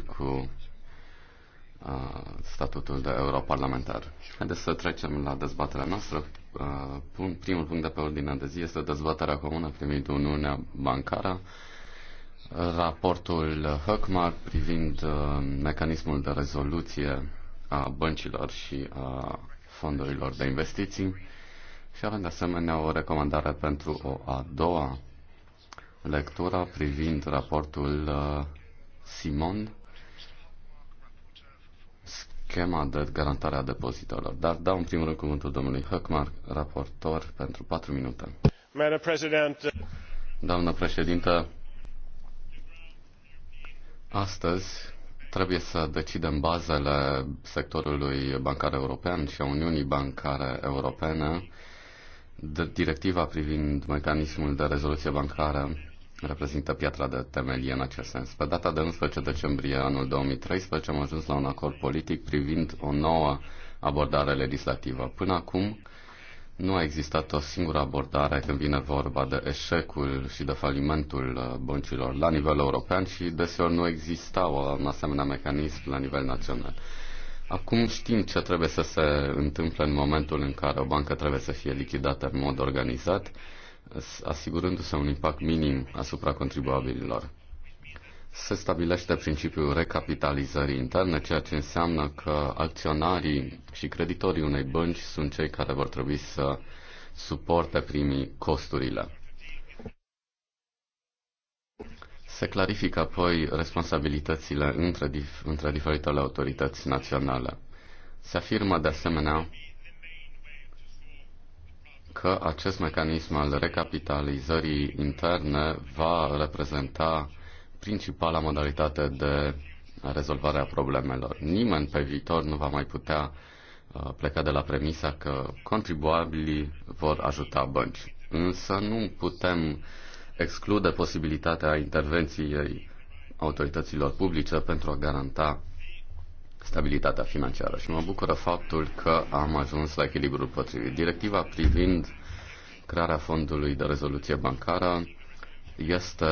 cu statutul de europarlamentar. Haideți să trecem la dezbaterea noastră. Primul punct de pe ordinea de zi este dezbaterea comună de Uniunea Bancară, raportul Höckmark privind mecanismul de rezoluție a băncilor și a fondurilor de investiții și avem de asemenea o recomandare pentru o a doua lectură privind raportul Simon schema de garantare a depozitelor. Dar dau în primul rând cuvântul domnului Höckmark, raportor, pentru 4 minute. Doamnă președintă, astăzi trebuie să decidem bazele sectorului bancar european și a Uniunii Bancare Europene, de directiva privind mecanismul de rezoluție bancară reprezintă piatra de temelie în acest sens. Pe data de 11 decembrie anul 2013 am ajuns la un acord politic privind o nouă abordare legislativă. Până acum nu a existat o singură abordare când vine vorba de eșecul și de falimentul uh, băncilor la nivel european și deseori nu exista un asemenea mecanism la nivel național. Acum știm ce trebuie să se întâmple în momentul în care o bancă trebuie să fie lichidată în mod organizat asigurându-se un impact minim asupra contribuabililor. Se stabilește principiul recapitalizării interne, ceea ce înseamnă că acționarii și creditorii unei bănci sunt cei care vor trebui să suporte primii costurile. Se clarifică apoi responsabilitățile între, dif- între diferitele autorități naționale. Se afirmă de asemenea că acest mecanism al recapitalizării interne va reprezenta principala modalitate de rezolvare a problemelor. Nimeni pe viitor nu va mai putea uh, pleca de la premisa că contribuabilii vor ajuta bănci. Însă nu putem exclude posibilitatea intervenției autorităților publice pentru a garanta stabilitatea financiară și mă bucură faptul că am ajuns la echilibrul potrivit. Directiva privind crearea fondului de rezoluție bancară este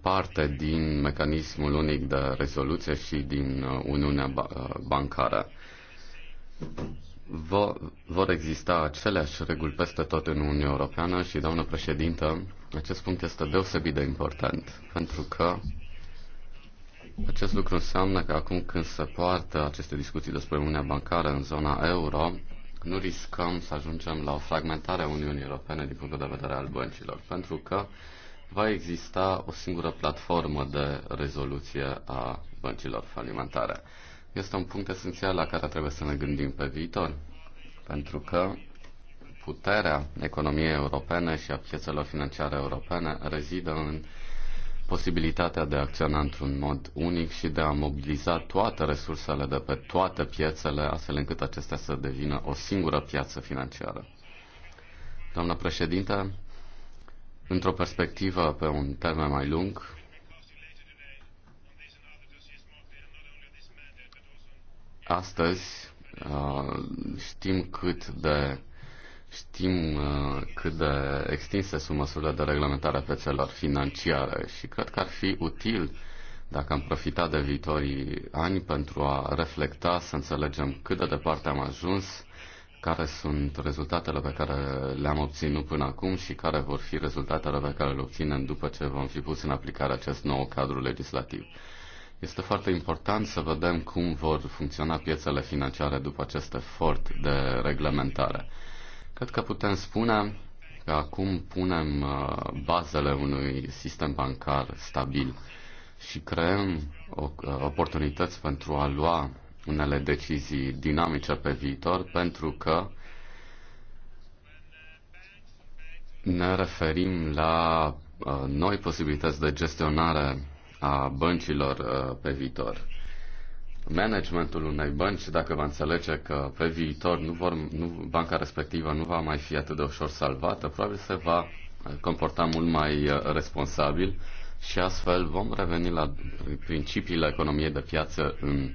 parte din mecanismul unic de rezoluție și din uh, Uniunea uh, Bancară. Vor exista aceleași reguli peste tot în Uniunea Europeană și, doamnă președintă, acest punct este deosebit de important pentru că acest lucru înseamnă că acum când se poartă aceste discuții despre Uniunea Bancară în zona euro, nu riscăm să ajungem la o fragmentare a Uniunii Europene din punctul de vedere al băncilor, pentru că va exista o singură platformă de rezoluție a băncilor falimentare. Este un punct esențial la care trebuie să ne gândim pe viitor, pentru că puterea economiei europene și a piețelor financiare europene rezidă în posibilitatea de a acționa într-un mod unic și de a mobiliza toate resursele de pe toate piețele, astfel încât acestea să devină o singură piață financiară. Doamna președinte, într-o perspectivă pe un termen mai lung, astăzi uh, știm cât de Știm uh, cât de extinse sunt măsurile de reglementare a piețelor financiare și cred că ar fi util dacă am profitat de viitorii ani pentru a reflecta, să înțelegem cât de departe am ajuns, care sunt rezultatele pe care le-am obținut până acum și care vor fi rezultatele pe care le obținem după ce vom fi pus în aplicare acest nou cadru legislativ. Este foarte important să vedem cum vor funcționa piețele financiare după acest efort de reglementare. Cred că putem spune că acum punem uh, bazele unui sistem bancar stabil și creăm uh, oportunități pentru a lua unele decizii dinamice pe viitor, pentru că ne referim la uh, noi posibilități de gestionare a băncilor pe viitor managementul unei bănci, dacă va înțelege că pe viitor nu vor, nu, banca respectivă nu va mai fi atât de ușor salvată, probabil se va comporta mult mai uh, responsabil și astfel vom reveni la principiile economiei de piață în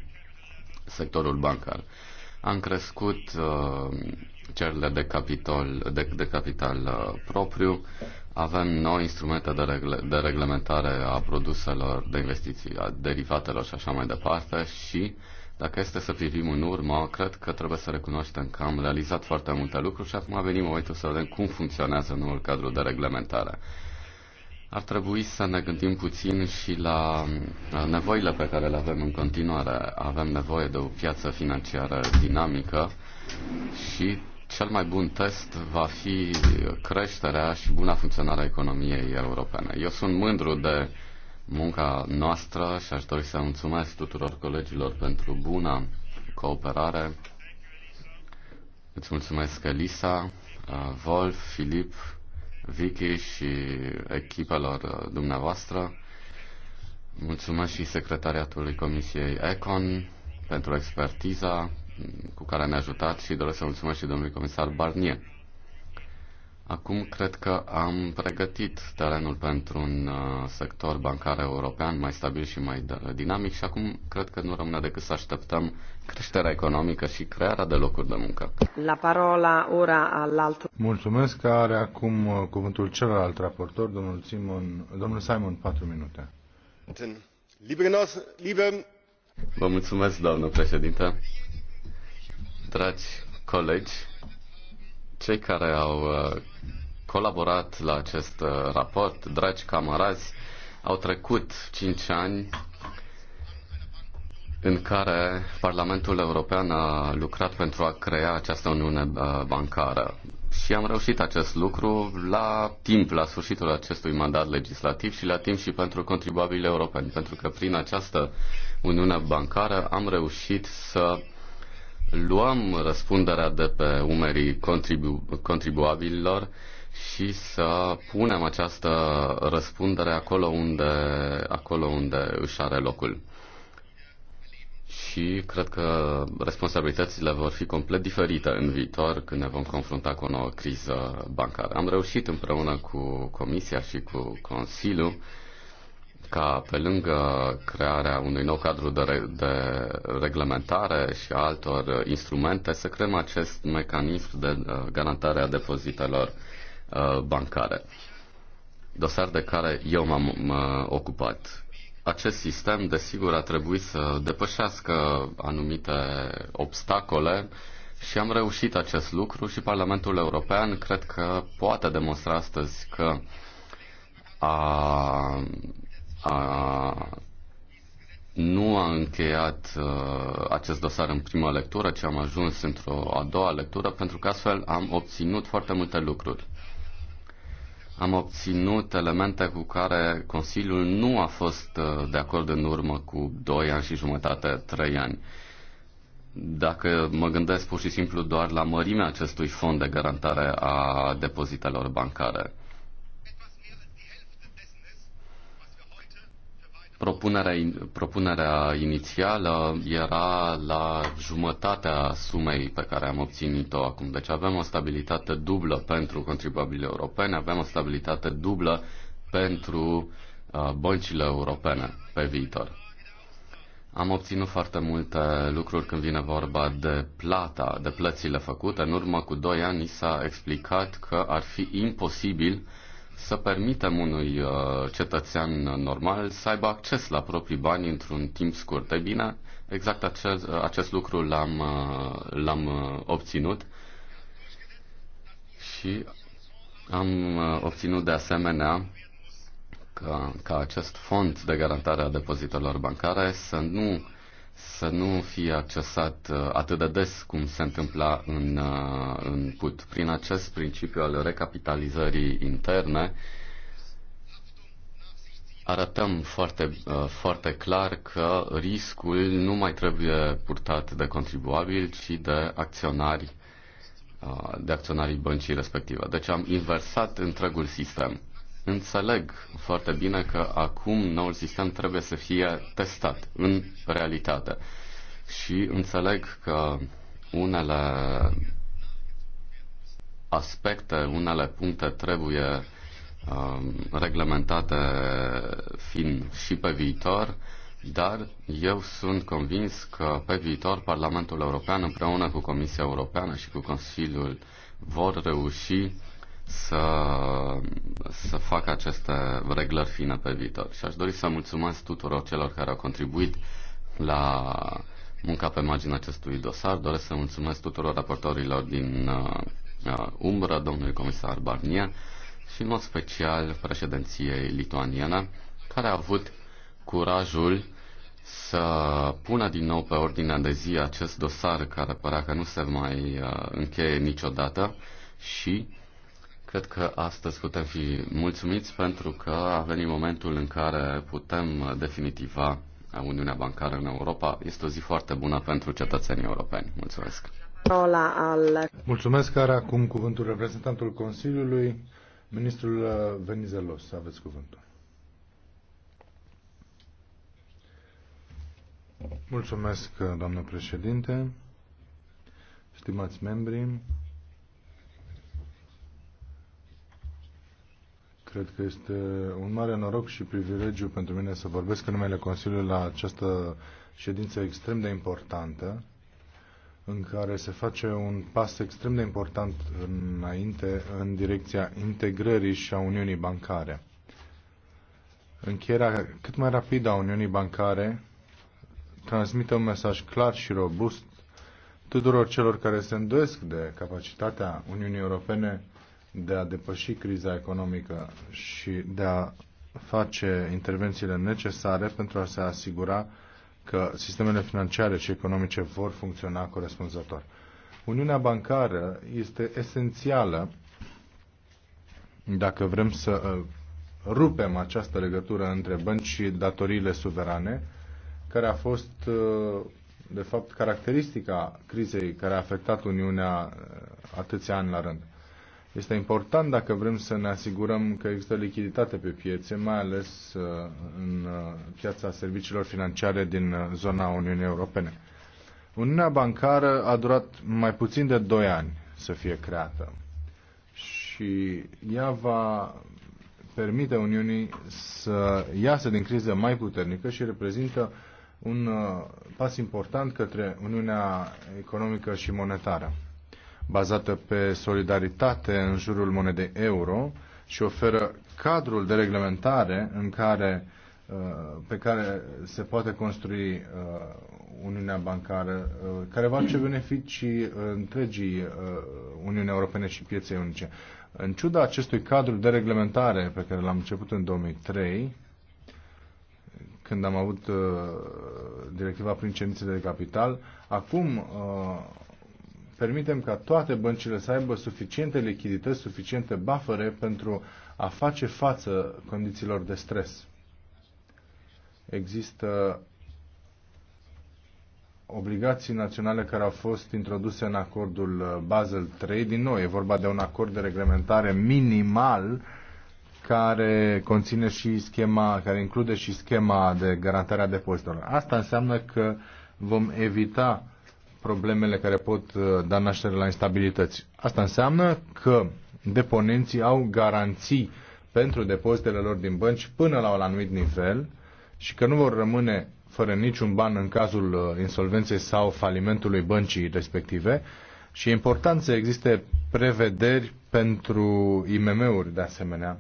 sectorul bancar. Am crescut uh, cererile de capital, de, de capital uh, propriu, uh, avem noi instrumente de, regle, de reglementare a produselor de investiții, a derivatelor și așa mai departe și dacă este să privim în urmă, cred că trebuie să recunoaștem că am realizat foarte multe lucruri și acum a venit momentul să vedem cum funcționează noul cadru de reglementare. Ar trebui să ne gândim puțin și la nevoile pe care le avem în continuare. Avem nevoie de o piață financiară dinamică și cel mai bun test va fi creșterea și buna funcționare a economiei europene. Eu sunt mândru de munca noastră și aș dori să mulțumesc tuturor colegilor pentru buna cooperare. Îți mulțumesc Elisa, Wolf, Filip, Vicky și echipelor dumneavoastră. Mulțumesc și secretariatului Comisiei Econ pentru expertiza cu care ne-a ajutat și doresc să mulțumesc și domnului comisar Barnier. Acum cred că am pregătit terenul pentru un uh, sector bancar european mai stabil și mai dinamic și acum cred că nu rămâne decât să așteptăm creșterea economică și crearea de locuri de muncă. La parola ora all'altro. Mulțumesc că are acum uh, cuvântul celălalt raportor, domnul, Simon, domnul Simon, 4 minute. Vă mulțumesc, doamnă președintă dragi colegi, cei care au uh, colaborat la acest uh, raport, dragi camarazi, au trecut cinci ani în care Parlamentul European a lucrat pentru a crea această uniune uh, bancară. Și am reușit acest lucru la timp, la sfârșitul acestui mandat legislativ și la timp și pentru contribuabilii europeni, pentru că prin această uniune bancară am reușit să luăm răspunderea de pe umerii contribu- contribuabililor și să punem această răspundere acolo unde, acolo unde își are locul. Și cred că responsabilitățile vor fi complet diferite în viitor când ne vom confrunta cu o nouă criză bancară. Am reușit împreună cu Comisia și cu Consiliul ca pe lângă crearea unui nou cadru de, re- de reglementare și altor instrumente să creăm acest mecanism de uh, garantare a depozitelor uh, bancare. Dosar de care eu m-am ocupat. Acest sistem, desigur, a trebuit să depășească anumite obstacole și am reușit acest lucru și Parlamentul European cred că poate demonstra astăzi că a a, nu a încheiat a, uh, acest dosar în prima lectură, ci am ajuns într-o a doua lectură, pentru că astfel am obținut foarte multe lucruri. Am obținut elemente cu care Consiliul nu a fost uh, de acord în urmă cu 2 ani și jumătate, 3 ani. Dacă mă gândesc pur și simplu doar la mărimea acestui fond de garantare a depozitelor bancare. Propunerea, propunerea inițială era la jumătatea sumei pe care am obținut-o acum. Deci avem o stabilitate dublă pentru contribuabile europene, avem o stabilitate dublă pentru uh, băncile europene pe viitor. Am obținut foarte multe lucruri când vine vorba de plata, de plățile făcute. În urmă cu doi ani s-a explicat că ar fi imposibil uh, să permitem unui uh, cetățean normal să aibă acces la proprii bani într-un timp scurt. Ei bine, exact acest, acest lucru l-am, uh, l-am uh, obținut și am obținut de asemenea ca, ca acest fond de garantare a depozitelor bancare să nu să nu fie accesat uh, atât de des cum se întâmpla în, uh, în PUT. Prin acest principiu al recapitalizării interne, arătăm foarte, uh, foarte clar că riscul nu mai trebuie purtat de contribuabil, ci de acționari de acționarii băncii respective. Deci am inversat întregul sistem. Înțeleg foarte bine că acum noul sistem trebuie să fie testat în realitate. Și înțeleg că unele aspecte, unele puncte trebuie um, reglementate fiind și pe viitor, dar eu sunt convins că pe viitor Parlamentul European împreună cu Comisia Europeană și cu Consiliul vor reuși să, să facă aceste reglări fine pe viitor. Și aș dori să mulțumesc tuturor celor care au contribuit la munca pe marginea acestui dosar. Doresc să mulțumesc tuturor raportorilor din uh, uh, umbră, domnului comisar Barnier și în mod special președinției lituaniene, care a avut curajul să pună din nou pe ordinea de zi acest dosar care părea că nu se mai uh, încheie niciodată și Cred că astăzi putem fi mulțumiți pentru că a venit momentul în care putem definitiva Uniunea Bancară în Europa. Este o zi foarte bună pentru cetățenii europeni. Mulțumesc! Mulțumesc, are acum cuvântul reprezentantul Consiliului, ministrul Venizelos. Aveți cuvântul. Mulțumesc, doamnă președinte, stimați membri, Cred că este un mare noroc și privilegiu pentru mine să vorbesc în numele Consiliului la această ședință extrem de importantă, în care se face un pas extrem de important înainte în direcția integrării și a Uniunii Bancare. Încheierea cât mai rapidă a Uniunii Bancare transmite un mesaj clar și robust tuturor celor care se îndoiesc de capacitatea Uniunii Europene de a depăși criza economică și de a face intervențiile necesare pentru a se asigura că sistemele financiare și economice vor funcționa corespunzător. Uniunea bancară este esențială dacă vrem să uh, rupem această legătură între bănci și datoriile suverane, care a fost, uh, de fapt, caracteristica crizei care a afectat Uniunea uh, atâția ani la rând. Este important dacă vrem să ne asigurăm că există lichiditate pe piețe, mai ales uh, în uh, piața serviciilor financiare din uh, zona Uniunii Europene. Uniunea bancară a durat mai puțin de 2 ani să fie creată și ea va permite Uniunii să iasă din criză mai puternică și reprezintă un pas important către Uniunea Economică și Monetară bazată pe solidaritate în jurul monedei euro și oferă cadrul de reglementare în care, uh, pe care se poate construi uh, Uniunea Bancară, uh, care va ce beneficii întregii Uniunii Europene și pieței unice. În ciuda acestui cadru de reglementare pe care l-am început în 2003, când am avut uh, directiva prin de capital. Acum uh, permitem ca toate băncile să aibă suficiente lichidități, suficiente bafere pentru a face față condițiilor de stres. Există obligații naționale care au fost introduse în acordul uh, Basel III. Din nou, e vorba de un acord de reglementare minimal care conține și schema, care include și schema de garantare a depozitelor. Asta înseamnă că vom evita problemele care pot uh, da naștere la instabilități. Asta înseamnă că deponenții au garanții pentru depozitele lor din bănci până la un anumit nivel și că nu vor rămâne fără niciun ban în cazul uh, insolvenței sau falimentului băncii respective și e important să existe prevederi pentru IMM-uri de asemenea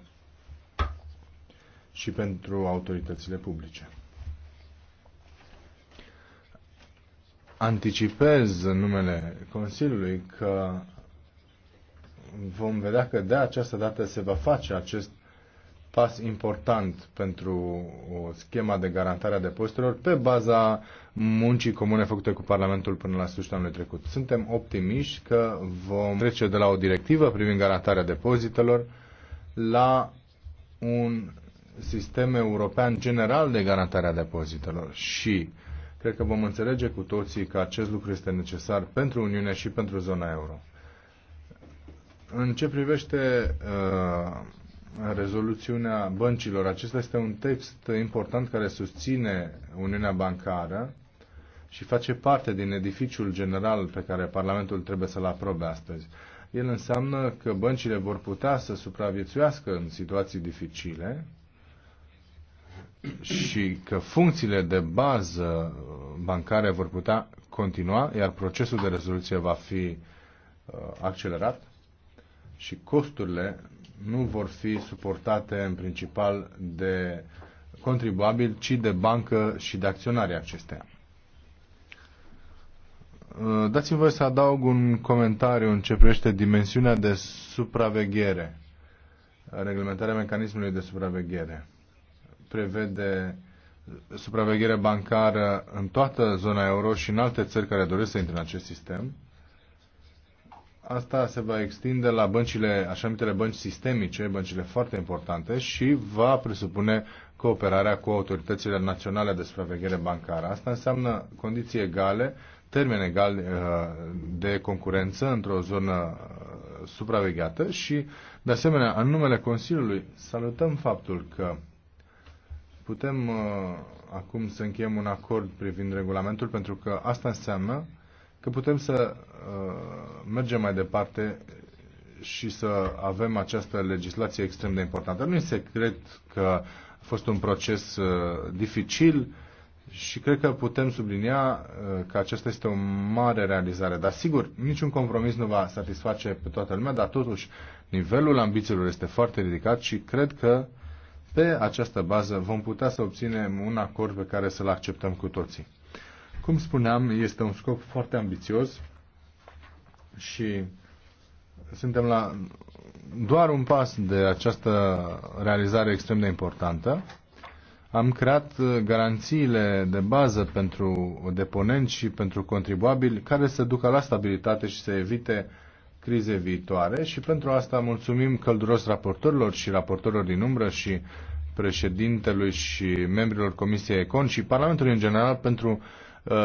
și pentru autoritățile publice. anticipez în numele Consiliului că vom vedea că de această dată se va face acest pas important pentru o schema de garantare a depozitelor pe baza muncii comune făcute cu Parlamentul până la sfârșitul anului trecut. Suntem optimiști că vom trece de la o directivă privind garantarea depozitelor la un sistem european general de garantare a depozitelor și Cred că vom înțelege cu toții că acest lucru este necesar pentru Uniune și pentru zona euro. În ce privește uh, rezoluțiunea băncilor, acesta este un text important care susține Uniunea Bancară și face parte din edificiul general pe care Parlamentul trebuie să-l aprobe astăzi. El înseamnă că băncile vor putea să supraviețuiască în situații dificile, și că funcțiile de bază uh, bancare vor putea continua, iar procesul de rezoluție va fi uh, accelerat și costurile nu vor fi suportate în principal de contribuabil, ci de bancă și de acționarii acesteia. Uh, dați-mi voi să adaug un comentariu în ce privește dimensiunea de supraveghere, reglementarea mecanismului de supraveghere prevede supraveghere bancară în toată zona euro și în alte țări care doresc să intre în acest sistem. Asta se va extinde la băncile, așa numitele bănci sistemice, băncile foarte importante și va presupune cooperarea cu autoritățile naționale de supraveghere bancară. Asta înseamnă condiții egale, termen egal uh, de concurență într-o zonă uh, supravegheată și, de asemenea, în numele Consiliului salutăm faptul că putem uh, acum să încheiem un acord privind regulamentul, pentru că asta înseamnă că putem să uh, mergem mai departe și să avem această legislație extrem de importantă. Nu e secret că a fost un proces uh, dificil și cred că putem sublinia uh, că aceasta este o mare realizare. Dar sigur, niciun compromis nu va satisface pe toată lumea, dar totuși nivelul ambițiilor este foarte ridicat și cred că uh, pe această bază vom putea să obținem un acord pe care să-l acceptăm cu toții. Cum spuneam, este un scop foarte ambițios și suntem la doar un pas de această realizare extrem de importantă. Am creat garanțiile de bază pentru deponenți și pentru contribuabili care să ducă la stabilitate și să evite crize viitoare și pentru asta mulțumim călduros raportorilor și raportorilor din umbră și președintelui și membrilor Comisiei Econ și Parlamentului în general pentru uh,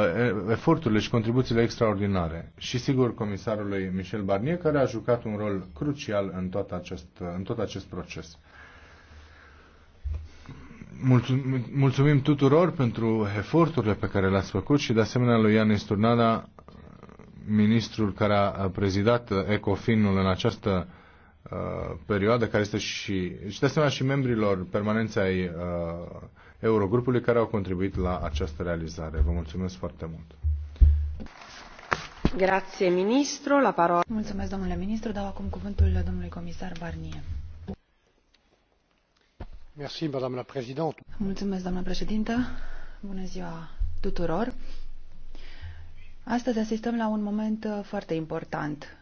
eforturile și contribuțiile extraordinare și sigur comisarului Michel Barnier care a jucat un rol crucial în tot acest, în tot acest proces. Mulțumim, mulțumim tuturor pentru eforturile pe care le-ați făcut și de asemenea lui Ian Turnada, ministrul care a prezidat Ecofinul în această Uh, perioadă care este și, și de asemenea și membrilor permanenței ai uh, Eurogrupului care au contribuit la această realizare. Vă mulțumesc foarte mult. Grazie, ministru. La parola. Mulțumesc, domnule ministru. Dau acum cuvântul domnului comisar Barnier. Merci, madame la présidente. Mulțumesc, doamnă președintă. Bună ziua tuturor. Astăzi asistăm la un moment uh, foarte important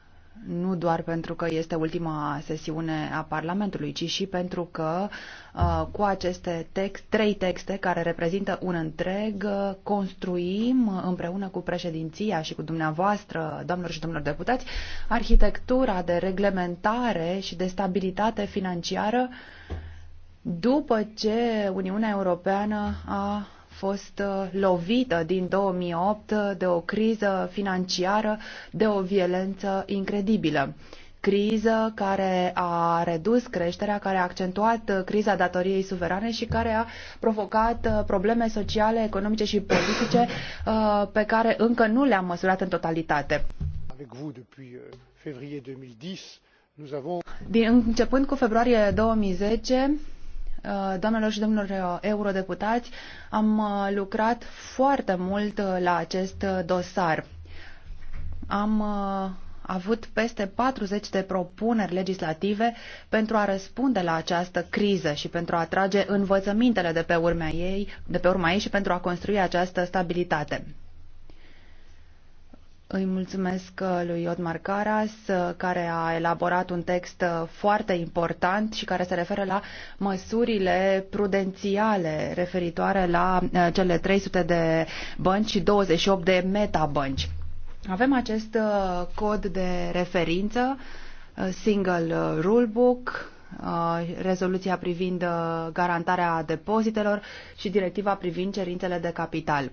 nu doar pentru că este ultima sesiune a Parlamentului, ci și pentru că uh, cu aceste text, trei texte care reprezintă un întreg, uh, construim împreună cu președinția și cu dumneavoastră, doamnelor și domnilor deputați, arhitectura de reglementare și de stabilitate financiară după ce Uniunea Europeană a fost uh, lovită din 2008 de o criză financiară, de o violență incredibilă criză care a redus creșterea, care a accentuat uh, criza datoriei suverane și care a provocat uh, probleme sociale, economice și politice pe care încă nu le-am măsurat în totalitate. Euh, din, începând cu februarie 2010, Eh, doamnelor și domnilor eh, eurodeputați, am eh, lucrat foarte mult la acest dosar. Am avut peste 40 de propuneri legislative pentru a răspunde la această criză și pentru a trage învățămintele de pe urma ei, de pe urma ei și pentru a construi această stabilitate. Îi mulțumesc uh, lui Iodmar Caras, uh, care a elaborat un text uh, foarte important și care se referă la măsurile prudențiale referitoare la cele 300 de bănci și 28 de metabănci. Avem acest cod de referință, Single Rulebook, rezoluția privind garantarea depozitelor și directiva privind cerințele de capital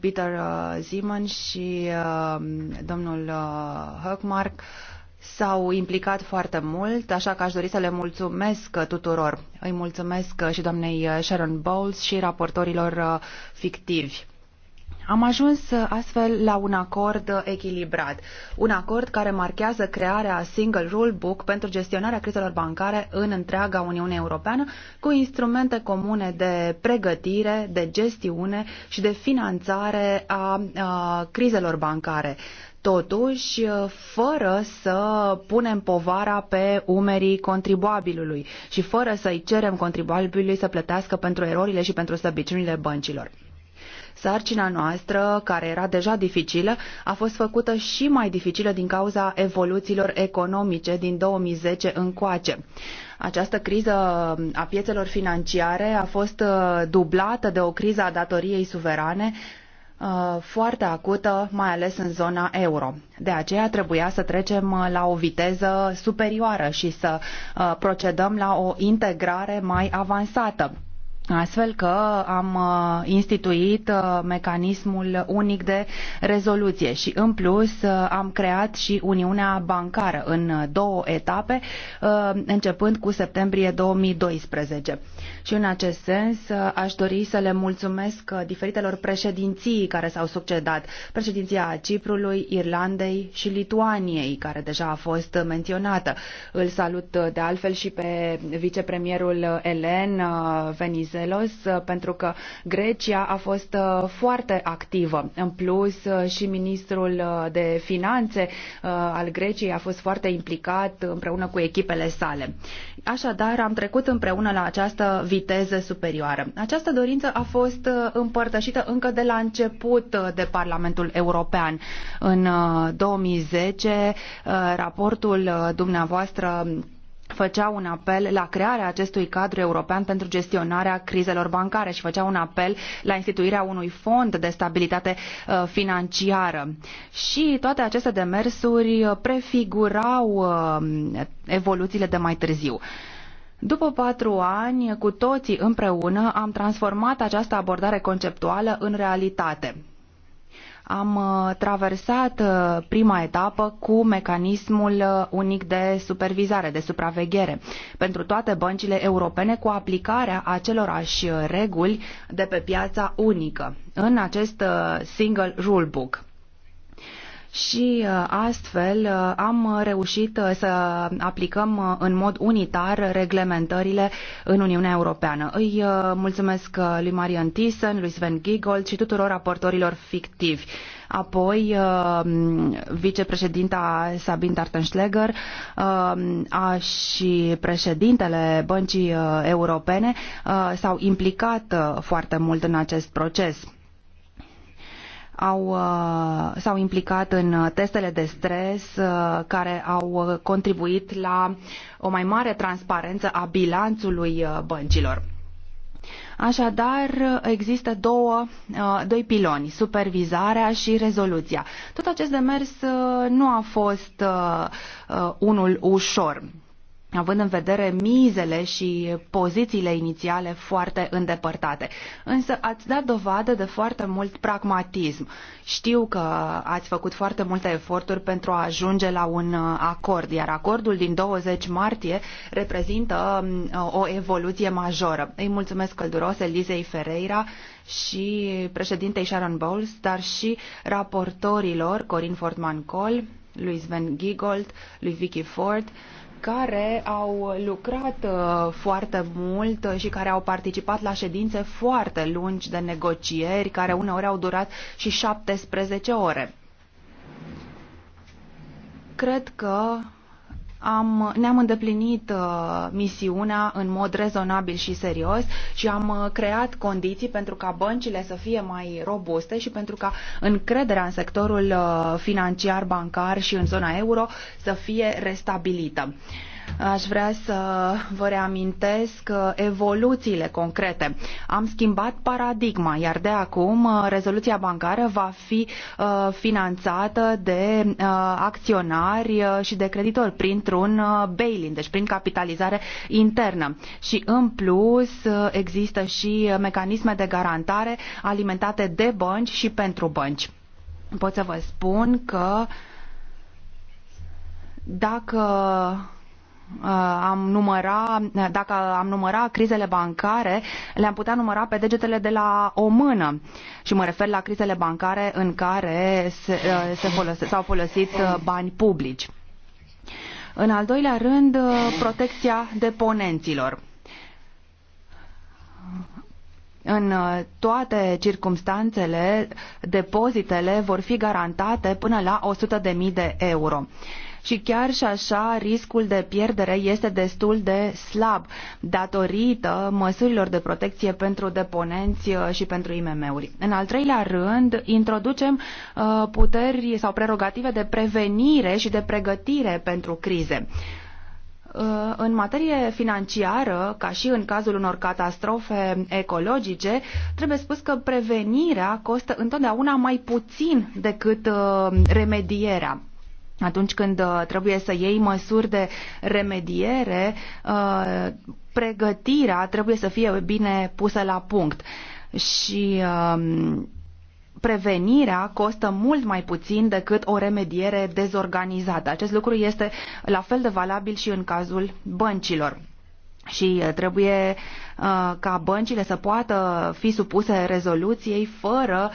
Peter uh, Zeman și uh, domnul uh, Höckmark s-au implicat foarte mult, așa că aș dori să le mulțumesc tuturor. Îi mulțumesc și doamnei Sharon Bowles și raportorilor fictivi. Am ajuns astfel la un acord echilibrat, un acord care marchează crearea Single Rule Book pentru gestionarea crizelor bancare în întreaga Uniune Europeană, cu instrumente comune de pregătire, de gestiune și de finanțare a, a crizelor bancare totuși fără să punem povara pe umerii contribuabilului și fără să-i cerem contribuabilului să plătească pentru erorile și pentru slăbiciunile băncilor. Sarcina noastră, care era deja dificilă, a fost făcută și mai dificilă din cauza evoluțiilor economice din 2010 încoace. Această criză a piețelor financiare a fost uh, dublată de o criză a datoriei suverane, uh, foarte acută, mai ales în zona euro. De aceea trebuia să trecem uh, la o viteză superioară și să procedăm la o integrare mai avansată astfel că am uh, instituit uh, mecanismul unic de rezoluție și în plus uh, am creat și Uniunea Bancară în două etape, începând cu septembrie 2012. Și în acest sens aș dori să le mulțumesc diferitelor președinții care s-au succedat, președinția Ciprului, Irlandei și Lituaniei, care deja a fost menționată. Îl salut de altfel și pe vicepremierul Elen Venizel Venizelos uh, pentru că Grecia a fost uh, foarte activă. În plus uh, și ministrul de finanțe al Greciei a fost foarte implicat împreună cu echipele sale. Așadar, am trecut împreună la această viteză superioară. Această dorință a fost împărtășită încă de la început de Parlamentul European. În 2010, raportul dumneavoastră făcea un apel la crearea acestui cadru european pentru gestionarea crizelor bancare și făcea un apel la instituirea unui fond de stabilitate uh, financiară. Și toate aceste demersuri uh, prefigurau uh, evoluțiile de mai târziu. După patru ani, cu toții împreună, am transformat această abordare conceptuală în realitate. Am uh, traversat uh, prima etapă cu mecanismul uh, unic de supervizare, de supraveghere pentru toate băncile europene cu aplicarea acelorași reguli de pe piața unică în acest single rule book și uh, astfel uh, am reușit uh, să aplicăm în mod unitar reglementările în Uniunea Europeană. Îi mulțumesc lui Marian Thyssen, lui Sven Giegold și tuturor raportorilor fictivi. Apoi, vicepreședinta Sabine Tartenschläger și președintele Băncii Europene s-au implicat foarte mult în acest proces au, uh, s-au implicat în uh, testele de stres uh, care au contribuit la o mai mare transparență a bilanțului băncilor. Așadar, există două, doi piloni, supervizarea și rezoluția. Tot acest demers nu a fost unul ușor având în vedere mizele și pozițiile inițiale foarte îndepărtate. Însă ați dat dovadă de foarte mult pragmatism. Știu că ați făcut foarte multe eforturi pentru a ajunge la un acord, iar acordul din 20 martie reprezintă uh, o evoluție majoră. Îi mulțumesc călduros Elizei Ferreira și președintei Sharon Bowles, dar și raportorilor Corin Fortman-Col, lui Sven Giegold, lui Vicky Ford, care au lucrat uh, foarte mult și care au participat la ședințe foarte lungi de negocieri, care uneori au durat și 17 ore. Cred că am, ne-am îndeplinit uh, misiunea în mod rezonabil și serios și am uh, creat condiții pentru ca băncile să fie mai robuste și pentru ca încrederea în sectorul uh, financiar, bancar și în zona euro să fie restabilită. Uh, Aș vrea să vă reamintesc uh, evoluțiile concrete. Am schimbat paradigma, iar de acum uh, rezoluția bancară va fi uh, finanțată de acționari și de creditori printr-un bail-in, deci prin capitalizare internă. Și în plus există și mecanisme de garantare alimentate de bănci și pentru bănci. Pot să vă spun că dacă Uh, am număra, uh, dacă am număra crizele bancare, le-am putea număra pe degetele de la o mână. Și mă refer la crizele bancare în care se uh, s-au folosit bani publici. În al doilea rând, protecția deponenților. În toate circumstanțele, depozitele vor fi garantate până la 100.000 de euro. Uh, și chiar și așa, riscul de pierdere este destul de slab datorită măsurilor de protecție pentru deponenți uh, și pentru IMM-uri. În al treilea rând, introducem uh, puteri sau prerogative de prevenire și de pregătire pentru crize. Uh, în materie financiară, ca și în cazul unor catastrofe ecologice, trebuie spus că prevenirea costă întotdeauna mai puțin decât remedierea atunci când uh, trebuie să iei măsuri de remediere, uh, pregătirea trebuie să fie bine pusă la punct. Și um, prevenirea costă mult mai puțin decât o remediere dezorganizată. Acest lucru este la fel de valabil și în cazul băncilor. Și uh, trebuie ca băncile să poată fi supuse rezoluției fără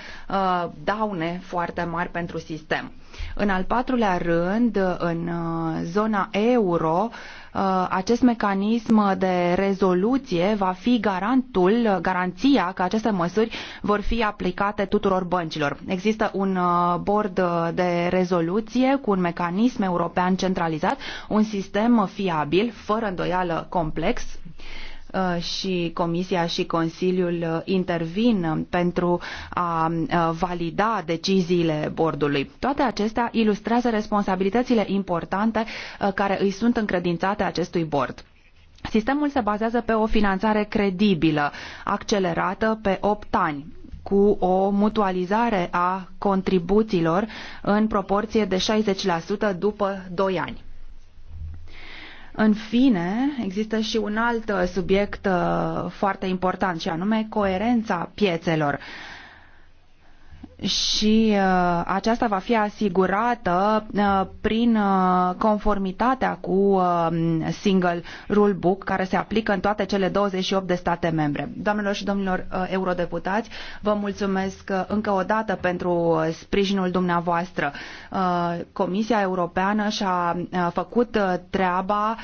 daune foarte mari pentru sistem. În al patrulea rând, în uh, zona euro, uh, acest mecanism de rezoluție va fi garantul, uh, garanția că aceste măsuri vor fi aplicate tuturor băncilor. Există un bord de rezoluție cu un mecanism european centralizat, un sistem fiabil, fără îndoială complex, Uh, și Comisia și Consiliul uh, intervin um, pentru a uh, valida deciziile bordului. Toate acestea ilustrează responsabilitățile importante care îi sunt încredințate acestui bord. Sistemul se bazează pe o finanțare credibilă, accelerată pe 8 ani, cu o mutualizare a contribuțiilor în proporție de 60% după 2 ani. În fine, există și un alt subiect uh, foarte important și anume coerența piețelor și uh, aceasta va fi asigurată uh, prin uh, conformitatea cu uh, Single Rule Book care se aplică în toate cele 28 de state membre. Doamnelor și domnilor uh, eurodeputați, vă mulțumesc uh, încă o dată pentru sprijinul dumneavoastră. Comisia Europeană și-a făcut treaba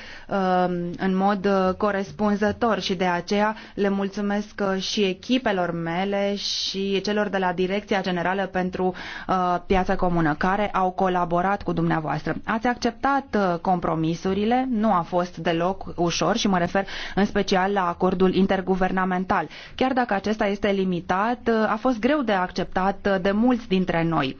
în mod corespunzător și de aceea le mulțumesc și echipelor mele și celor de la Direcția Generală generală pentru uh, Piața Comună, care au colaborat cu dumneavoastră. Ați acceptat uh, compromisurile, nu a fost deloc ușor și mă refer în special la acordul interguvernamental. Chiar dacă acesta este limitat, uh, a fost greu de acceptat de mulți dintre noi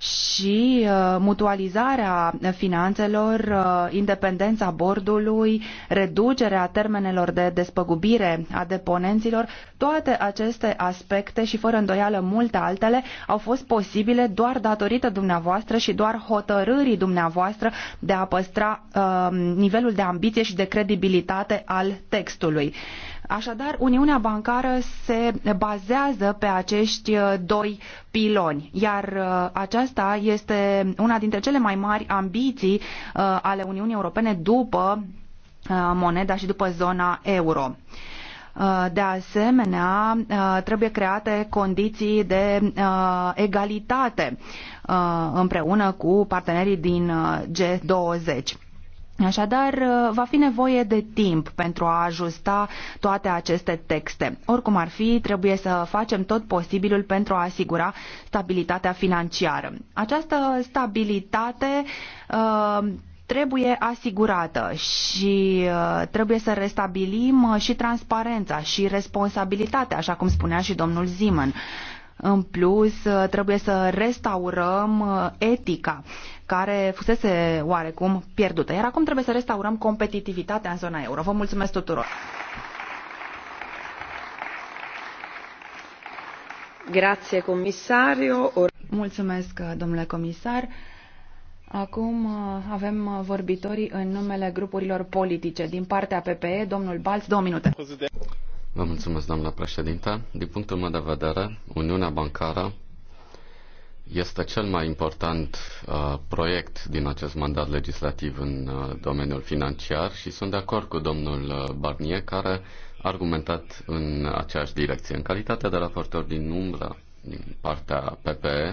și uh, mutualizarea finanțelor, uh, independența bordului, reducerea termenelor de despăgubire a deponenților, toate aceste aspecte și fără îndoială multe altele au fost posibile doar datorită dumneavoastră și doar hotărârii dumneavoastră de a păstra uh, nivelul de ambiție și de credibilitate al textului. Așadar, Uniunea Bancară se bazează pe acești uh, doi piloni, iar uh, aceasta este una dintre cele mai mari ambiții uh, ale Uniunii Europene după moneda și după zona euro. De asemenea, trebuie create condiții de egalitate împreună cu partenerii din G20 Așadar, uh, va fi nevoie de timp pentru a ajusta toate aceste texte. Oricum ar fi, trebuie să facem tot posibilul pentru a asigura stabilitatea financiară. Această stabilitate uh, trebuie asigurată și uh, trebuie să restabilim uh, și transparența și responsabilitatea, așa cum spunea și domnul Zimăn. În plus, trebuie să restaurăm etica care fusese oarecum pierdută. Iar acum trebuie să restaurăm competitivitatea în zona euro. Vă mulțumesc tuturor! Grazie, comisario. Mulțumesc, domnule comisar. Acum uh, avem vorbitorii în numele grupurilor politice. Din partea PPE, domnul Balț, două minute. Vă mulțumesc, doamna președinte. Din punctul meu de vedere, Uniunea Bancară este cel mai important uh, proiect din acest mandat legislativ în uh, domeniul financiar și sunt de acord cu domnul uh, Barnier care a argumentat în aceeași direcție. În calitate de raportor din umbră din partea PPE,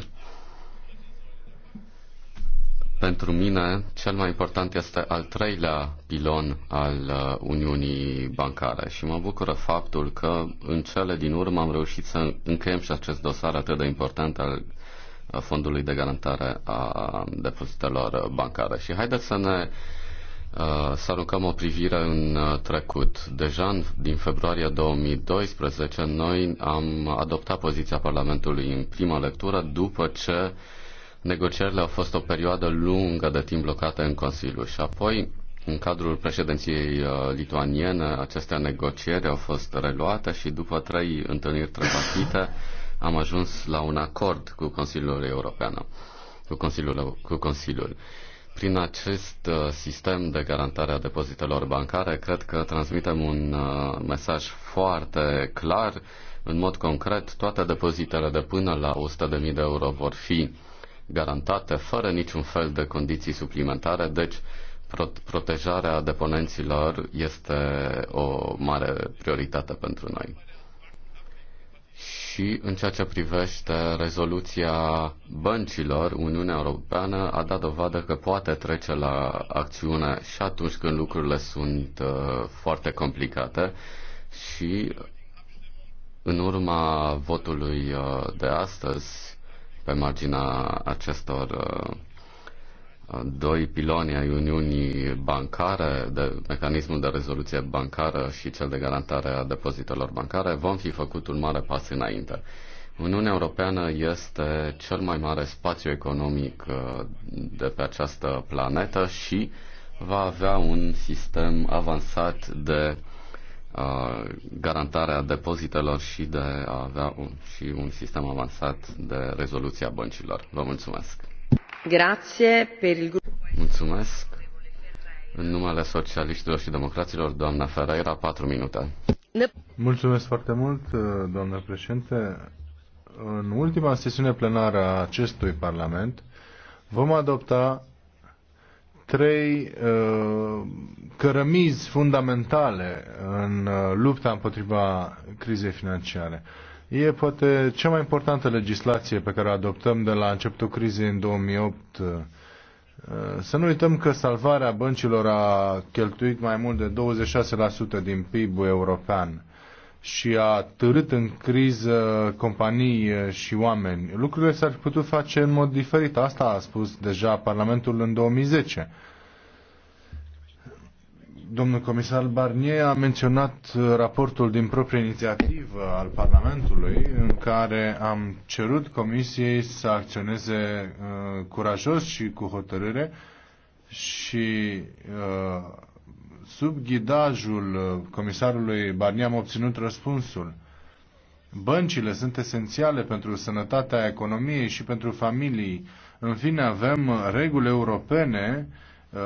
pentru mine cel mai important este al treilea pilon al uh, Uniunii Bancare și mă bucură faptul că în cele din urmă am reușit să încheiem și acest dosar atât de important al Fondului de Garantare a Depozitelor Bancare. Și haideți să ne uh, să aruncăm o privire în uh, trecut. Deja din februarie 2012 noi am adoptat poziția Parlamentului în prima lectură după ce negocierile au fost o perioadă lungă de timp blocate în Consiliu și apoi în cadrul președinției uh, lituaniene aceste negocieri au fost reluate și după trei întâlniri trepatite am ajuns la un acord cu Consiliul European, cu Consiliul, cu Consiliul. Prin acest uh, sistem de garantare a depozitelor bancare, cred că transmitem un uh, mesaj foarte clar. În mod concret, toate depozitele de până la 100.000 de euro vor fi garantate fără niciun fel de condiții suplimentare, deci protejarea deponenților este o mare prioritate pentru noi și în ceea ce privește rezoluția băncilor, Uniunea Europeană a dat dovadă că poate trece la acțiune și atunci când lucrurile sunt uh, foarte complicate și în urma votului uh, de astăzi, pe marginea acestor uh, doi piloni ai Uniunii Bancare, de mecanismul de rezoluție bancară și cel de garantare a depozitelor bancare, vom fi făcut un mare pas înainte. Uniunea Europeană este cel mai mare spațiu economic uh, de pe această planetă și va avea un sistem avansat de uh, garantarea depozitelor și de a avea un, și un sistem avansat de rezoluție a băncilor. Vă mulțumesc! Mulțumesc. În numele socialiștilor și democraților, doamna Ferreira, patru minute. Mulțumesc foarte mult, uh, doamnă președinte. În ultima sesiune plenară a acestui Parlament vom adopta trei uh, cărămizi fundamentale în uh, lupta împotriva crizei financiare. E poate cea mai importantă legislație pe care o adoptăm de la începutul crizei în 2008. Uh, să nu uităm că salvarea băncilor a cheltuit mai mult de 26% din PIB-ul european și a târât în criză companii și oameni. Lucrurile s-ar putea face în mod diferit. Asta a spus deja Parlamentul în 2010. Domnul comisar Barnier a menționat uh, raportul din proprie inițiativă al Parlamentului în care am cerut Comisiei să acționeze uh, curajos și cu hotărâre și uh, sub ghidajul uh, comisarului Barnier am obținut răspunsul. Băncile sunt esențiale pentru sănătatea economiei și pentru familii. În fine, avem uh, reguli europene uh, Uh,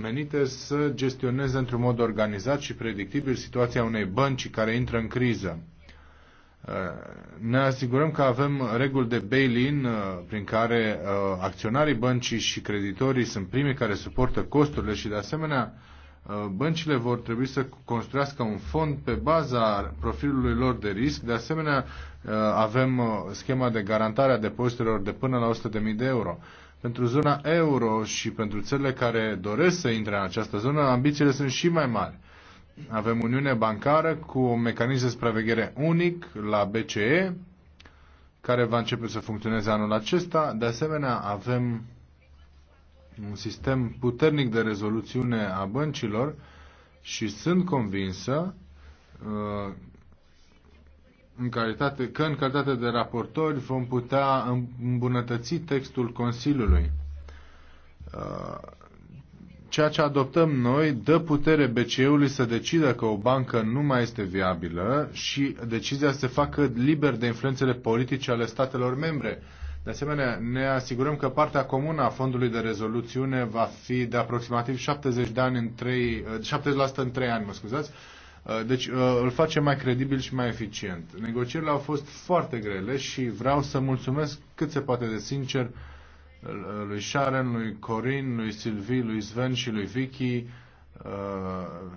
menite să gestioneze într-un mod organizat și predictibil situația unei bănci care intră în criză. Uh, ne asigurăm că avem reguli de bail-in uh, prin care acționarii băncii și creditorii sunt primii care suportă costurile și de asemenea băncile vor trebui să construiască un fond pe baza profilului lor de risc. De asemenea, avem schema de garantare a depozitelor de până la 100.000 de euro. Pentru zona euro și pentru țările care doresc să intre în această zonă, ambițiile sunt și mai mari. Avem Uniune Bancară cu un mecanism de supraveghere unic la BCE, care va începe să funcționeze anul acesta. De asemenea, avem un sistem puternic de rezoluțiune a băncilor și sunt convinsă uh, în calitate, că în calitate de raportori vom putea îmbunătăți textul Consiliului. Uh, ceea ce adoptăm noi dă putere BCE-ului să decidă că o bancă nu mai este viabilă și decizia se facă liber de influențele politice ale statelor membre. De asemenea, ne asigurăm că partea comună a fondului de rezoluțiune va fi de aproximativ 70 de ani în 3, 70% uh, în 3 ani, mă scuzați, Uh, deci uh, îl face mai credibil și mai eficient. Negocierile au fost foarte grele și vreau să mulțumesc cât se poate de sincer uh, lui Sharon, lui Corin, lui Silvi, lui Sven și lui Vicky,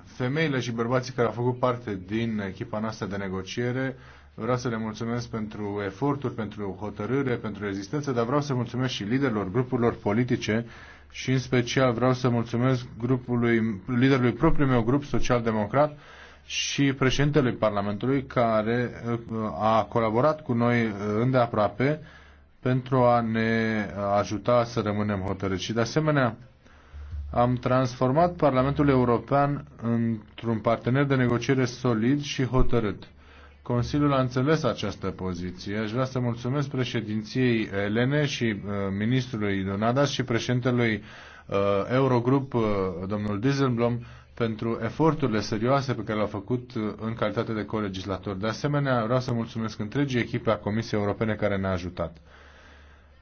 femeile și bărbații care au făcut parte din echipa noastră de negociere. Vreau să le mulțumesc pentru eforturi, pentru hotărâre, pentru rezistență, dar vreau să mulțumesc și liderilor grupurilor politice și în special vreau să mulțumesc grupului, liderului propriului meu grup social-democrat, și președintelui Parlamentului care uh, a colaborat cu noi uh, îndeaproape pentru a ne uh, ajuta să rămânem hotărâți. Și de asemenea, am transformat Parlamentul European într-un partener de negociere solid și hotărât. Consiliul a înțeles această poziție. Aș vrea să mulțumesc președinției Elene și uh, ministrului Donadas și președintelui uh, Eurogrup, uh, domnul Dieselblom, pentru eforturile serioase pe care le-au făcut uh, în calitate de colegislator. De asemenea, vreau să mulțumesc întregii echipe a Comisiei Europene care ne-a ajutat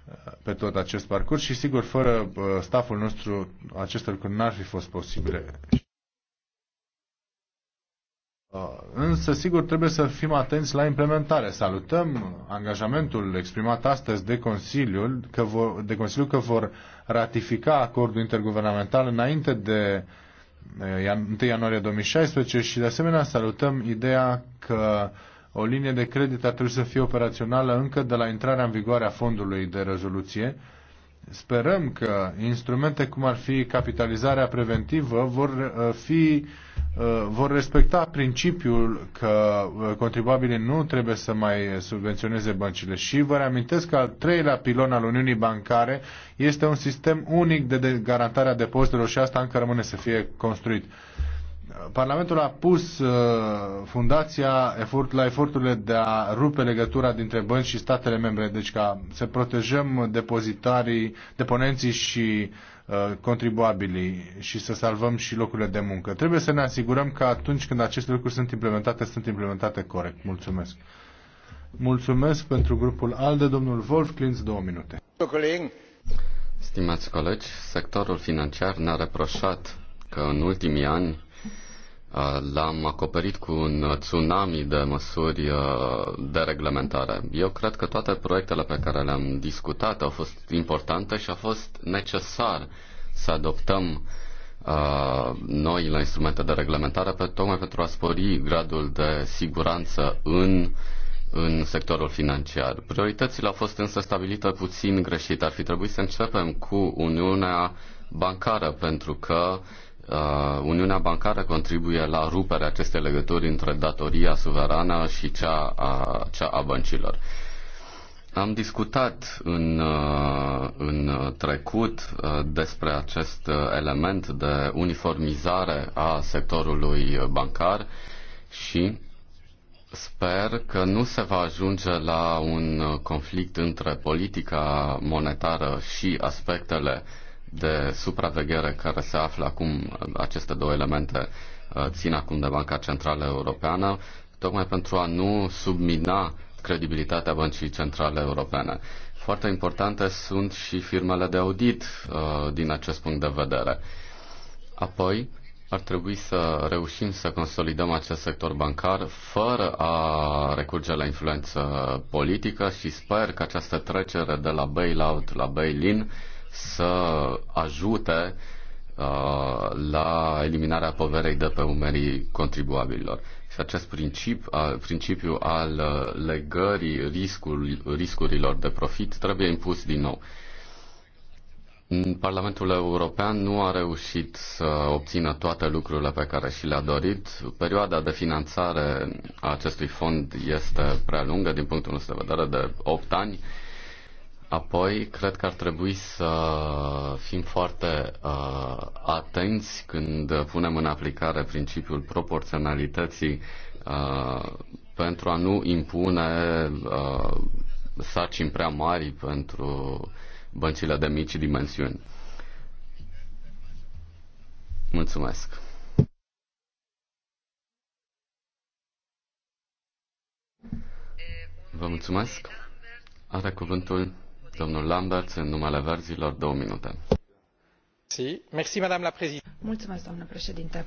uh, pe tot acest parcurs și, sigur, fără uh, staful nostru, aceste lucruri n-ar fi fost posibile. Însă, sigur, trebuie să fim atenți la implementare. Salutăm angajamentul exprimat astăzi de Consiliul că vor, de Consiliul că vor ratifica acordul interguvernamental înainte de uh, 1 eh, ianuarie 2016 și de asemenea salutăm ideea că o linie de credit ar trebui să fie operațională încă de la intrarea în vigoare a fondului de rezoluție Sperăm că instrumente cum ar fi capitalizarea preventivă vor uh, fi uh, vor respecta principiul că uh, contribuabilii nu trebuie să mai subvenționeze băncile. Și vă reamintesc că al treilea pilon al Uniunii Bancare este un sistem unic de garantare a depozitelor și asta încă rămâne să fie construit. Parlamentul a pus uh, fundația efort, la eforturile de a rupe legătura dintre bănci și statele membre, deci ca să protejăm depozitarii, deponenții și uh, contribuabilii și să salvăm și locurile de muncă. Trebuie să ne asigurăm că atunci când aceste lucruri sunt implementate, sunt implementate corect. Mulțumesc. Mulțumesc pentru grupul ALDE, domnul Wolf Klintz, două minute. Stimați colegi, sectorul financiar ne-a reproșat că în ultimii ani Uh, l-am acoperit cu un tsunami de măsuri uh, de reglementare. Eu cred că toate proiectele pe care le-am discutat au fost importante și a fost necesar să adoptăm uh, noi la instrumente de reglementare pe, tocmai pentru a spori gradul de siguranță în, în sectorul financiar. Prioritățile au fost însă stabilite puțin greșit. Ar fi trebuit să începem cu Uniunea bancară pentru că uh, Uh, Uniunea bancară contribuie la ruperea acestei legături între datoria suverană și cea a, cea a băncilor. Am discutat în, uh, în trecut uh, despre acest element de uniformizare a sectorului bancar și sper că nu se va ajunge la un conflict între politica monetară și aspectele uh, de supraveghere care se află acum, aceste două elemente uh, țin acum de Banca Centrală Europeană, tocmai pentru a nu submina credibilitatea Băncii Centrale Europene. Foarte importante sunt și firmele de audit uh, din acest punct de vedere. Apoi, ar trebui să reușim să consolidăm acest sector bancar fără a recurge la influență politică și sper că această trecere de la bailout la bail-in să ajute uh, la eliminarea poverei de pe umerii contribuabililor. Și acest principiu al uh, legării riscul, riscurilor de profit trebuie impus din nou. Parlamentul European nu a reușit să obțină toate lucrurile pe care și le-a dorit. Perioada de finanțare a acestui fond este prea lungă din punctul nostru de vedere de 8 ani Apoi, cred că ar trebui să fim foarte uh, atenți când punem în aplicare principiul proporționalității uh, pentru a nu impune uh, sarcini prea mari pentru băncile de mici dimensiuni. Mulțumesc! Vă mulțumesc! Are cuvântul Domnul Lambert, în numele verzilor, două minute. Mulțumesc, doamnă președinte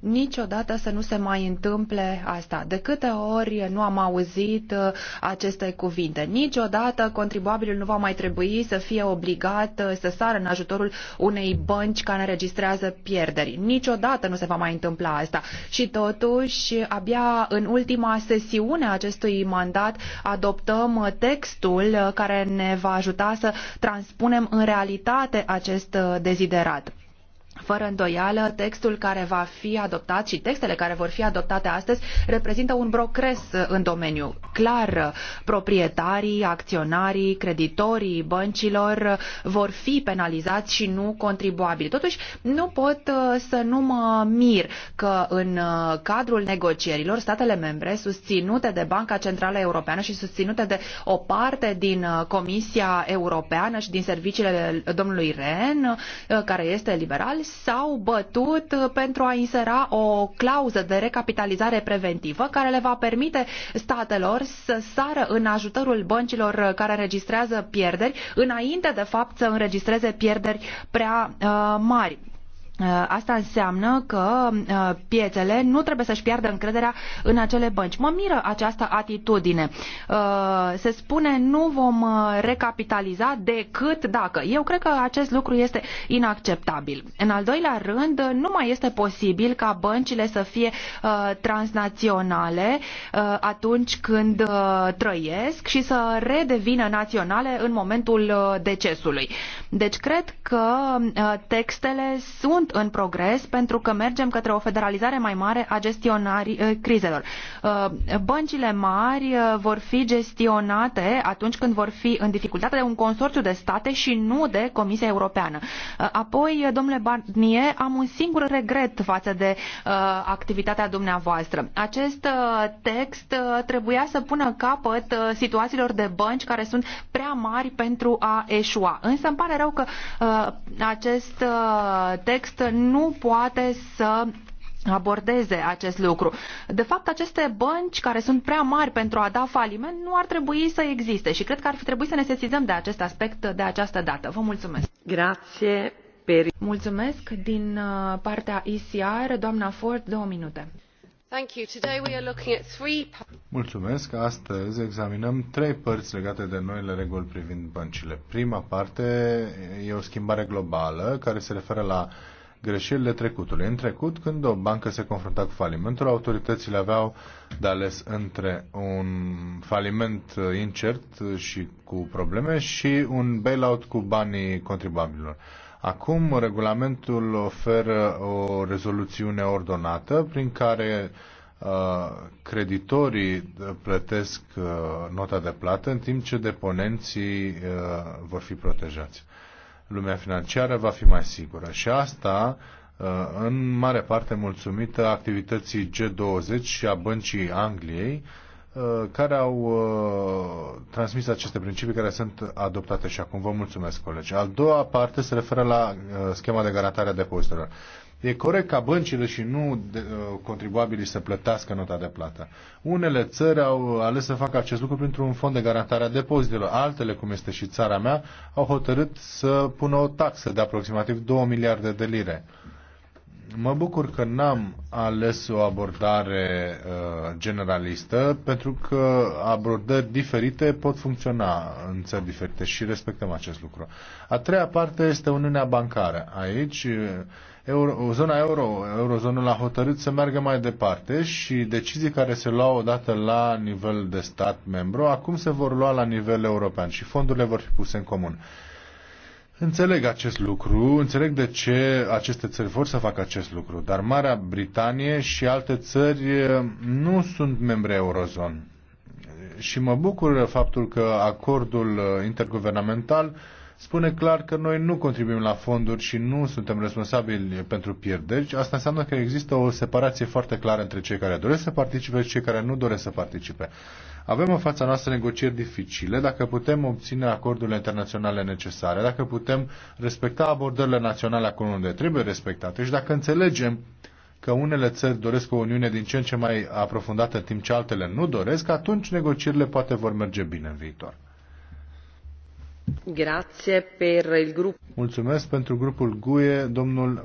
niciodată să nu se mai întâmple asta. De câte ori nu am auzit uh, aceste cuvinte? Niciodată contribuabilul nu va mai trebui să fie obligat uh, să sară în ajutorul unei bănci care înregistrează pierderi. Niciodată nu se va mai întâmpla asta. Și totuși, abia în ultima sesiune a acestui mandat adoptăm uh, textul care ne va ajuta să transpunem în realitate acest deziderat fără îndoială, textul care va fi adoptat și textele care vor fi adoptate astăzi reprezintă un progres în domeniu. Clar, proprietarii, acționarii, creditorii băncilor vor fi penalizați și nu contribuabili. Totuși, nu pot uh, să nu mă mir că în uh, cadrul negocierilor, statele membre susținute de Banca Centrală Europeană și susținute de o parte din uh, Comisia Europeană și din serviciile domnului Ren, care este liberal, s-au bătut uh, pentru a insera o clauză de recapitalizare preventivă care le va permite statelor să sară în ajutorul băncilor uh, care înregistrează pierderi înainte de fapt să înregistreze pierderi prea uh, mari. Uh, asta înseamnă că uh, piețele nu trebuie să-și piardă încrederea în acele bănci. Mă miră această atitudine. Uh, se spune nu vom recapitaliza decât dacă. Eu cred că acest lucru este inacceptabil. În al doilea rând, nu mai este posibil ca băncile să fie transnaționale atunci când trăiesc și să redevină naționale în momentul decesului. Deci cred că textele sunt în progres pentru că mergem către o federalizare mai mare a gestionării eh, crizelor. Eh, băncile mari eh, vor fi gestionate atunci când vor fi în dificultate de un consorțiu de state și nu de Comisia Europeană. Apoi, domnule Barnier, am un singur regret față de activitatea dumneavoastră. Acest text trebuia să pună capăt situațiilor de bănci care sunt prea mari pentru a eșua. Însă îmi pare rău că acest text nu poate să abordeze acest lucru. De fapt, aceste bănci care sunt prea mari pentru a da faliment nu ar trebui să existe și cred că ar fi trebuit să ne sesizăm de acest aspect de această dată. Vă mulțumesc. Grație. Per... Mulțumesc. Din uh, partea ICR, doamna Ford, două minute. Mulțumesc. Astăzi examinăm trei părți legate de noile reguli privind băncile. Prima parte e o schimbare globală care se referă la greșelile trecutului. În trecut, când o bancă se confrunta cu falimentul, autoritățile aveau de ales între un faliment incert și cu probleme și un bailout cu banii contribuabililor. Acum, regulamentul oferă o rezoluțiune ordonată prin care uh, creditorii plătesc uh, nota de plată în timp ce deponenții uh, vor fi protejați lumea financiară va fi mai sigură. Și asta uh, în mare parte mulțumită activității G20 și a băncii Angliei, uh, care au uh, transmis aceste principii care sunt adoptate și acum. Vă mulțumesc, colegi. Al doua parte se referă la schema de garantare a depozitelor. E corect ca băncile și nu uh, contribuabilii să plătească nota de plată. Unele țări au ales să facă acest lucru printr-un fond de garantare a depozitelor. Altele, cum este și țara mea, au hotărât să pună o taxă de aproximativ 2 miliarde de lire. Mă bucur că n-am ales o abordare uh, generalistă, pentru că abordări diferite pot funcționa în țări diferite și respectăm acest lucru. A treia parte este Uniunea Bancară. Aici. Uh, euro, zona euro, eurozonul a hotărât să meargă mai departe și decizii care se luau odată la nivel de stat membru, acum se vor lua la nivel european și fondurile vor fi puse în comun. Înțeleg acest lucru, înțeleg de ce aceste țări vor să facă acest lucru, dar Marea Britanie și alte țări eh, nu sunt membre eurozon. Și mă bucur faptul că acordul eh, interguvernamental uh, spune clar că noi nu contribuim la fonduri și nu suntem responsabili pentru pierderi. Asta înseamnă că există o separație foarte clară între cei care doresc să participe și cei care nu doresc să participe. Avem în fața noastră negocieri dificile, dacă putem obține acordurile internaționale necesare, dacă putem respecta abordările naționale acolo unde trebuie respectate și dacă înțelegem că unele țări doresc o uniune din ce în ce mai aprofundată, în timp ce altele nu doresc, atunci negocierile poate vor merge bine în viitor. Mulțumesc pentru grupul GUE, domnul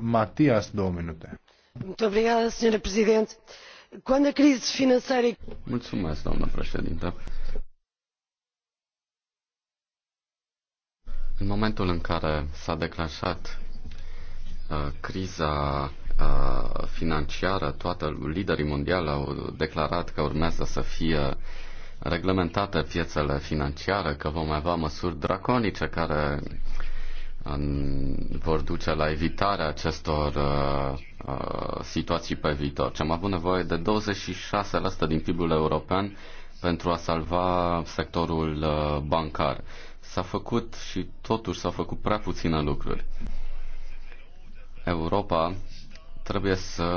două minute. În momentul în care s-a declanșat uh, criza uh, financiară, toată liderii mondiali au declarat că urmează să fie reglementate piețele financiare, că vom avea măsuri draconice care vor duce la evitarea acestor uh, uh, situații pe viitor. Și am avut nevoie de 26% din PIB-ul european pentru a salva sectorul uh, bancar. S-a făcut și totuși s-au făcut prea puține lucruri. Europa trebuie să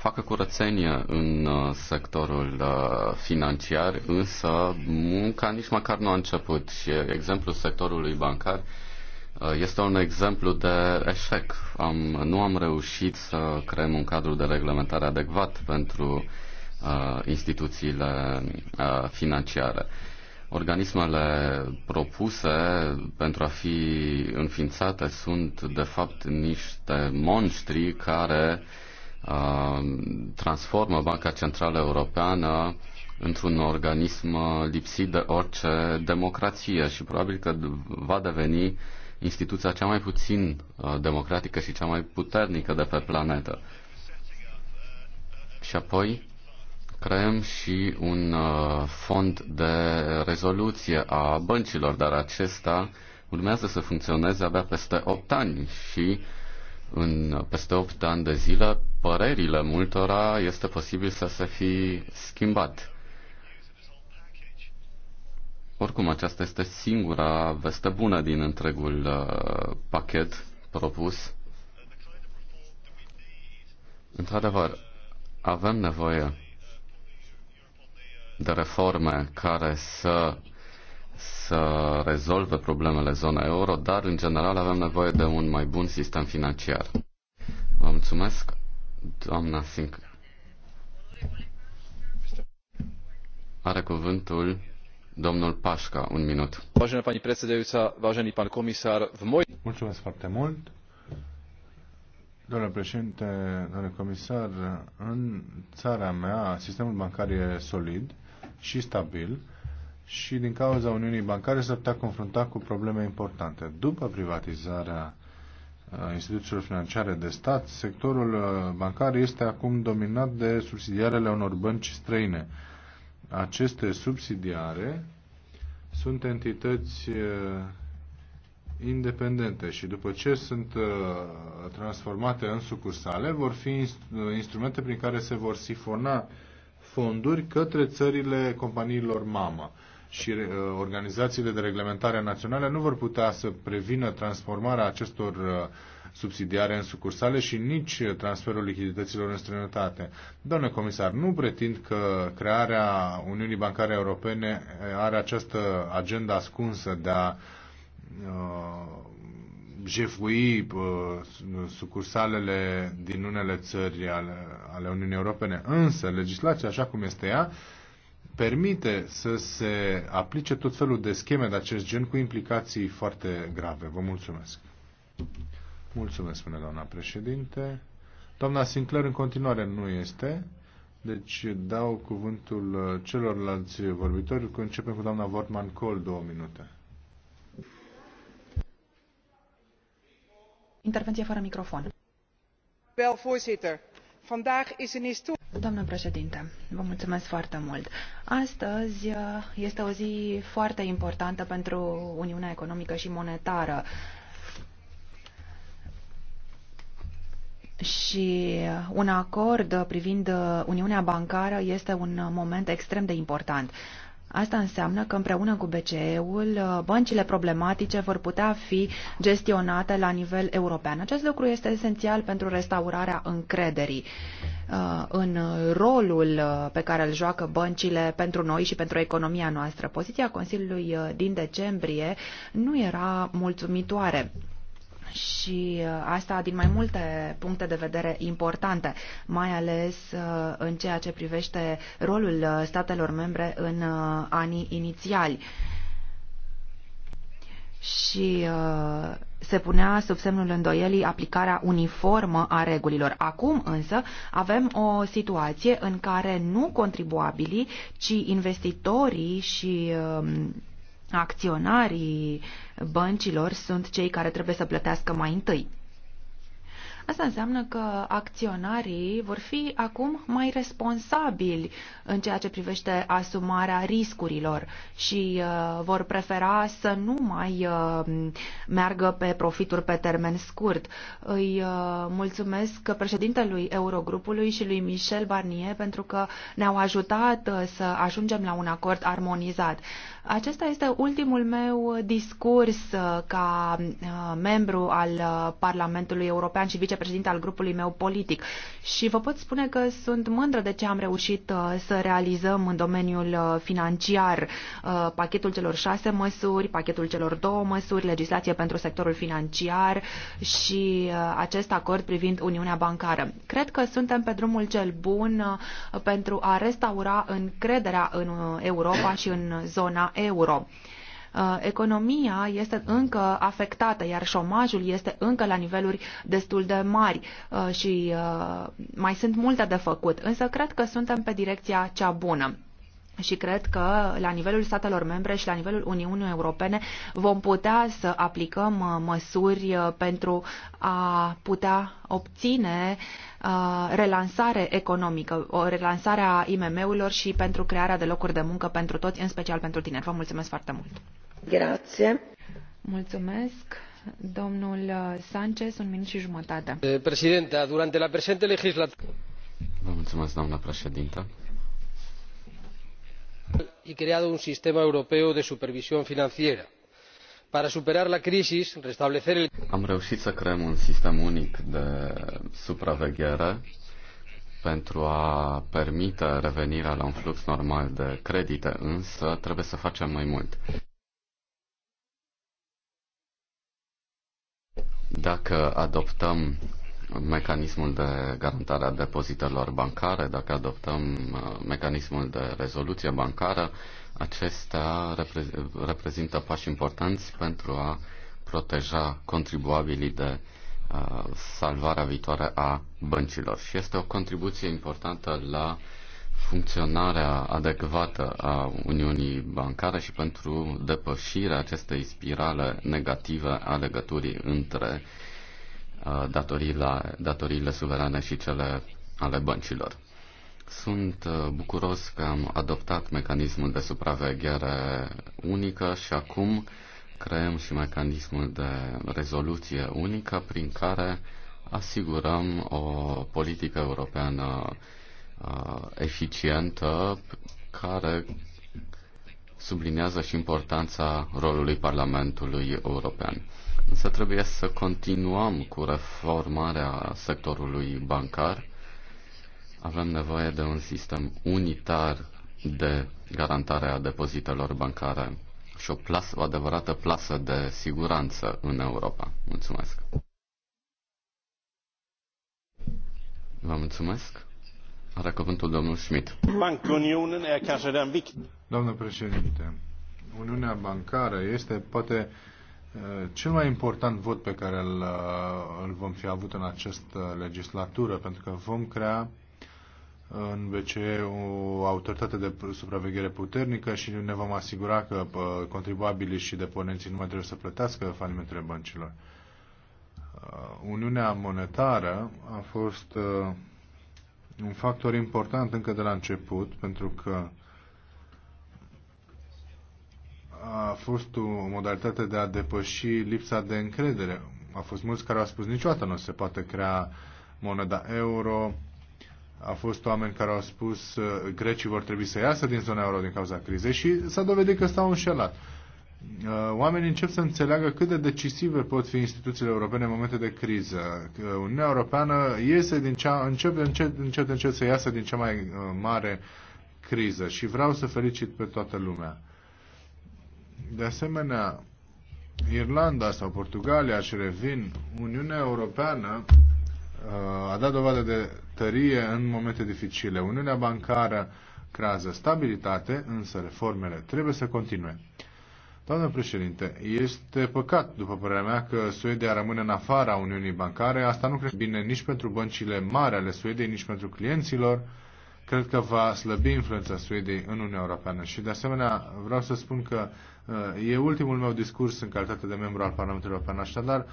facă curățenie în uh, sectorul uh, financiar, însă munca nici măcar nu a început și exemplul sectorului bancar uh, este un exemplu de eșec. Am, nu am reușit să creăm un cadru de reglementare adecvat pentru uh, instituțiile uh, financiare. Uh, Organismele propuse pentru a fi înființate sunt, de fapt, niște monștri care uh, transformă Banca Centrală Europeană într-un organism lipsit de orice democrație și probabil că va deveni instituția cea mai puțin uh, democratică și cea mai puternică de pe planetă. Și apoi creăm și un uh, fond de rezoluție a băncilor, dar acesta urmează să funcționeze abia peste 8 ani și în peste 8 ani de zile părerile multora este posibil să se fi schimbat. Oricum, aceasta este singura veste bună din întregul uh, pachet propus. Într-adevăr, avem nevoie de reforme care să, să rezolve problemele zonei euro, dar în general avem nevoie de un mai bun sistem financiar. Vă mulțumesc, doamna Sinc. Are cuvântul domnul Pașca, un minut. Mulțumesc foarte mult. Domnule președinte, domnule comisar, în țara mea sistemul bancar e solid și stabil și din cauza Uniunii Bancare s-ar putea confrunta cu probleme importante. După privatizarea uh, instituțiilor financiare de stat, sectorul uh, bancar este acum dominat de subsidiarele unor bănci străine. Aceste subsidiare sunt entități uh, independente și după ce sunt transformate în sucursale, vor fi instrumente prin care se vor sifona fonduri către țările companiilor mamă și uh, organizațiile de reglementare naționale nu vor putea să prevină transformarea acestor uh, subsidiare în sucursale și nici transferul lichidităților în străinătate. Doamne comisar, nu pretind că crearea Uniunii Bancare Europene are această agenda ascunsă de a uh, jefui sucursalele din unele țări ale, ale Uniunii Europene, însă legislația așa cum este ea permite să se aplice tot felul de scheme de acest gen cu implicații foarte grave. Vă mulțumesc. Mulțumesc, spune doamna președinte. Doamna Sinclair în continuare nu este, deci dau cuvântul celorlalți vorbitori. Începem cu doamna Wortman Col două minute. Intervenție fără microfon. Doamnă președinte, vă mulțumesc foarte mult. Astăzi uh, este o zi foarte importantă pentru Uniunea Economică și Monetară. Și un acord privind Uniunea Bancară este un moment extrem de important. Asta înseamnă că împreună cu BCE-ul, uh, băncile problematice vor putea fi gestionate la nivel european. Acest lucru este esențial pentru restaurarea încrederii uh, în rolul uh, pe care îl joacă băncile pentru noi și pentru economia noastră. Poziția Consiliului din decembrie nu era mulțumitoare și uh, asta din mai multe puncte de vedere importante, mai ales uh, în ceea ce privește rolul uh, statelor membre în anii inițiali. Și se punea sub semnul îndoielii aplicarea uniformă a regulilor. Acum însă avem o situație în care nu contribuabilii, ci investitorii și um, acționarii băncilor sunt cei care trebuie să plătească mai întâi. Asta înseamnă că acționarii vor fi acum mai responsabili în ceea ce privește asumarea riscurilor și uh, vor prefera să nu mai uh, meargă pe profituri pe termen scurt. Îi uh, mulțumesc președintelui Eurogrupului și lui Michel Barnier pentru că ne-au ajutat uh, să ajungem la un acord armonizat. Acesta este ultimul meu discurs uh, ca uh, membru al uh, Parlamentului European și vicepreședinte al grupului meu politic și vă pot spune că sunt mândră de ce am reușit să realizăm în domeniul financiar pachetul celor șase măsuri, pachetul celor două măsuri, legislație pentru sectorul financiar și acest acord privind Uniunea Bancară. Cred că suntem pe drumul cel bun pentru a restaura încrederea în Europa și în zona euro. Uh, economia este încă afectată, iar șomajul este încă la niveluri destul de mari uh, și uh, mai sunt multe de făcut, însă cred că suntem pe direcția cea bună și cred că la nivelul statelor membre și la nivelul Uniunii Europene vom putea să aplicăm măsuri pentru a putea obține uh, relansare economică, o relansare a IMM-urilor și pentru crearea de locuri de muncă pentru toți, în special pentru tineri. Vă mulțumesc foarte mult! Grație! Mulțumesc! Domnul uh, Sanchez, un minut și jumătate. Eh, Președinte, durante la presente legislatură... Vă mulțumesc, doamna președintă y creado un sistema europeo de supervisión financiera. Para superar la crisis, restablecer el... Am reușit să creăm un sistem unic de supraveghere pentru a permite revenirea la un flux normal de credite, însă trebuie să facem mai mult. Dacă adoptăm mecanismul de garantare a depozitelor bancare, dacă adoptăm uh, mecanismul de rezoluție bancară, Acestea reprezintă pași importanți pentru a proteja contribuabilii de uh, salvarea viitoare a băncilor și este o contribuție importantă la funcționarea adecvată a Uniunii Bancare și pentru depășirea acestei spirale negative a legăturii între uh, datoriile, datoriile suverane și cele ale băncilor. Sunt uh, bucuros că am adoptat mecanismul de supraveghere unică și acum creăm și mecanismul de rezoluție unică prin care asigurăm o politică europeană uh, eficientă care sublinează și importanța rolului Parlamentului European. Însă trebuie să continuăm cu reformarea sectorului bancar avem nevoie de un sistem unitar de garantare a depozitelor bancare și o, plasă, o adevărată plasă de siguranță în Europa. Mulțumesc! Vă mulțumesc! Are cuvântul domnul Schmidt. Bankunionen Doamnă președinte, Uniunea Bancară este poate uh, cel mai important vot pe care îl, uh, îl vom fi avut în această legislatură, pentru că vom crea în BCE o autoritate de supraveghere puternică și ne vom asigura că contribuabilii și deponenții nu mai trebuie să plătească falimentele băncilor. Uh, Uniunea monetară a fost uh, un factor important încă de la început, pentru că a fost o modalitate de a depăși lipsa de încredere. A fost mulți care au spus niciodată nu se poate crea moneda euro, a fost oameni care au spus uh, grecii vor trebui să iasă din zona euro din cauza crizei și s-a dovedit că stau înșelat. Uh, oamenii încep să înțeleagă cât de decisive pot fi instituțiile europene în momente de criză. Uniunea Europeană iese din cea, începe încet, încet, încet să iasă din cea mai uh, mare criză și vreau să felicit pe toată lumea. De asemenea, Irlanda sau Portugalia și revin, Uniunea Europeană Uh, a dat dovadă de tărie în momente dificile. Uniunea bancară creează stabilitate, însă reformele trebuie să continue. Doamnă președinte, este păcat, după părerea mea, că Suedia rămâne în afara Uniunii Bancare. Asta nu crește bine nici pentru băncile mari ale Suediei, nici pentru clienților. Cred că va slăbi influența Suediei în Uniunea Europeană. Și, de asemenea, vreau să spun că uh, e ultimul meu discurs în calitate de membru al Parlamentului European. Așadar,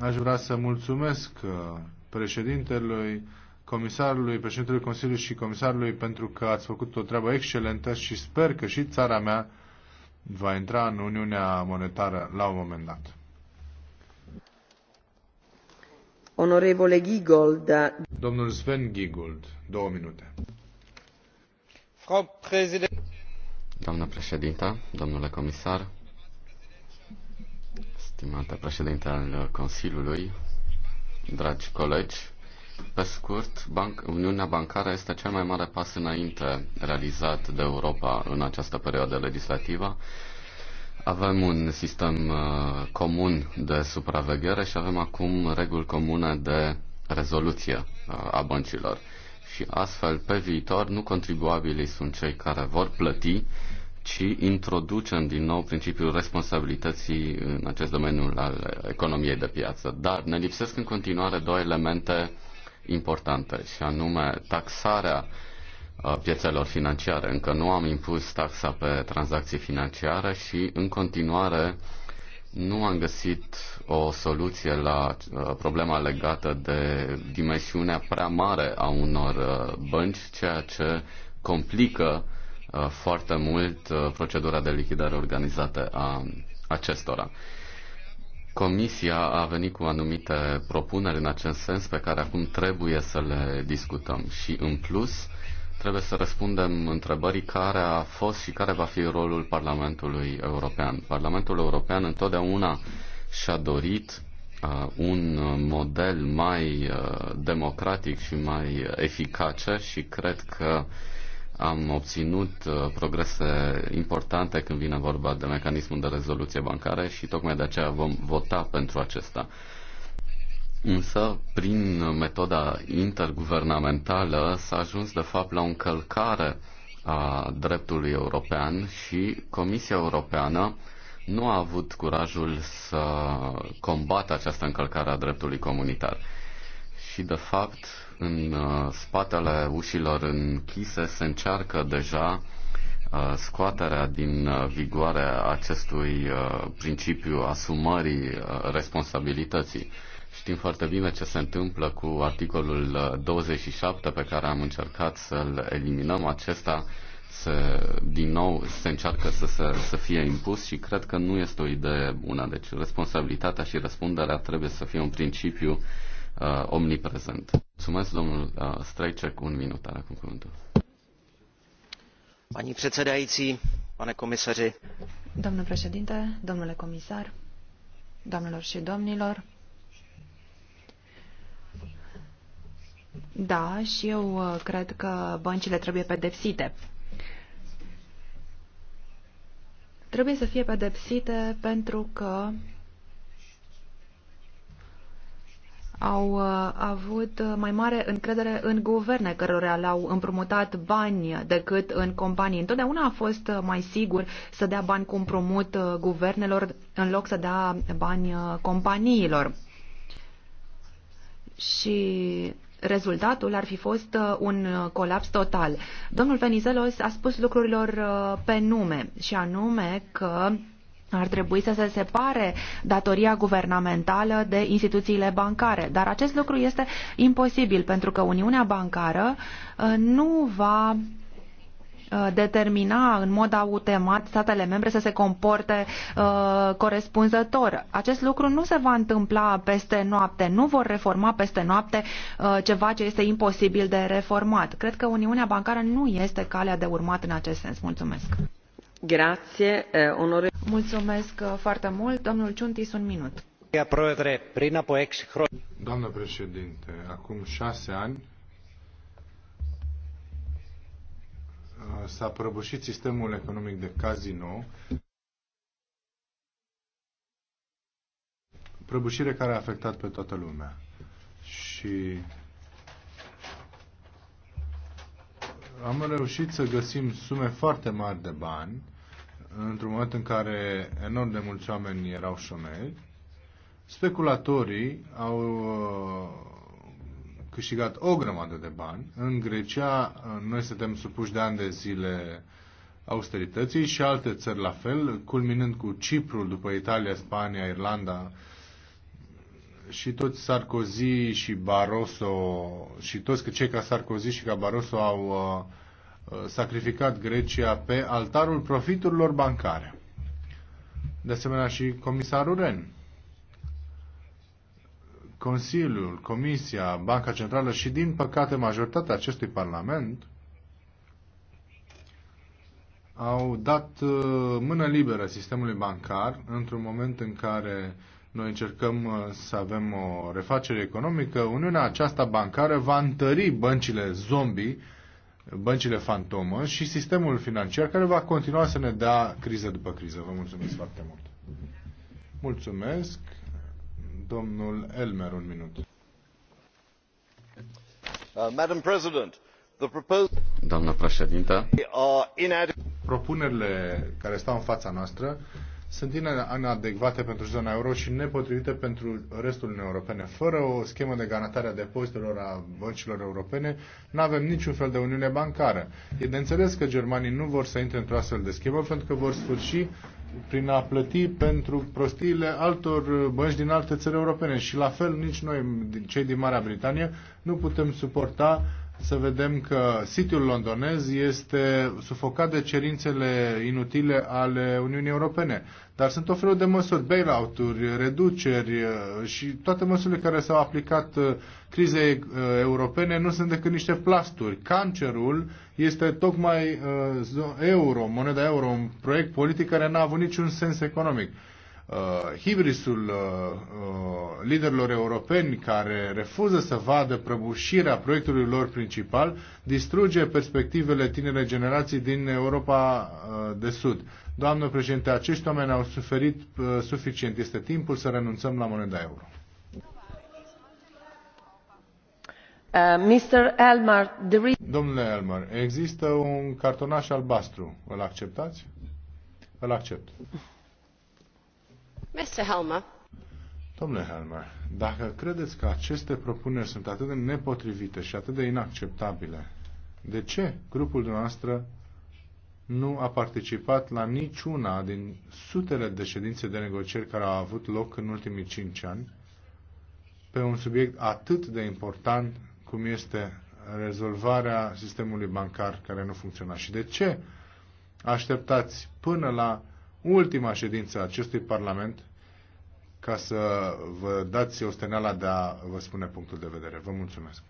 aș vrea să mulțumesc uh, președintelui, comisarului, președintelui Consiliului și comisarului pentru că ați făcut o treabă excelentă și sper că și țara mea va intra în Uniunea Monetară la un moment dat. Onorevole Gigold, Da... Domnul Sven Gigold, două minute. Frau President... Doamnă președintă, domnule comisar, stimată președinte al Consiliului, dragi colegi. Pe scurt, banc, Uniunea Bancară este cel mai mare pas înainte realizat de Europa în această perioadă legislativă. Avem un sistem uh, comun de supraveghere și avem acum reguli comune de rezoluție uh, a băncilor. Și astfel, pe viitor, nu contribuabilii sunt cei care vor plăti, și introducem din nou principiul responsabilității în acest domeniu al economiei de piață. Dar ne lipsesc în continuare două elemente importante, și anume taxarea uh, piețelor financiare. Încă nu am impus taxa pe tranzacții financiare și în continuare nu am găsit o soluție la uh, problema legată de dimensiunea prea mare a unor uh, bănci, ceea ce complică uh, Uh, foarte mult uh, procedura de lichidare organizată a acestora. Comisia a venit cu anumite propuneri în acest sens pe care acum trebuie să le discutăm și în plus trebuie să răspundem întrebării care a fost și care va fi rolul Parlamentului European. Parlamentul European întotdeauna și-a dorit uh, un model mai uh, democratic și mai eficace și cred că uh, am obținut uh, progrese importante când vine vorba de mecanismul de rezoluție bancare și tocmai de aceea vom vota pentru acesta. Însă, prin metoda interguvernamentală s-a ajuns de fapt la o încălcare a dreptului european și Comisia Europeană nu a avut curajul să combată această încălcare a dreptului comunitar. Și, de fapt, în uh, spatele ușilor închise se încearcă deja uh, scoaterea din uh, vigoare a acestui principiu asumării responsabilității. Știm foarte bine ce se întâmplă cu articolul 27 pe care am încercat să-l eliminăm. Acesta se, din nou se încearcă să, să, să fie impus și cred că nu este o idee bună. Deci responsabilitatea și răspunderea trebuie să fie un principiu uh, uh, omniprezent. Mulțumesc, domnul uh, Strejcek, un minut are acum cuvântul. Pani předsedající, pane komisaři. Domnul președinte, domnule comisar, doamnelor și domnilor, Da, și eu uh, cred că băncile trebuie pedepsite. Trebuie să fie pedepsite pentru că au uh, avut uh, mai mare încredere în guverne cărora le-au împrumutat bani decât în companii. Întotdeauna a fost uh, mai sigur să dea bani cu împrumut guvernelor în loc să dea bani companiilor. Și rezultatul ar fi fost un colaps total. Domnul Venizelos a spus lucrurilor pe nume și anume că ar trebui să se separe datoria guvernamentală de instituțiile bancare. Dar acest lucru este imposibil pentru că Uniunea Bancară uh, nu va uh, determina în mod automat statele membre să se comporte uh, corespunzător. Acest lucru nu se va întâmpla peste noapte. Nu vor reforma peste noapte uh, ceva ce este imposibil de reformat. Cred că Uniunea Bancară nu este calea de urmat în acest sens. Mulțumesc. Eh, Mulțumesc eh, foarte mult. un minut. Doamnă președinte, acum șase ani eh, s-a prăbușit sistemul economic de casino, prăbușire care a afectat pe toată lumea. Și am reușit să găsim sume foarte mari de bani într-un moment în care enorm de mulți oameni erau șomeri, speculatorii au uh, câștigat o grămadă de bani. În Grecia uh, noi suntem supuși de ani de zile austerității și alte țări la fel, culminând cu Ciprul, după Italia, Spania, Irlanda și toți Sarkozy și Barroso și toți cei ca Sarkozy și ca Barroso au uh, Uh, sacrificat Grecia pe altarul profiturilor bancare. De asemenea și comisarul Ren. Consiliul, Comisia, Banca Centrală și, din păcate, majoritatea acestui Parlament au dat uh, mână liberă sistemului bancar într-un moment în care noi încercăm uh, să avem o refacere economică. Uniunea aceasta bancară va întări băncile zombie băncile fantomă și sistemul financiar care va continua să ne dea criză după criză. Vă mulțumesc foarte mult. Mulțumesc. Domnul Elmer, un minut. Uh, Doamnă președintă, propunerile care stau în fața noastră sunt inadecvate pentru zona euro și nepotrivite pentru restul Uniunii Europene. Fără o schemă de garantare a depozitelor a băncilor europene, nu avem niciun fel de uniune bancară. E de înțeles că germanii nu vor să intre într-o astfel de schemă pentru că vor sfârși prin a plăti pentru prostiile altor bănci din alte țări europene. Și la fel nici noi, cei din Marea Britanie, nu putem suporta să vedem că sitiul londonez este sufocat de cerințele inutile ale Uniunii Europene. Dar sunt o felul de măsuri, bailout-uri, reduceri uh, și toate măsurile care s-au aplicat uh, crizei uh, europene nu sunt decât niște plasturi. Cancerul este tocmai euro, moneda euro, un proiect politic care n-a avut niciun sens economic uh, hibrisul uh, uh, liderilor europeni care refuză să vadă prăbușirea proiectului lor principal distruge perspectivele tinere generații din Europa uh, de Sud. Doamnă președinte, acești oameni au suferit uh, suficient. Este timpul să renunțăm la moneda euro. Uh, Mr. the... Domnule Elmar, există un cartonaș albastru. Îl acceptați? Îl accept. Mr. Helmer. Domnule Helmer, dacă credeți că aceste propuneri sunt atât de nepotrivite și atât de inacceptabile, de ce grupul dumneavoastră nu a participat la niciuna din sutele de ședințe de negocieri care au avut loc în ultimii cinci ani pe un subiect atât de important cum este rezolvarea sistemului bancar care nu funcționa. Și de ce așteptați până la ultima ședință a acestui Parlament ca să vă dați o steneala de a vă spune punctul de vedere. Vă mulțumesc.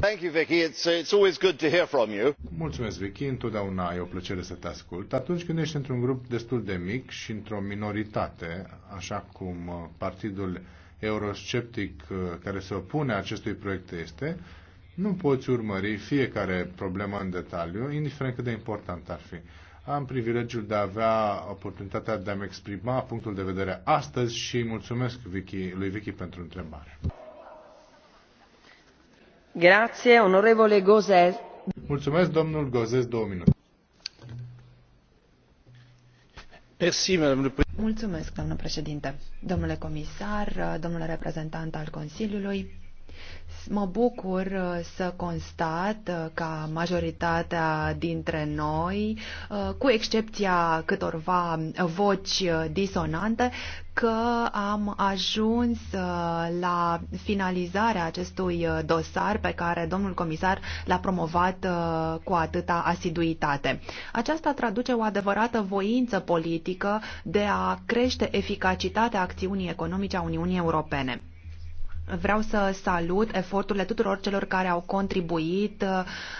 Thank you, Vicky. It's, it's always good to hear from you. Mulțumesc, Vicky. Întotdeauna e o plăcere să te ascult. Atunci când ești într-un grup destul de mic și într-o minoritate, așa cum uh, partidul eurosceptic uh, care se opune acestui proiect este, nu poți urmări fiecare problemă în detaliu, indiferent cât de important ar fi. Am privilegiul de a avea oportunitatea de a-mi exprima punctul de vedere astăzi și mulțumesc Vicky, lui Vicky pentru întrebare. Grazie, onorevole Gozes. Mulțumesc, domnul Gozes, două minute. Mulțumesc, doamnă președinte, domnule comisar, domnule reprezentant al Consiliului Mă bucur uh, să constat uh, ca majoritatea dintre noi, uh, cu excepția câtorva voci disonante, că am ajuns la finalizarea acestui dosar pe care domnul comisar l-a promovat cu atâta asiduitate. Aceasta traduce o adevărată voință politică de a crește eficacitatea acțiunii economice a Uniunii Europene. Vreau să salut eforturile tuturor celor care au contribuit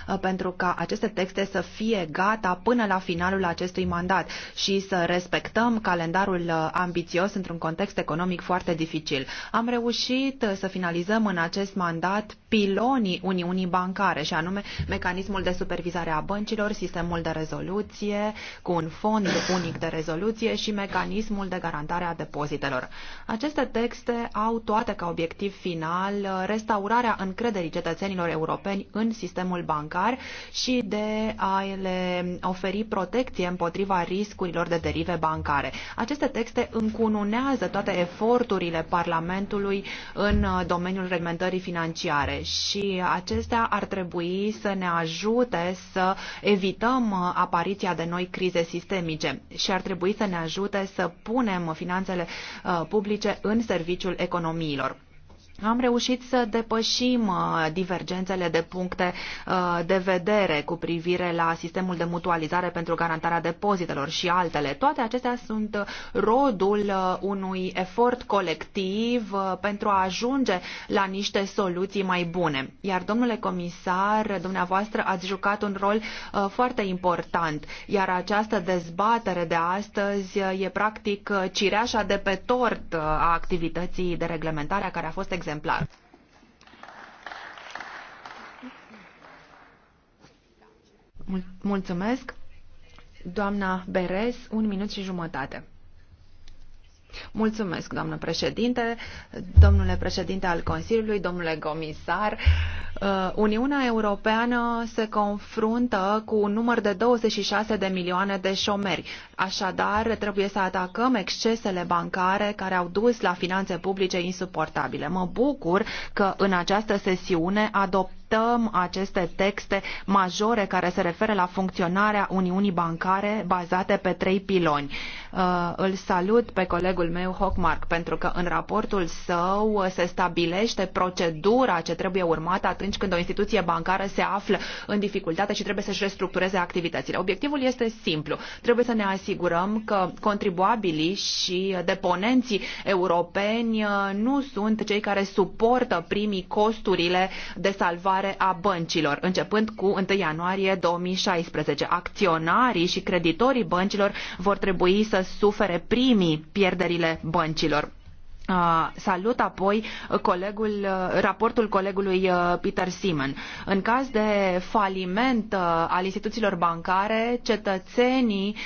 uh, pentru ca aceste texte să fie gata până la finalul acestui mandat și să respectăm calendarul uh, ambițios într-un context economic foarte dificil. Am reușit uh, să finalizăm în acest mandat pilonii Uniunii Bancare, și anume mecanismul de supervizare a băncilor, sistemul de rezoluție cu un fond unic de rezoluție și mecanismul de garantare a depozitelor. Aceste texte au toate ca obiectiv final restaurarea încrederii cetățenilor europeni în sistemul bancar și de a le oferi protecție împotriva riscurilor de derive bancare. Aceste texte încununează toate eforturile Parlamentului în domeniul reglementării financiare și acestea ar trebui să ne ajute să evităm apariția de noi crize sistemice și ar trebui să ne ajute să punem finanțele uh, publice în serviciul economiilor. Am reușit să depășim uh, divergențele de puncte uh, de vedere cu privire la sistemul de mutualizare pentru garantarea depozitelor și altele. Toate acestea sunt uh, rodul unui efort colectiv pentru a ajunge la niște soluții mai bune. Iar, domnule comisar, dumneavoastră ați jucat un rol foarte important, iar această dezbatere de astăzi e practic cireașa de pe tort a activității de reglementare care a fost executată exemplar. Mulțumesc. Doamna Beres, un minut și jumătate. Mulțumesc, doamnă președinte, domnule președinte al Consiliului, domnule comisar. Uh, Uniunea Europeană se confruntă cu un număr de 26 de milioane de șomeri. Așadar, trebuie să atacăm excesele bancare care au dus la finanțe publice insuportabile. Mă bucur că în această sesiune adoptăm uităm aceste texte majore care se referă la funcționarea Uniunii Bancare bazate pe trei piloni. Uh, îl salut pe colegul meu Hockmark pentru că în raportul său se stabilește procedura ce trebuie urmată atunci când o instituție bancară se află în dificultate și trebuie să-și restructureze activitățile. Obiectivul este simplu. Trebuie să ne asigurăm că contribuabilii și deponenții europeni uh, nu sunt cei care suportă primii costurile de salvare viitoare a băncilor, începând cu 1 ianuarie 2016. Acționarii și creditorii băncilor vor trebui să sufere primii pierderile băncilor. Salut apoi colegul, raportul colegului Peter Simon. În caz de faliment al instituțiilor bancare, cetățenii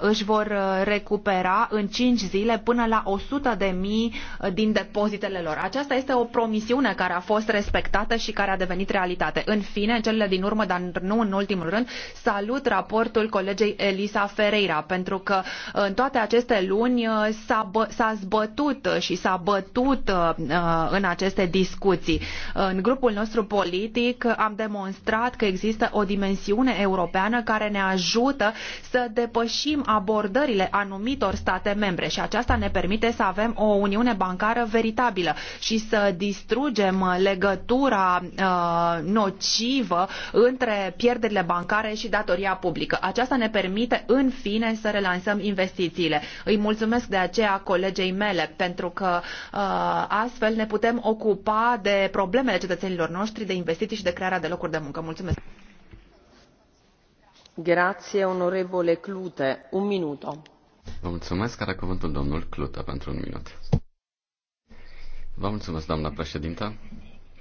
își vor recupera în cinci zile până la 100 de mii din depozitele lor. Aceasta este o promisiune care a fost respectată și care a devenit realitate. În fine, în cele din urmă, dar nu în ultimul rând, salut raportul colegei Elisa Ferreira, pentru că în toate aceste luni s-a, zbătut și s-a bătut uh, uh, în aceste discuții. În grupul nostru politic am demonstrat că există o dimensiune europeană care ne ajută să depășim abordările anumitor state membre și aceasta ne permite să avem o uniune bancară veritabilă și să distrugem legătura uh, nocivă între pierderile bancare și datoria publică. Aceasta ne permite în fine să relansăm investițiile. Îi mulțumesc de aceea colegei mele pentru că că uh, astfel ne putem ocupa de problemele cetățenilor noștri, de investiții și de crearea de locuri de muncă. Mulțumesc! Grazie, onorevole Clute. Un minut. Vă mulțumesc. Are cuvântul domnul Clute pentru un minut. Vă mulțumesc, doamna președintă.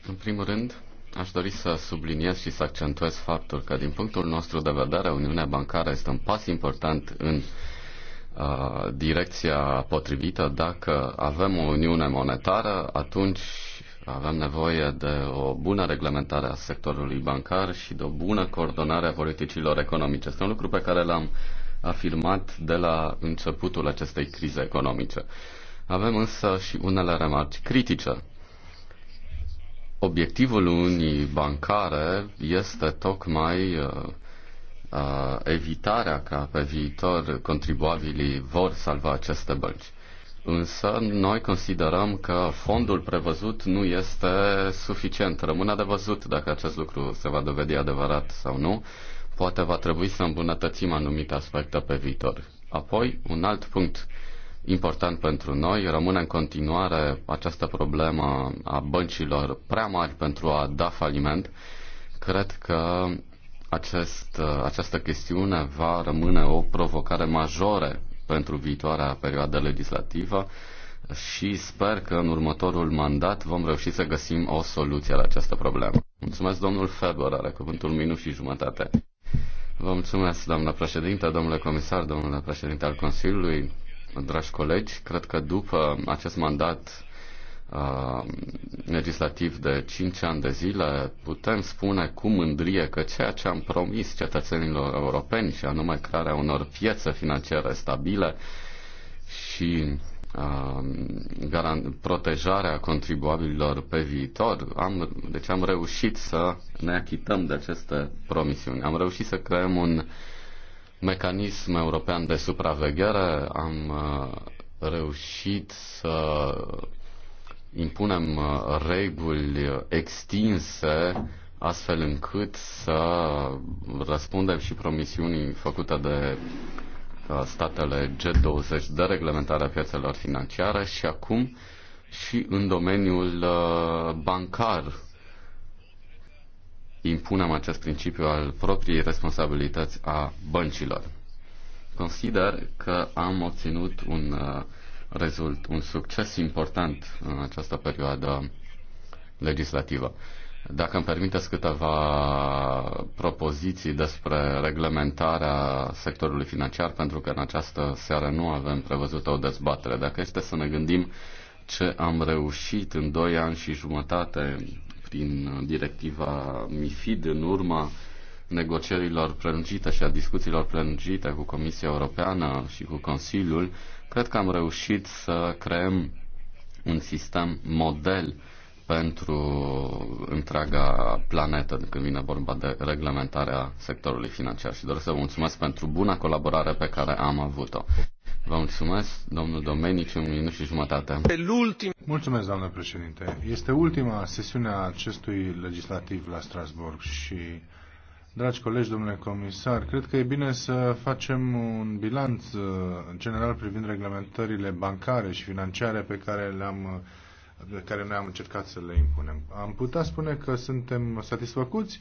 În primul rând, Aș dori să subliniez și să accentuez faptul că, din punctul nostru de vedere, Uniunea Bancară este un pas important în Uh, direcția potrivită. Dacă avem o uniune monetară, atunci avem nevoie de o bună reglementare a sectorului bancar și de o bună coordonare a politicilor economice. Este un lucru pe care l-am afirmat de la începutul acestei crize economice. Avem însă și unele remarci critice. Obiectivul unii bancare este tocmai uh, uh, evitarea ca pe viitor contribuabilii vor salva aceste bănci. Însă noi considerăm că fondul prevăzut nu este suficient. Rămâne de văzut dacă acest lucru se va dovedi adevărat sau nu. Poate va trebui să îmbunătățim anumite aspecte pe viitor. Apoi, un alt punct important pentru noi rămâne în continuare această problemă a băncilor prea mari pentru a da faliment. Cred că acest, uh, această chestiune va rămâne o provocare majoră pentru viitoarea perioadă legislativă și sper că în următorul mandat vom reuși să găsim o soluție la această problemă. Mulțumesc, domnul Ferber, are cuvântul minut și jumătate. Vă mulțumesc, doamna președinte, domnule comisar, domnule președinte al Consiliului, dragi colegi. Cred că după acest mandat Uh, legislativ de 5 ani de zile, putem spune cu mândrie că ceea ce am promis cetățenilor europeni, și anume crearea unor piețe financiare stabile și uh, garant, protejarea contribuabililor pe viitor. Am, deci am reușit să ne achităm de aceste promisiuni. Am reușit să creăm un mecanism european de supraveghere, am uh, reușit să impunem uh, reguli extinse astfel încât să răspundem și promisiunii făcute de uh, statele G20 de reglementare a piețelor financiare și acum și în domeniul uh, bancar impunem acest principiu al propriei responsabilități a băncilor. Consider că am obținut un uh, rezult un succes important în această perioadă legislativă. Dacă îmi permiteți câteva propoziții despre reglementarea sectorului financiar, pentru că în această seară nu avem prevăzută o dezbatere. Dacă este să ne gândim ce am reușit în doi ani și jumătate prin directiva MIFID în urma negocierilor prelungite și a discuțiilor prelungite cu Comisia Europeană și cu Consiliul, Cred că am reușit să creăm un sistem model pentru întreaga planetă când vine vorba de reglementarea sectorului financiar și doresc să vă mulțumesc pentru buna colaborare pe care am avut-o. Vă mulțumesc, domnul Domenici, un minut și jumătate. Mulțumesc, doamnă președinte. Este ultima sesiune a acestui legislativ la Strasburg și Dragi colegi, domnule comisar, cred că e bine să facem un bilanț uh, general privind reglementările bancare și financiare pe care le-am uh, pe care noi am încercat să le impunem. Am putea spune că suntem satisfăcuți?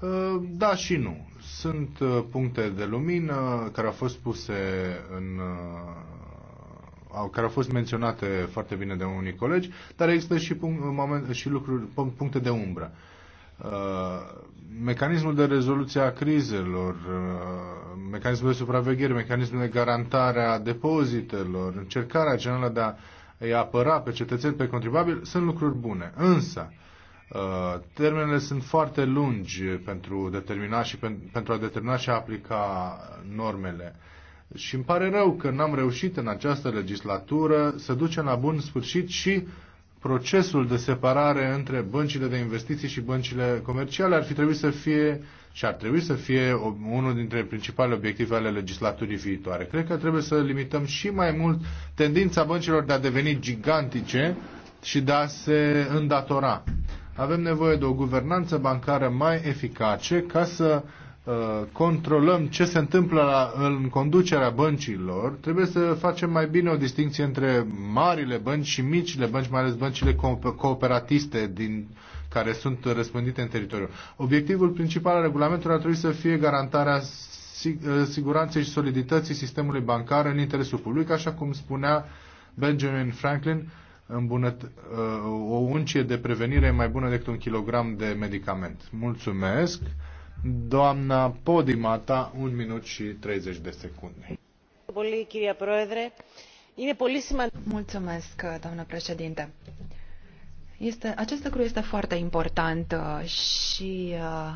Uh, da și nu. Sunt puncte de lumină care au fost puse în care au fost menționate foarte bine de unii colegi, dar există și, punct, moment, și lucruri, puncte de umbră mecanismul de rezoluție a crizelor, uh, mecanismul de supraveghere, mecanismul de garantare a depozitelor, încercarea generală de a îi apăra pe cetățeni, pe contribuabil, sunt lucruri bune. Însă, uh, termenele sunt foarte lungi pentru, determina și, pentru a determina și a aplica normele. Și îmi pare rău că n-am reușit în această legislatură să ducem la bun sfârșit și uh, procesul de separare între băncile de investiții și băncile comerciale ar fi trebuit să fie și ar trebui să fie unul dintre principalele obiective ale legislaturii viitoare. Cred că trebuie să limităm și mai mult tendința băncilor de a deveni gigantice și de a se îndatora. Avem nevoie de o guvernanță bancară mai eficace ca să uh, Uh, controlăm ce se întâmplă la, în conducerea băncilor, trebuie să facem mai bine o distinție între marile bănci și micile bănci, mai ales băncile cooperatiste din care sunt răspândite în teritoriu. Obiectivul principal al regulamentului ar trebui să fie garantarea uh, siguranței și solidității sistemului bancar în interesul public, așa cum spunea Benjamin Franklin, îmbunăt- uh, o uncie de prevenire e mai bună decât un kilogram de medicament. Mulțumesc! Doamna Podimata, un minut și 30 de secunde. Mulțumesc, doamnă președinte. Este, acest lucru este foarte important uh, și uh,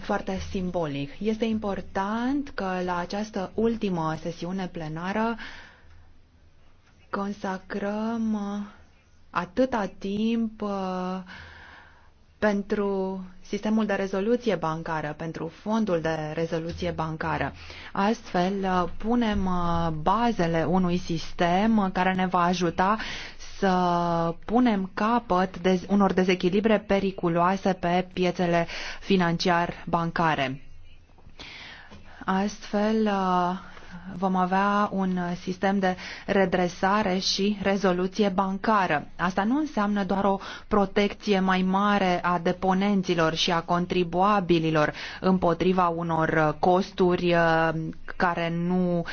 foarte simbolic. Este important că la această ultimă sesiune plenară consacrăm uh, atâta timp uh, pentru sistemul de rezoluție bancară, pentru fondul de rezoluție bancară. Astfel, uh, punem uh, bazele unui sistem care ne va ajuta să punem capăt de unor dezechilibre periculoase pe piețele financiar-bancare. Astfel, uh, vom avea un sistem de redresare și rezoluție bancară. Asta nu înseamnă doar o protecție mai mare a deponenților și a contribuabililor împotriva unor costuri uh, care nu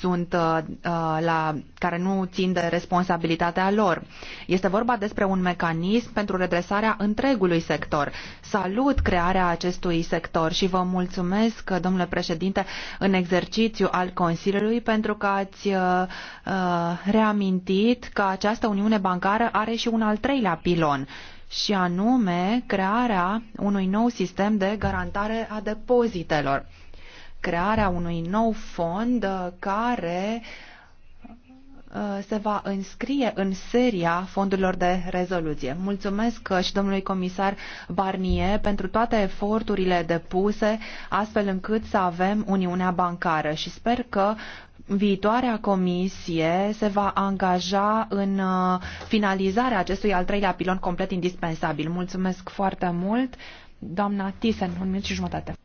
sunt uh, uh, la care nu țin de responsabilitatea lor. Este vorba despre un mecanism pentru redresarea întregului sector. Salut crearea acestui sector și vă mulțumesc, domnule președinte, în exercițiu al Consiliului Consiliului pentru că ați uh, uh, reamintit că această uniune bancară are și un al treilea pilon și anume crearea unui nou sistem de garantare a depozitelor, crearea unui nou fond uh, care uh, Uh, se va înscrie în seria fondurilor de rezoluție. Mulțumesc uh, și domnului comisar Barnier pentru toate eforturile depuse astfel încât să avem Uniunea Bancară și sper că viitoarea comisie se va angaja în uh, finalizarea acestui al treilea pilon complet indispensabil. Mulțumesc foarte mult. Doamna Thyssen, un minut și jumătate.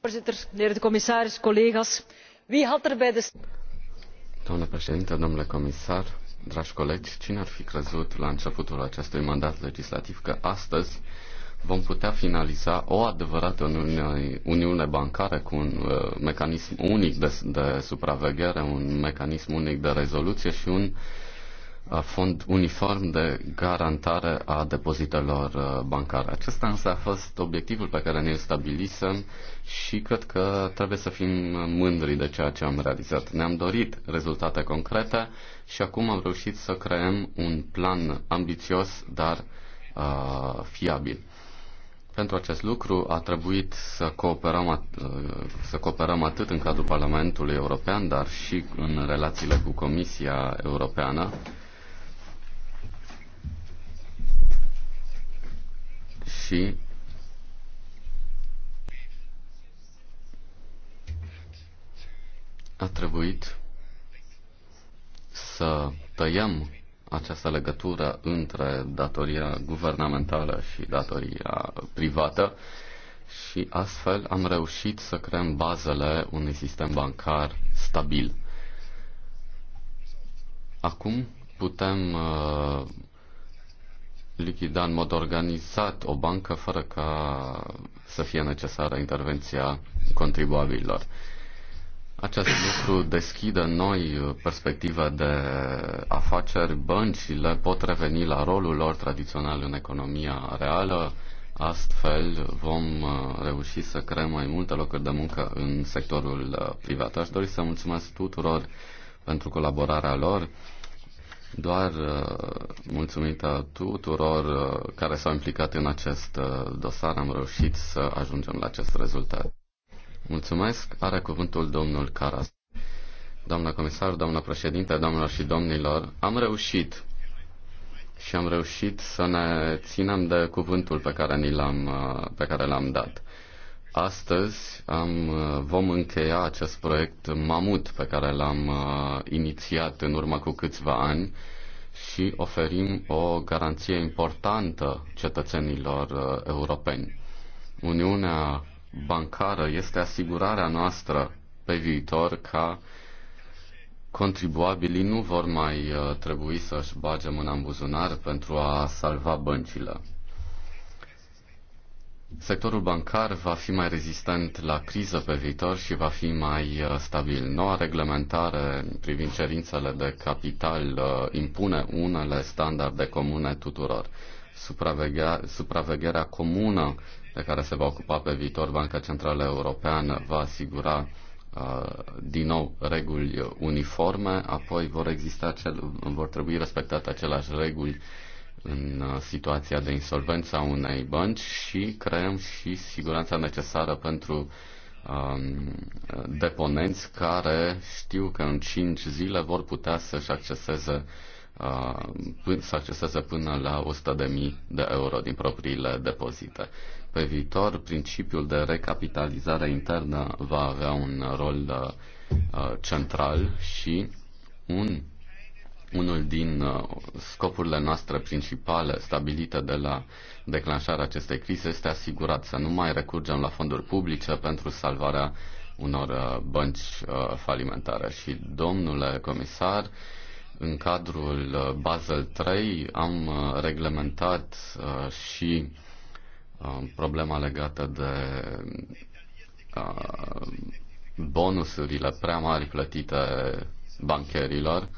Voorzitter, meneer de commissaris, collega's, wie had er bij de... Doamnă președinte, domnule comisar, dragi colegi, cine ar fi crezut la începutul acestui mandat legislativ că astăzi vom putea finaliza o adevărată uniune, uniune bancară cu un uh, mecanism unic de, de supraveghere, un mecanism unic de rezoluție și un uh, fond uniform de garantare a depozitelor uh, bancare. Acesta însă a fost obiectivul pe care ne-l stabilisem și cred că trebuie să fim mândri de ceea ce am realizat. Ne-am dorit rezultate concrete și acum am reușit să creăm un plan ambițios, dar uh, fiabil. Pentru acest lucru a trebuit să cooperăm, uh, să cooperăm atât în cadrul Parlamentului European, dar și în relațiile cu Comisia Europeană și a trebuit să tăiem această legătură între datoria guvernamentală și datoria privată și astfel am reușit să creăm bazele unui sistem bancar stabil. Acum putem uh, lichida în mod organizat o bancă fără ca să fie necesară intervenția contribuabililor. Acest lucru deschide noi perspectiva de afaceri. Băncile pot reveni la rolul lor tradițional în economia reală. Astfel vom uh, reuși să creăm mai multe locuri de muncă în sectorul uh, privat. Aș dori să mulțumesc tuturor pentru colaborarea lor doar uh, mulțumită tuturor uh, care s-au implicat în acest uh, dosar am reușit să ajungem la acest rezultat. Mulțumesc. Are cuvântul domnul Caras. Doamna comisar, doamna președinte, doamnelor și domnilor, am reușit și am reușit să ne ținem de cuvântul pe care, ni l-am, pe care l-am dat. Astăzi am, uh, vom încheia acest proiect Mamut pe care l-am uh, inițiat în urmă cu câțiva ani și oferim o garanție importantă cetățenilor uh, europeni. Uniunea bancară este asigurarea noastră pe viitor ca contribuabilii nu vor mai uh, trebui să-și bage mâna în buzunar pentru a salva băncile. Sectorul bancar va fi mai rezistent la criză pe viitor și va fi mai uh, stabil. Noua reglementare privind cerințele de capital uh, impune unele standarde comune tuturor. Supraveghe- supravegherea comună de care se va ocupa pe viitor Banca Centrală Europeană va asigura uh, din nou reguli uniforme, apoi vor exista cel, vor trebui respectate aceleași reguli uh, în uh, situația de insolvență a unei bănci și creăm și siguranța necesară pentru um, deponenți care știu că în 5 zile vor putea să-și acceseze uh, până, să acceseze până la 100.000 de euro din propriile depozite. Pe viitor, principiul de recapitalizare internă va avea un rol uh, uh central și un unul din uh, scopurile noastre principale stabilite de la declanșarea acestei crize este asigurat să nu mai recurgem la fonduri publice pentru salvarea unor uh, bănci uh, falimentare. Și, domnule comisar, în cadrul Basel III am reglementat și problema legată de bonusurile prea mari plătite bancherilor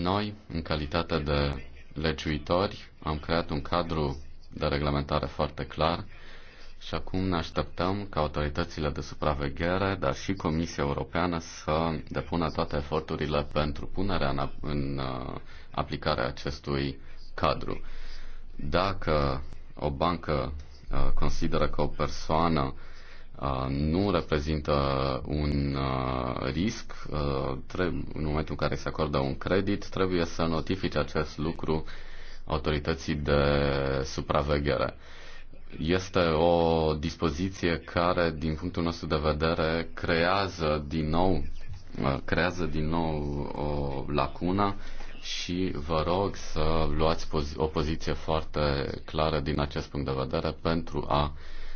Noi, în calitate de legiuitori, am creat un cadru de reglementare foarte clar și acum ne așteptăm ca autoritățile de supraveghere, dar și Comisia Europeană să depună toate eforturile pentru punerea în, în uh, aplicarea acestui cadru. Dacă o bancă uh, consideră că o persoană nu reprezintă un risc. În momentul în care se acordă un credit, trebuie să notifice acest lucru autorității de supraveghere. Este o dispoziție care, din punctul nostru de vedere, creează din nou, creează din nou o lacună și vă rog să luați o poziție foarte clară din acest punct de vedere pentru a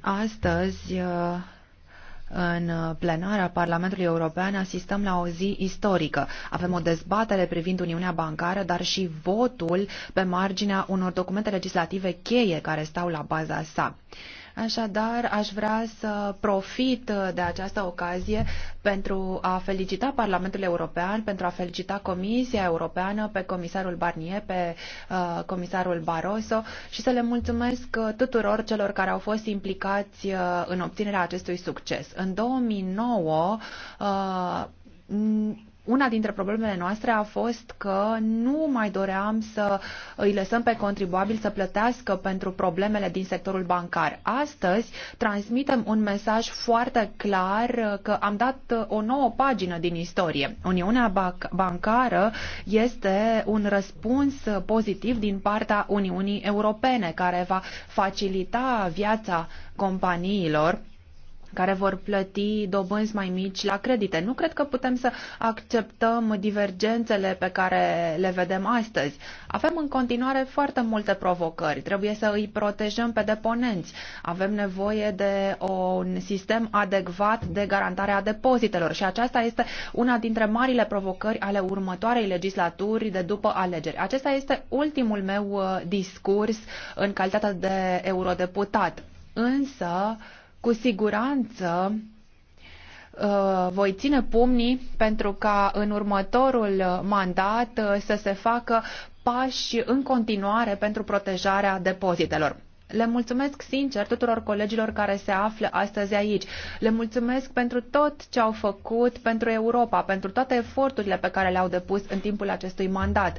Astăzi, uh, în plenara Parlamentului European, asistăm la o zi istorică. Avem o dezbatere privind Uniunea Bancară, dar și votul pe marginea unor documente legislative cheie care stau la baza sa. Așadar, aș vrea să profit uh, de această ocazie pentru a felicita Parlamentul European, pentru a felicita Comisia Europeană, pe comisarul Barnier, pe uh, comisarul Barroso și să le mulțumesc uh, tuturor celor care au fost implicați uh, în obținerea acestui succes. În 2009, uh, una dintre problemele noastre a fost că nu mai doream să îi lăsăm pe contribuabil să plătească pentru problemele din sectorul bancar. Astăzi transmitem un mesaj foarte clar că am dat o nouă pagină din istorie. Uniunea bancară este un răspuns pozitiv din partea Uniunii Europene care va facilita viața companiilor care vor plăti dobânzi mai mici la credite. Nu cred că putem să acceptăm divergențele pe care le vedem astăzi. Avem în continuare foarte multe provocări. Trebuie să îi protejăm pe deponenți. Avem nevoie de un sistem adecvat de garantare a depozitelor și aceasta este una dintre marile provocări ale următoarei legislaturi de după alegeri. Acesta este ultimul meu uh, discurs în calitate de eurodeputat. Însă, cu siguranță uh, voi ține pumnii pentru ca în următorul mandat uh, să se facă pași în continuare pentru protejarea depozitelor. Le mulțumesc sincer tuturor colegilor care se află astăzi aici. Le mulțumesc pentru tot ce au făcut pentru Europa, pentru toate eforturile pe care le-au depus în timpul acestui mandat.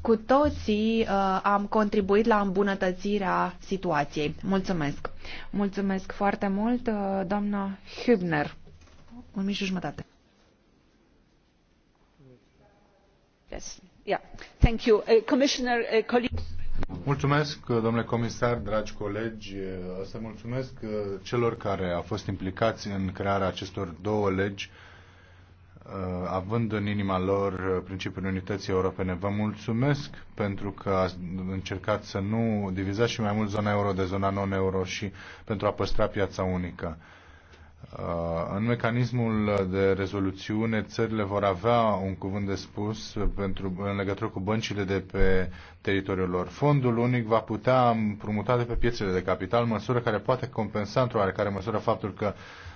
Cu toții uh, am contribuit la îmbunătățirea situației. Mulțumesc. Mulțumesc foarte mult, uh, doamna Hübner. Un mic și jumătate. Yes. Yeah. Thank you. Uh, Commissioner, uh, colleagues. Mulțumesc, domnule comisar, dragi colegi. Să mulțumesc celor care au fost implicați în crearea acestor două legi, având în inima lor principiul unității europene. Vă mulțumesc pentru că ați încercat să nu divizați și mai mult zona euro de zona non-euro și pentru a păstra piața unică. Uh, în mecanismul de rezoluțiune, țările vor avea un cuvânt de spus pentru, în legătură cu băncile de pe teritoriul lor. Fondul unic va putea împrumuta de pe piețele de capital, măsură care poate compensa într-o oarecare măsură faptul că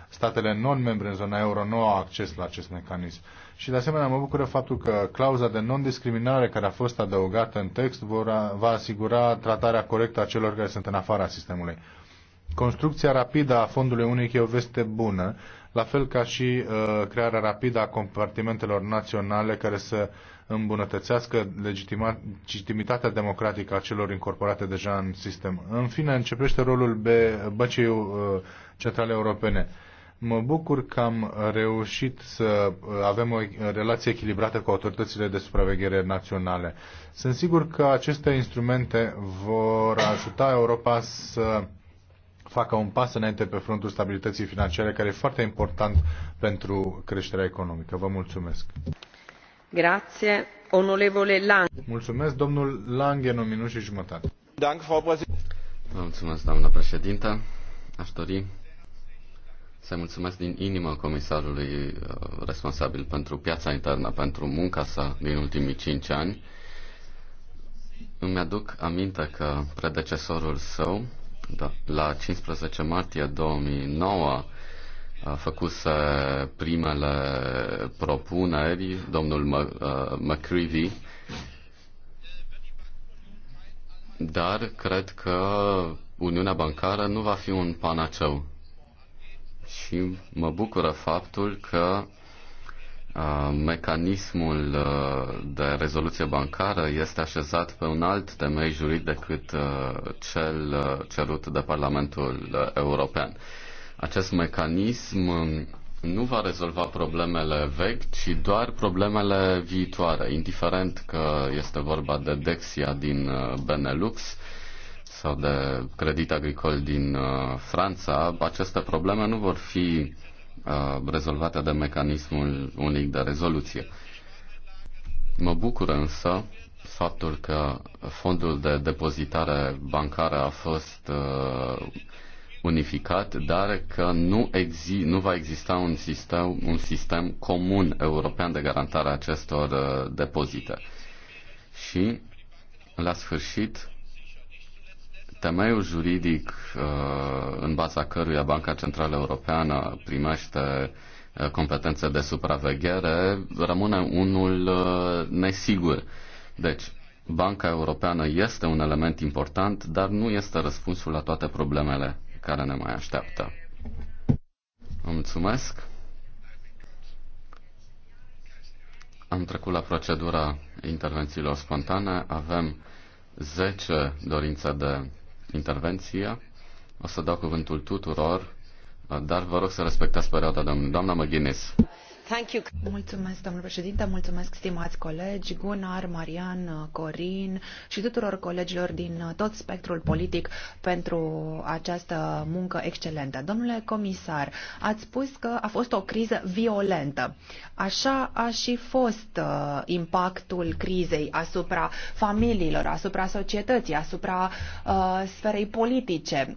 statele non-membre în zona euro nu au acces la acest mecanism. Și de asemenea mă bucură faptul că clauza de non-discriminare care a fost adăugată în text vor, va asigura tratarea corectă a celor care sunt în afara sistemului. Construcția rapidă a fondului unic e o veste bună, la fel ca și uh, crearea rapidă a compartimentelor naționale care să îmbunătățească legitimitatea democratică a celor incorporate deja în sistem. În fine, începește rolul B, Băcii uh, Centrale Europene. Mă bucur că am reușit să uh, avem o relație echilibrată cu autoritățile de supraveghere naționale. Sunt sigur că aceste instrumente vor ajuta Europa să facă un pas înainte pe frontul stabilității financiare, care e foarte important pentru creșterea economică. Vă mulțumesc. Grazie, onorevole Lang. Mulțumesc, domnul Lang, în un minut și jumătate. Vă mulțumesc, doamnă președintă. Aș dori să mulțumesc din inimă comisarului uh, responsabil pentru piața internă, pentru munca sa din ultimii cinci ani. Îmi aduc aminte că predecesorul său da. la 15 martie 2009 făcuse primele propuneri, domnul uh, McCreevy, dar cred că Uniunea Bancară nu va fi un panaceu. Și mă bucură faptul că Uh, mecanismul uh, de rezoluție bancară este așezat pe un alt temei juridic decât uh, cel cerut de Parlamentul European. Acest mecanism um, nu va rezolva problemele vechi, ci doar problemele viitoare, indiferent că este vorba de Dexia din Benelux sau de Credit Agricol din Franța, aceste probleme nu vor fi Uh, rezolvată de mecanismul unic de rezoluție. Mă bucur însă faptul că fondul de depozitare bancară a fost uh, unificat, dar că nu, exi- nu va exista un sistem, un sistem comun european de garantare a acestor uh, depozite. Și, la sfârșit, Temeiul juridic uh, în baza căruia Banca Centrală Europeană primește uh, competențe de supraveghere rămâne unul uh, nesigur. Deci, Banca Europeană este un element important, dar nu este răspunsul la toate problemele care ne mai așteaptă. Mulțumesc. Am trecut la procedura intervențiilor spontane. Avem 10 dorințe de intervenția. O să dau cuvântul tuturor, dar vă rog să respectați perioada, doamna McGuinness. Mulțumesc, domnule președinte, mulțumesc, stimați colegi, Gunnar, Marian, Corin și tuturor colegilor din tot spectrul politic pentru această muncă excelentă. Domnule comisar, ați spus că a fost o criză violentă. Așa a și fost uh, impactul crizei asupra familiilor, asupra societății, asupra uh, sferei politice.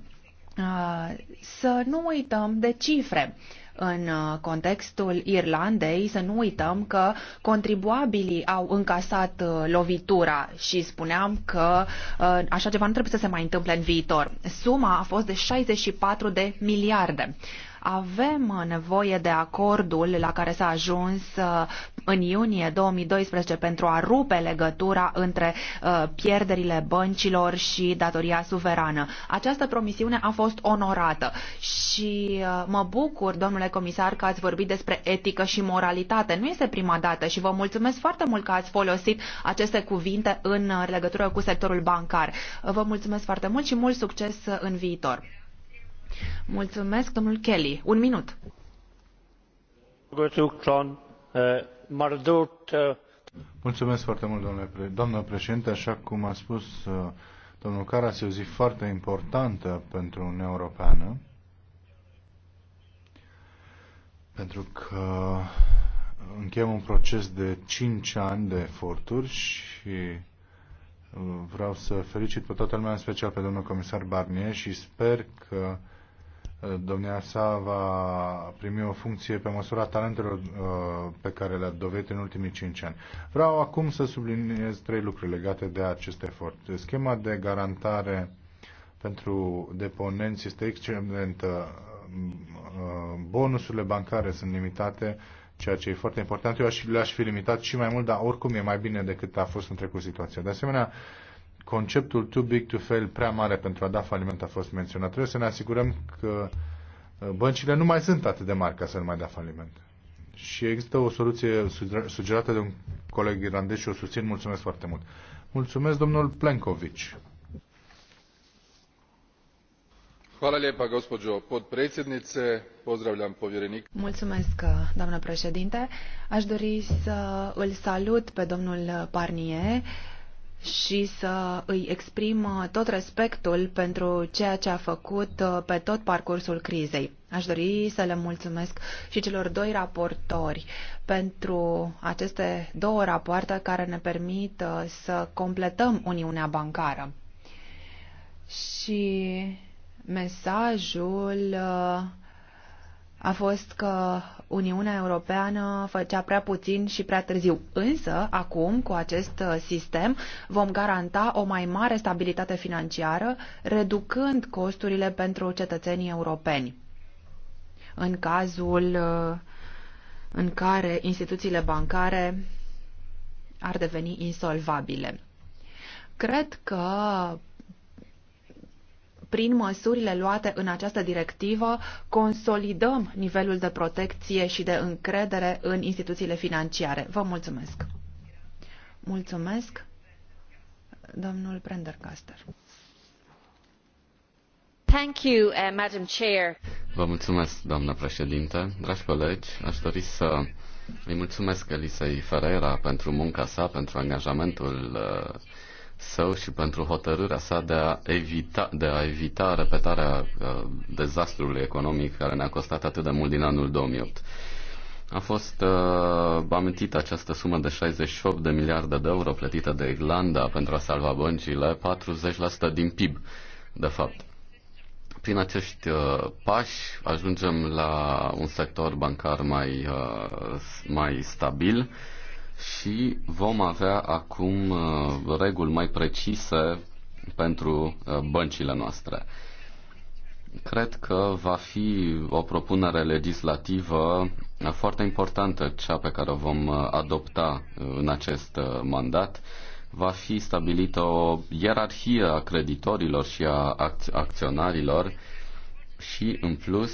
Uh, să nu uităm de cifre. Uh, în uh, contextul Irlandei, să nu uităm că contribuabilii au încasat uh, lovitura și spuneam că uh, așa ceva nu trebuie să se mai întâmple în viitor. Suma a fost de 64 de miliarde. Avem uh, nevoie de acordul la care s-a ajuns uh, în iunie 2012 pentru a rupe legătura între uh, pierderile băncilor și datoria suverană. Această promisiune a fost onorată și mă bucur, domnule comisar, că ați vorbit despre etică și moralitate. Nu este prima dată și vă mulțumesc foarte mult că ați folosit aceste cuvinte în legătură cu sectorul bancar. Vă mulțumesc foarte mult și mult succes în viitor. Mulțumesc, domnul Kelly. Un minut. Mulțumesc foarte mult, domnule pre- doamnă președinte. Așa cum a spus uh, domnul Caras, e o zi foarte importantă pentru Uniunea Europeană, pentru că încheiem un proces de 5 ani de eforturi și uh, vreau să felicit pe toată lumea, în special pe domnul comisar Barnier și sper că domnia sa va primi o funcție pe măsura talentelor uh, pe care le-a dovedit în ultimii cinci ani. Vreau acum să subliniez trei lucruri legate de acest efort. Schema de garantare pentru deponenți este excelentă. Uh, bonusurile bancare sunt limitate, ceea ce e foarte important. Eu le-aș fi limitat și mai mult, dar oricum e mai bine decât a fost în trecut situația. De asemenea, conceptul too big to fail, prea mare pentru a da faliment, a fost menționat. Trebuie să ne asigurăm că uh, băncile nu mai sunt atât de mari ca să nu mai dea faliment. Și există o soluție sugerată de un coleg irlandez și o susțin. Mulțumesc foarte mult. Mulțumesc, domnul Plenković. Hvala lijepa, gospođo podpredsjednice. Pozdravljam povjerenik. Mulțumesc, doamnă președinte. Aș dori să îl salut pe domnul Parnie, și să îi exprim uh, tot respectul pentru ceea ce a făcut uh, pe tot parcursul crizei. Aș dori să le mulțumesc și celor doi raportori pentru aceste două rapoarte care ne permit uh, să completăm Uniunea Bancară. Și mesajul uh, a fost că Uniunea Europeană făcea prea puțin și prea târziu. Însă, acum, cu acest uh, sistem, vom garanta o mai mare stabilitate financiară, reducând costurile pentru cetățenii europeni. În cazul uh, în care instituțiile bancare ar deveni insolvabile. Cred că prin măsurile luate în această directivă, consolidăm nivelul de protecție și de încredere în instituțiile financiare. Vă mulțumesc! Mulțumesc, domnul Prendercaster. Thank you, uh, Madam Chair. Vă mulțumesc, doamnă președinte. Dragi colegi, aș dori să îi mulțumesc Elisei Ferreira pentru munca sa, pentru angajamentul uh, său și pentru hotărârea sa de a evita, de a evita repetarea uh, dezastrului economic care ne-a costat atât de mult din anul 2008. A fost uh, amintită această sumă de 68 de miliarde de euro plătită de Irlanda pentru a salva băncile, 40% din PIB, de fapt. Prin acești uh, pași ajungem la un sector bancar mai, uh, mai stabil, uh, și vom avea acum uh, reguli mai precise pentru uh, băncile noastre. Cred că va fi o propunere legislativă uh, foarte importantă, cea pe care o vom adopta în acest mandat. Va fi stabilită o ierarhie a creditorilor și a acționarilor și, în plus,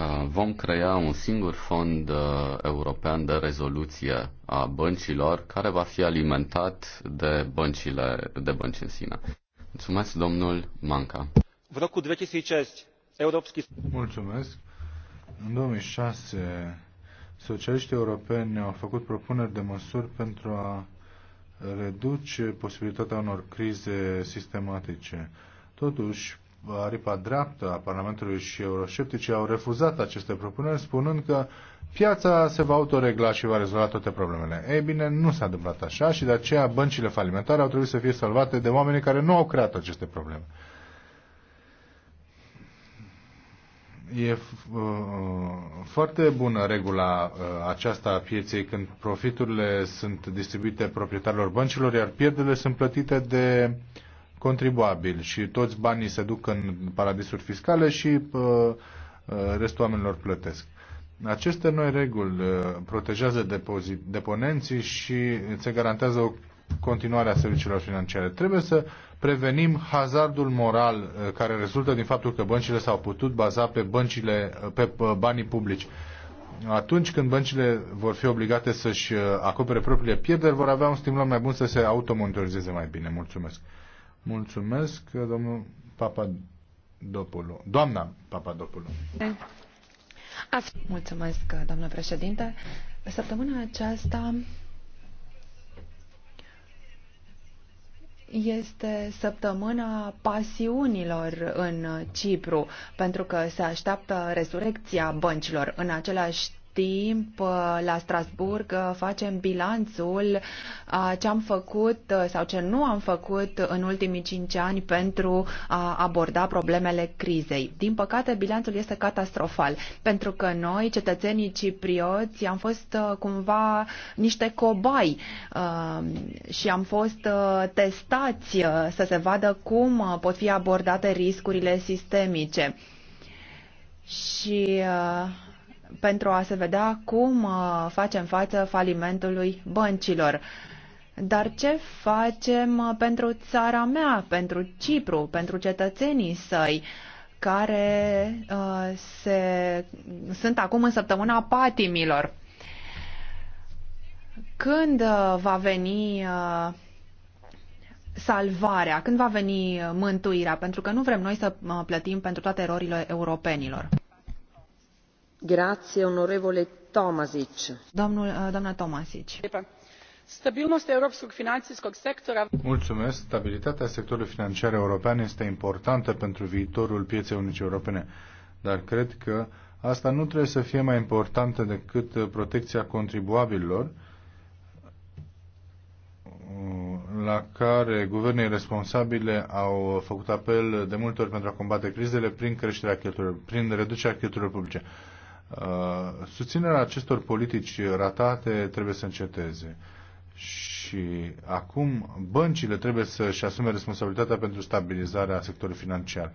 Uh, vom crea un singur fond uh, european de rezoluție a băncilor care va fi alimentat de băncile de bănci în sine. Mulțumesc, domnul Manca. În roku 2006, Europski... Mulțumesc. În 2006, socialiștii europeni au făcut propuneri de măsuri pentru a reduce posibilitatea unor crize sistematice. Totuși, Uh, aripa dreaptă a Parlamentului și euroșepticii au refuzat aceste propuneri, spunând că piața se va autoregla și va rezolva toate problemele. Ei bine, nu s-a întâmplat așa și de aceea băncile falimentare au trebuit să fie salvate de oamenii care nu au creat aceste probleme. E uh, foarte bună regula uh, aceasta a pieței când profiturile sunt distribuite proprietarilor băncilor, iar pierderile sunt plătite de uh, contribuabili și toți banii se duc în paradisuri fiscale și uh, uh, restul oamenilor plătesc. Aceste noi reguli uh, protejează depozit, deponenții și se garantează o continuare a serviciilor financiare. Trebuie să prevenim hazardul moral care rezultă din faptul că băncile s-au putut baza pe, băncile, pe banii publici. Atunci când băncile vor fi obligate să-și acopere propriile pierderi, vor avea un stimul mai bun să se automonitorizeze mai bine. Mulțumesc. Mulțumesc, domnul Papadopoulou. Doamna Papadopoulou. Mulțumesc, doamnă președinte. Săptămâna aceasta este săptămâna pasiunilor în Cipru, pentru că se așteaptă resurecția băncilor. În același timp uh, la Strasburg uh, facem bilanțul a uh, ce am făcut sau ce nu am făcut în ultimii cinci ani pentru a aborda problemele crizei. Din păcate, bilanțul este catastrofal, pentru că noi, cetățenii ciprioți, am fost cumva niște cobai și am fost testați să se vadă cum pot fi abordate riscurile sistemice. Și uh, pentru a se vedea cum uh, facem față falimentului băncilor. Dar ce facem uh, pentru țara mea, pentru Cipru, pentru cetățenii săi, care uh, se, sunt acum în săptămâna patimilor? Când uh, va veni uh, salvarea, când va veni uh, mântuirea? Pentru că nu vrem noi să plătim pentru toate erorile europenilor. Uh, stabilitatea sectorului financiar european este importantă pentru viitorul pieței unice europene dar cred că asta nu trebuie să fie mai importantă decât uh, protecția contribuabililor uh, la care guvernele responsabile au făcut apel de multe ori pentru a combate crizele prin creșterea prin reducerea cheltuielilor publice. Uh, susținerea acestor politici ratate trebuie să înceteze. Și acum băncile trebuie să-și asume responsabilitatea pentru stabilizarea sectorului financiar.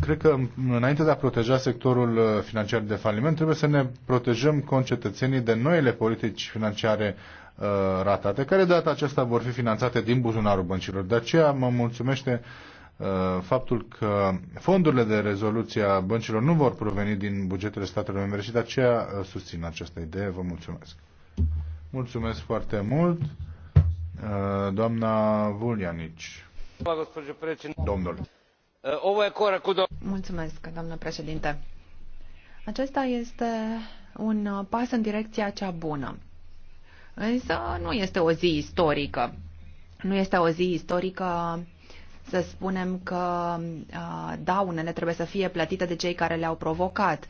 Cred că înainte de a proteja sectorul uh, financiar de faliment, trebuie să ne protejăm concetățenii de noile politici financiare uh, ratate, care de data aceasta vor fi finanțate din buzunarul băncilor. De aceea mă mulțumește uh, Uh, faptul că fondurile de rezoluție a băncilor nu vor proveni din bugetele statelor membre și de aceea uh, susțin această idee. Vă mulțumesc. Mulțumesc foarte mult. Uh, doamna Vulianici. Domnul. Mulțumesc, doamnă președinte. Acesta este un pas în direcția cea bună. Însă nu este o zi istorică. Nu este o zi istorică să spunem că daunele trebuie să fie plătite de cei care le-au provocat,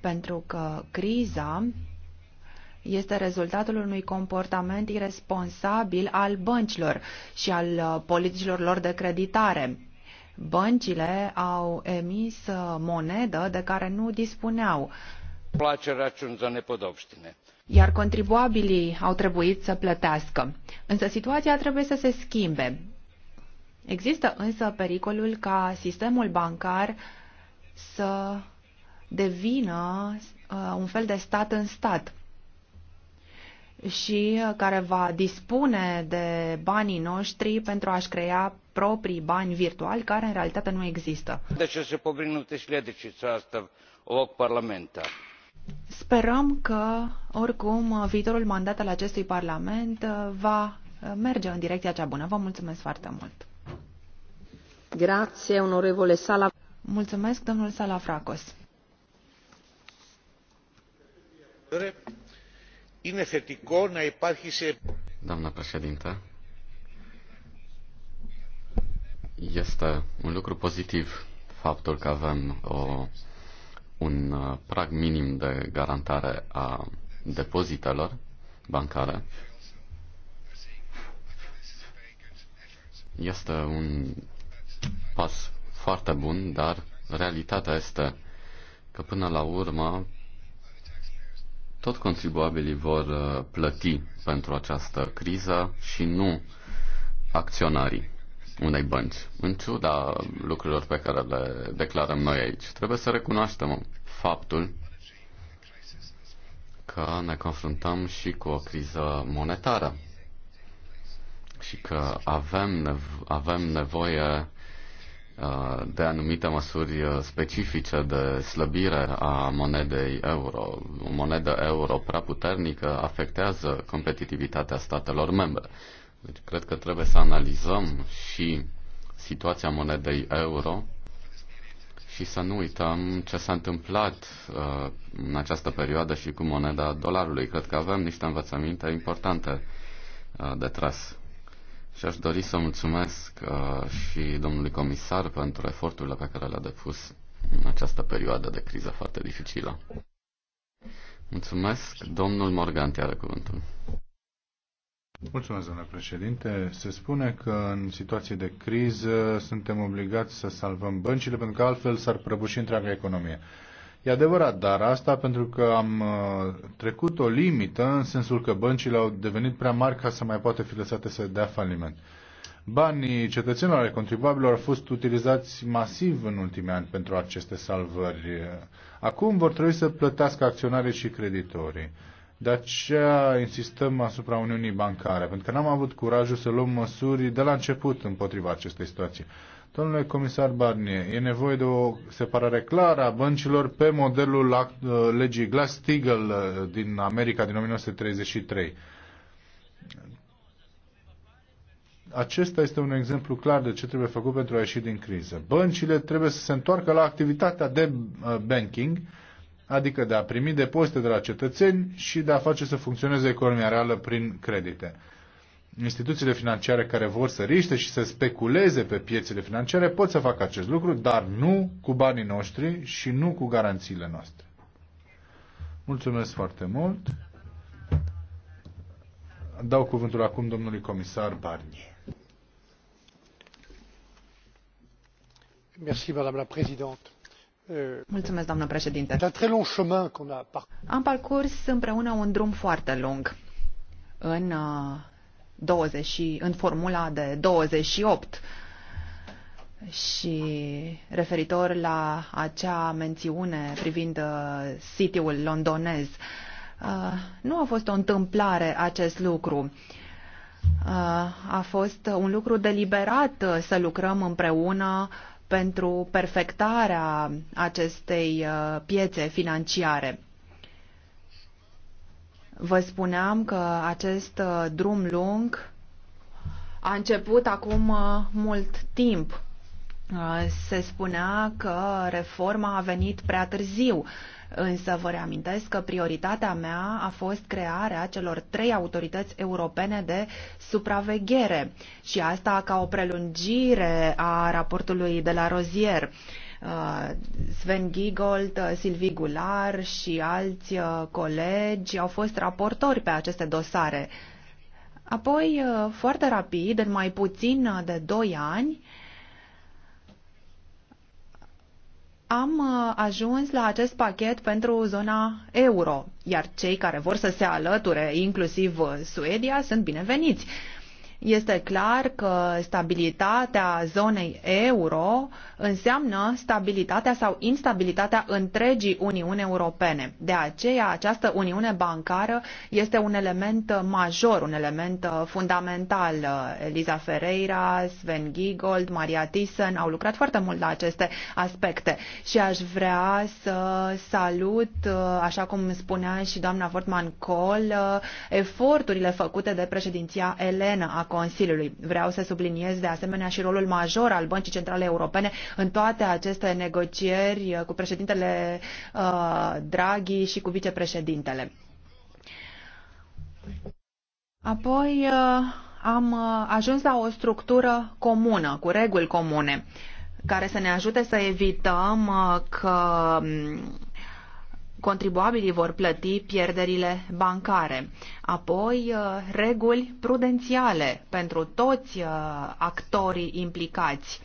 pentru că criza este rezultatul unui comportament irresponsabil al băncilor și al politicilor lor de creditare. Băncile au emis monedă de care nu dispuneau. Iar contribuabilii au trebuit să plătească. Însă situația trebuie să se schimbe Există însă pericolul ca sistemul bancar să devină uh, un fel de stat în stat și uh, care va dispune de banii noștri pentru a-și crea proprii bani virtuali care în realitate nu există. De ce se pobrinuti sljedećicu asta loc parlamenta? Sperăm că, oricum, viitorul mandat al acestui parlament uh, va merge în direcția cea bună. Vă mulțumesc foarte mult! Grazie, onorevole Sala. Mulțumesc, domnul Salafracos. Είναι θετικό να υπάρχει președintă, este un lucru pozitiv faptul că avem o, un uh, prag minim de garantare a depozitelor bancare. Este un pas foarte bun, dar realitatea este că până la urmă tot contribuabilii vor uh, plăti pentru această criză și nu acționarii unei bănci, în ciuda lucrurilor pe care le declarăm noi aici. Trebuie să recunoaștem faptul că ne confruntăm și cu o criză monetară și că avem, nevo- avem nevoie Uh, de anumite măsuri uh, specifice de slăbire a monedei euro. O monedă euro prea puternică afectează competitivitatea statelor membre. Deci cred că trebuie să analizăm și situația monedei euro și să nu uităm ce s-a întâmplat uh, în această perioadă și cu moneda dolarului. Cred că avem niște învățăminte importante de tras. Și aș dori să mulțumesc uh, și domnului comisar pentru eforturile pe care le-a depus în această perioadă de criză foarte dificilă. Mulțumesc. Domnul Morganti are cuvântul. Mulțumesc, domnule președinte. Se spune că în situații de criză suntem obligați să salvăm băncile, pentru că altfel s-ar prăbuși întreaga economie. E adevărat, dar asta pentru că am uh, trecut o limită în sensul că băncile au devenit prea mari ca să mai poate fi lăsate să dea faliment. Banii cetățenilor ale contribuabilor au fost utilizați masiv în ultimii ani pentru aceste salvări. Acum vor trebui să plătească acționarii și creditorii. De aceea insistăm asupra Uniunii Bancare, pentru că n-am avut curajul să luăm măsuri de la început împotriva acestei situații. Domnule comisar Barnier, e nevoie de o separare clară a băncilor pe modelul uh, legii Glass-Steagall uh, din America din 1933. Acesta este un exemplu clar de ce trebuie făcut pentru a ieși din criză. Băncile trebuie să se întoarcă la activitatea de uh, banking, adică de a primi depozite de la cetățeni și de a face să funcționeze economia reală prin credite instituțiile financiare care vor să riște și să speculeze pe piețele financiare pot să facă acest lucru, dar nu cu banii noștri și nu cu garanțiile noastre. Mulțumesc foarte mult. Dau cuvântul acum domnului comisar Barnier. Merci, madame la présidente. Euh, Mulțumesc, doamnă președinte. Am parcurs împreună un drum foarte lung în uh, 20, în formula de 28 și referitor la acea mențiune privind uh, sitiul ul londonez. Uh, nu a fost o întâmplare acest lucru. Uh, a fost un lucru deliberat să lucrăm împreună pentru perfectarea acestei piețe financiare. Vă spuneam că acest uh, drum lung a început acum uh, mult timp. Uh, se spunea că reforma a venit prea târziu, însă vă reamintesc că prioritatea mea a fost crearea celor trei autorități europene de supraveghere și asta ca o prelungire a raportului de la Rozier. Sven Giegold, Silvi Gular și alți uh, colegi au fost raportori pe aceste dosare. Apoi, uh, foarte rapid, în mai puțin uh, de 2 ani, am ajuns la acest pachet pentru zona euro, iar cei care vor să se alăture, inclusiv Suedia, sunt bineveniți. Este clar că stabilitatea zonei euro înseamnă stabilitatea sau instabilitatea întregii Uniuni Europene. De aceea, această Uniune bancară este un element major, un element fundamental. Eliza Ferreira, Sven Giegold, Maria Thyssen au lucrat foarte mult la aceste aspecte și aș vrea să salut, așa cum spunea și doamna Vortman Kohl, eforturile făcute de președinția Elena a Consiliului. Vreau să subliniez de asemenea și rolul major al Băncii Centrale Europene în toate aceste negocieri uh, cu președintele uh, Draghi și cu vicepreședintele. Apoi uh, am ajuns la o structură comună, cu reguli comune, care să ne ajute să evităm că um, contribuabilii vor plăti pierderile bancare. Apoi, uh, reguli prudențiale pentru toți uh, actorii implicați.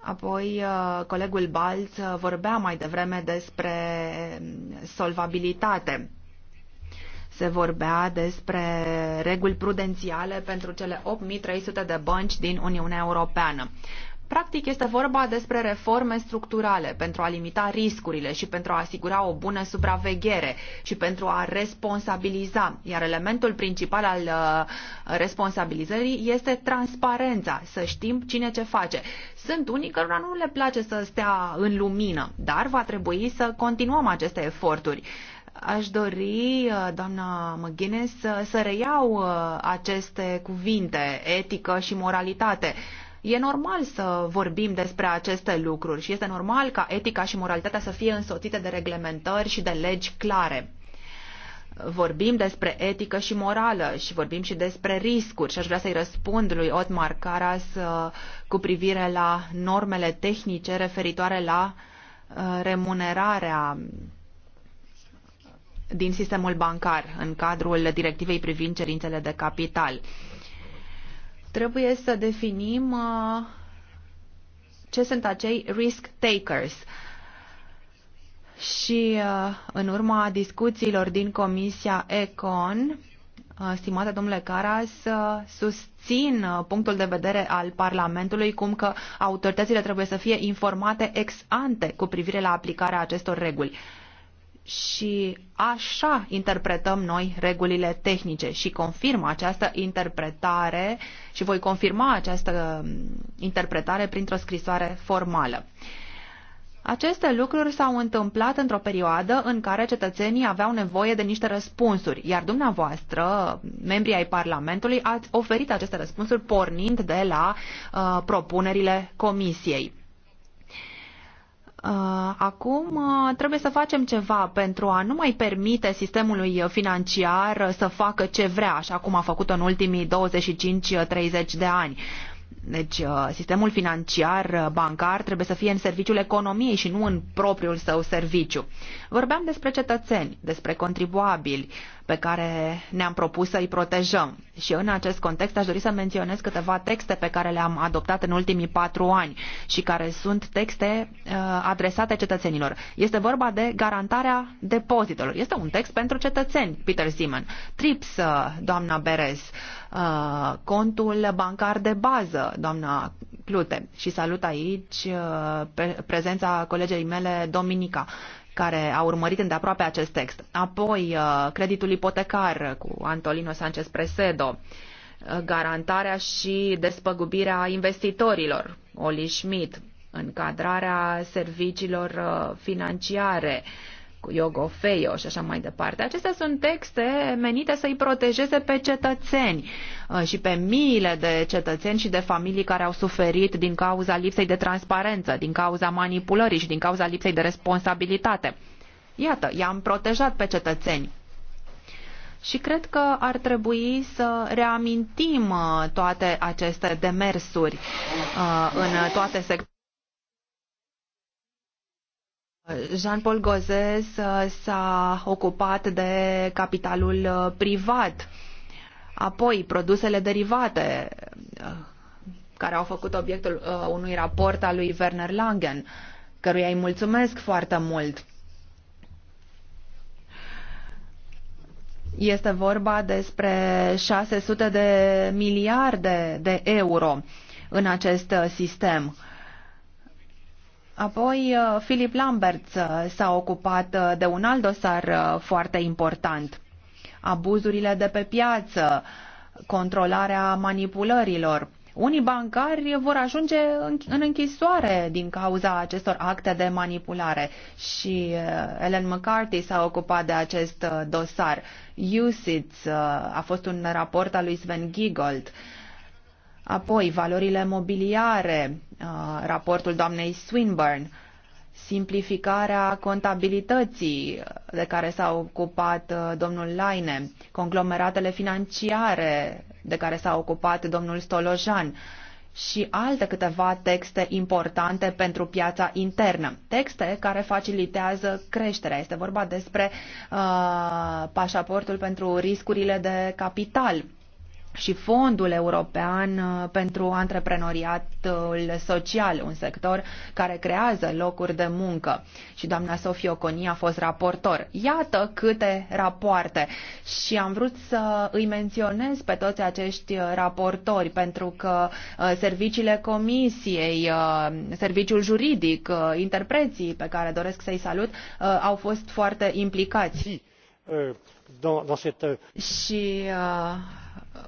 Apoi, uh, colegul Balț vorbea mai devreme despre solvabilitate. Se vorbea despre reguli prudențiale pentru cele 8300 de bănci din Uniunea Europeană. Practic este vorba despre reforme structurale pentru a limita riscurile și pentru a asigura o bună supraveghere și pentru a responsabiliza. Iar elementul principal al uh, responsabilizării este transparența, să știm cine ce face. Sunt unii cărora nu le place să stea în lumină, dar va trebui să continuăm aceste eforturi aș dori, uh, doamna McGuinness, să reiau uh, aceste cuvinte, etică și moralitate. E normal să vorbim despre aceste lucruri și este normal ca etica și moralitatea să fie însoțite de reglementări și de legi clare vorbim despre etică și morală și vorbim și despre riscuri și aș vrea să-i răspund lui Otmar Caras uh, cu privire la normele tehnice referitoare la uh, remunerarea din sistemul bancar în cadrul directivei privind cerințele de capital. Trebuie să definim uh, ce sunt acei risk takers. Și uh, în urma discuțiilor din Comisia Econ, uh, Stimate domnule Caras, susțin punctul de vedere al Parlamentului cum că autoritățile trebuie să fie informate ex ante cu privire la aplicarea acestor reguli și așa interpretăm noi regulile tehnice și confirm această interpretare și voi confirma această mm, interpretare printr-o scrisoare formală. Aceste lucruri s-au întâmplat într-o perioadă în care cetățenii aveau nevoie de niște răspunsuri, iar dumneavoastră, membrii ai Parlamentului, ați oferit aceste răspunsuri pornind de la uh, propunerile Comisiei Uh, acum uh, trebuie să facem ceva pentru a nu mai permite sistemului financiar să facă ce vrea, așa cum a făcut în ultimii 25-30 de ani. Deci uh, sistemul financiar bancar trebuie să fie în serviciul economiei și nu în propriul său serviciu. Vorbeam despre cetățeni, despre contribuabili, pe care ne-am propus să îi protejăm. Și în acest context aș dori să menționez câteva texte pe care le-am adoptat în ultimii patru ani și care sunt texte uh, adresate cetățenilor. Este vorba de garantarea depozitelor. Este un text pentru cetățeni, Peter Simon. TRIPS, uh, doamna Beres, uh, contul bancar de bază, doamna Clute. Și salut aici prezența colegei mele, Dominica care a urmărit îndeaproape acest text. Apoi, uh, creditul ipotecar cu Antolino Sanchez Presedo, uh, garantarea și despăgubirea investitorilor, Oli Schmidt, încadrarea serviciilor uh, financiare, uh, cu Iogo Feio și așa mai departe. Acestea sunt texte menite să-i protejeze pe cetățeni uh, și pe miile de cetățeni și de familii care au suferit din cauza lipsei de transparență, din cauza manipulării și din cauza lipsei de responsabilitate. Iată, i-am protejat pe cetățeni. Și cred că ar trebui să reamintim uh, toate aceste demersuri uh, în toate sectoarele Jean-Paul Gozes uh, s-a ocupat de capitalul uh, privat, apoi produsele derivate, uh, care au făcut obiectul unui raport al lui Werner Langen, căruia îi mulțumesc foarte mult. Este vorba despre 600 de miliarde de euro în acest sistem Apoi, uh, Philip Lambert uh, s-a ocupat uh, de un alt dosar foarte important. Abuzurile de pe piață, controlarea manipulărilor. Unii bancari vor ajunge în închisoare din cauza acestor acte de manipulare și Ellen McCarthy s-a ocupat de acest dosar. USIT a fost un raport al lui Sven Giegold. Apoi, valorile mobiliare, Uh, raportul doamnei Swinburne, simplificarea contabilității de care s-a ocupat uh, domnul Laine, conglomeratele financiare de care s-a ocupat domnul Stolojan și alte câteva texte importante pentru piața internă. Texte care facilitează creșterea. Este vorba despre uh, pașaportul pentru riscurile de capital și Fondul European uh, pentru Antreprenoriatul Social, un sector care creează locuri de muncă. Și doamna Sofie Oconi a fost raportor. Iată câte rapoarte și am vrut să îi menționez pe toți acești raportori pentru că uh, serviciile comisiei, uh, serviciul juridic, interpreții pe care doresc să-i salut au fost foarte implicați. Dans, dans cette... Și uh,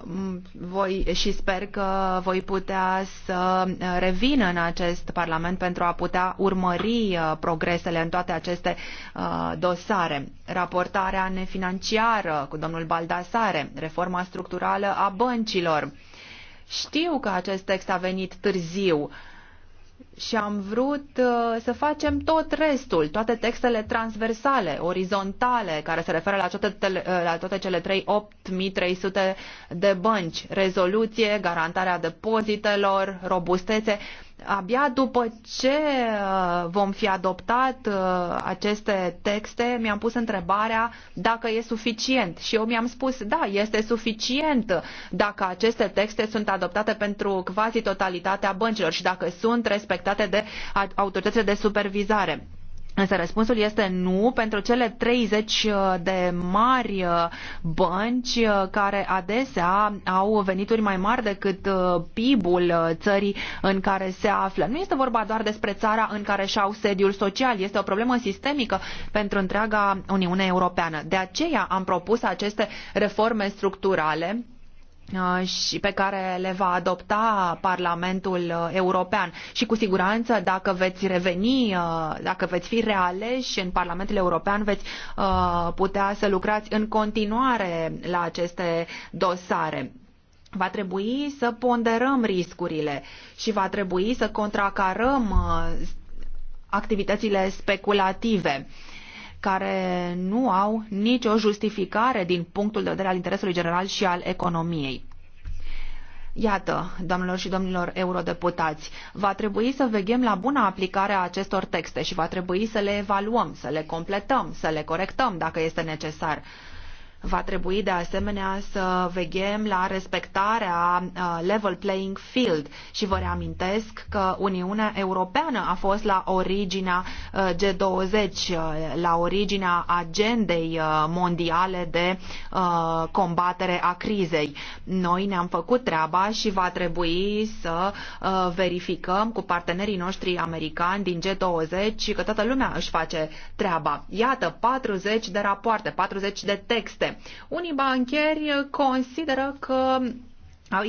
Mm, voi, și sper că voi putea să uh, revin în acest Parlament pentru a putea urmări uh, progresele în toate aceste uh, dosare. Raportarea nefinanciară cu domnul Baldasare, reforma structurală a băncilor. Știu că acest text a venit târziu, și am vrut uh, să facem tot restul, toate textele transversale, orizontale, care se referă la toate, uh, la toate cele 8300 de bănci, rezoluție, garantarea depozitelor, robustețe, Abia după ce uh, vom fi adoptat uh, aceste texte, mi-am pus întrebarea dacă e suficient. Și eu mi-am spus, da, este suficient dacă aceste texte sunt adoptate pentru quasi totalitatea băncilor și dacă sunt respectate de autoritățile de supervizare. Însă răspunsul este nu pentru cele 30 uh, de mari uh, bănci uh, care adesea au venituri mai mari decât PIB-ul țării în care se află. Nu este vorba doar despre țara în care și-au sediul social, este o problemă sistemică pentru întreaga Uniune Europeană. De aceea am propus aceste reforme structurale Uh, și pe care le va adopta Parlamentul uh, European. Și cu siguranță, dacă veți reveni, uh, dacă veți fi realeși în Parlamentul European, veți putea să lucrați în continuare la aceste dosare. Va trebui să ponderăm riscurile și va trebui să contracarăm activitățile speculative. Uh, care nu au nicio justificare din punctul de vedere al interesului general și al economiei. Iată, doamnelor și domnilor eurodeputați, va trebui să veghem la buna aplicare a acestor texte și va trebui să le evaluăm, să le completăm, să le corectăm dacă este necesar. Va trebui de asemenea să veghem la respectarea uh, level playing field și vă reamintesc că Uniunea Europeană a fost la originea uh, G20, uh, la originea agendei mondiale de combatere a crizei. Noi ne-am făcut treaba și va trebui să verificăm cu partenerii noștri americani din G20 că toată lumea își face treaba. Iată, 40 de rapoarte, 40 de texte unii bancheri consideră că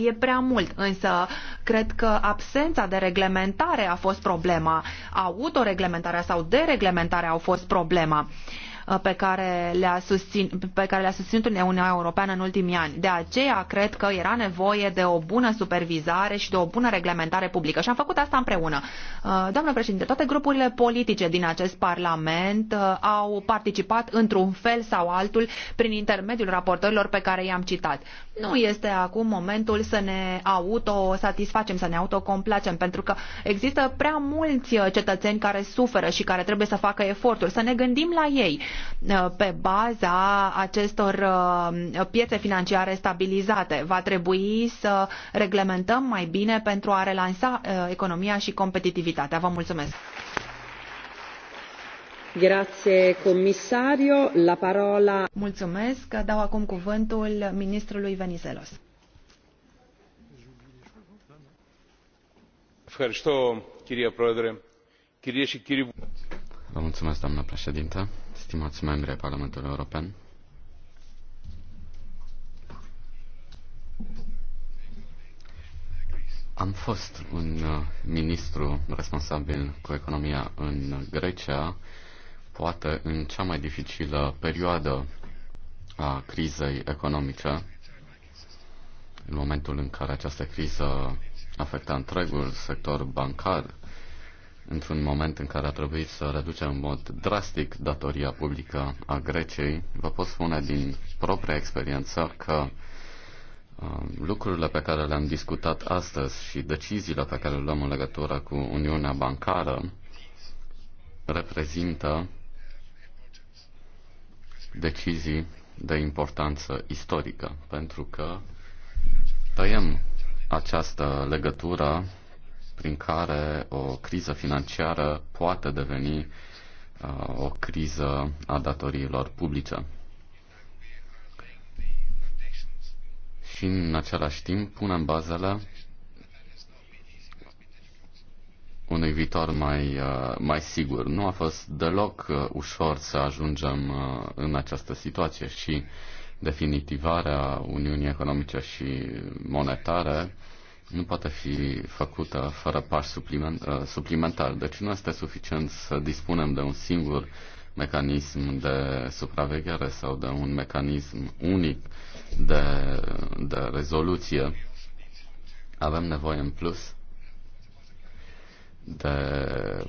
E prea mult, însă cred că absența de reglementare a fost problema. Autoreglementarea sau dereglementarea au fost problema. Uh, Uh, pe care le-a, susțin, pe care le-a susținut Uniunea Europeană în ultimii ani. De aceea cred că era nevoie de o bună supervizare și de o bună reglementare publică și am făcut asta împreună. Uh, doamnă președinte, toate grupurile politice din acest Parlament uh, au participat într-un fel sau altul prin intermediul raportorilor pe care i-am citat. Nu este acum momentul să ne autosatisfacem, să ne autocomplacem, pentru că există prea mulți cetățeni care suferă și care trebuie să facă eforturi, să ne gândim la ei. Uh, pe baza acestor uh, piețe financiare stabilizate. Va trebui să reglementăm mai bine pentru a relansa uh, economia și competitivitatea. Vă mulțumesc! Grazie, comisario. La parola... Mulțumesc. Dau acum cuvântul ministrului Venizelos. Vă mulțumesc, doamnă președintă stimați membri ai Parlamentului European. Am fost un uh, ministru responsabil cu economia în Grecia, poate în cea mai dificilă perioadă a crizei economice, în momentul în care această criză afecta întregul sector bancar, într-un moment în care a trebuit să reducem în mod drastic datoria publică a Greciei, vă pot spune din propria experiență că um, lucrurile pe care le-am discutat astăzi și deciziile pe care le luăm în legătură cu Uniunea Bancară reprezintă decizii de importanță istorică, pentru că tăiem această legătură prin care o criză financiară poate deveni uh, o criză a datoriilor publice. Și în același timp punem bazele unui viitor mai, uh, mai sigur. Nu a fost deloc uh, ușor să ajungem în această situație și definitivarea Uniunii Economice și Monetare nu poate fi făcută fără pași supliment, uh, suplimentari. Deci nu este suficient să dispunem de un singur mecanism de supraveghere sau de un mecanism unic de, de rezoluție. Avem nevoie în plus de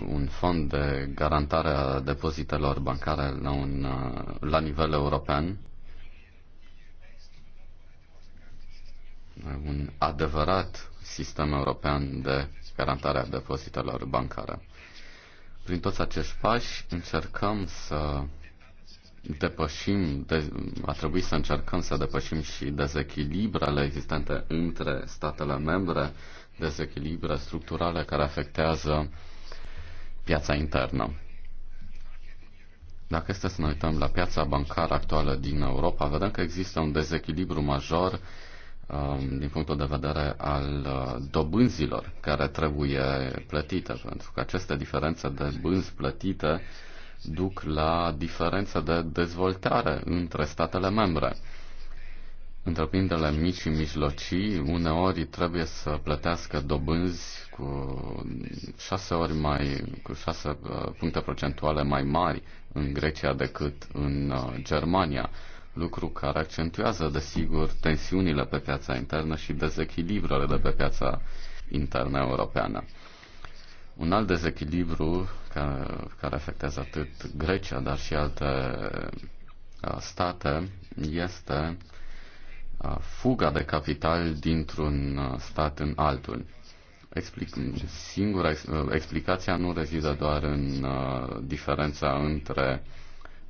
un fond de garantare a depozitelor bancare la, un, uh, la nivel european un adevărat sistem european de garantare a depozitelor bancare. Prin toți acești pași încercăm să depășim, de, a trebuit să încercăm să depășim și dezechilibrele existente între statele membre, dezechilibre structurale care afectează piața internă. Dacă este să ne uităm la piața bancară actuală din Europa, vedem că există un dezechilibru major Um, din punctul de vedere al uh, dobânzilor care trebuie plătite, pentru că aceste diferențe de bânzi plătite duc la diferențe de dezvoltare între statele membre. Întreprinderile mici și mijlocii uneori trebuie să plătească dobânzi cu șase ori mai, cu șase uh, puncte procentuale mai mari în Grecia decât în uh, Germania lucru care accentuează, desigur, tensiunile pe piața internă și dezechilibrele de pe piața internă europeană. Un alt dezechilibru care, care afectează atât Grecia, dar și alte state, este fuga de capital dintr-un stat în altul. Explic, singura explicația nu rezidă doar în diferența între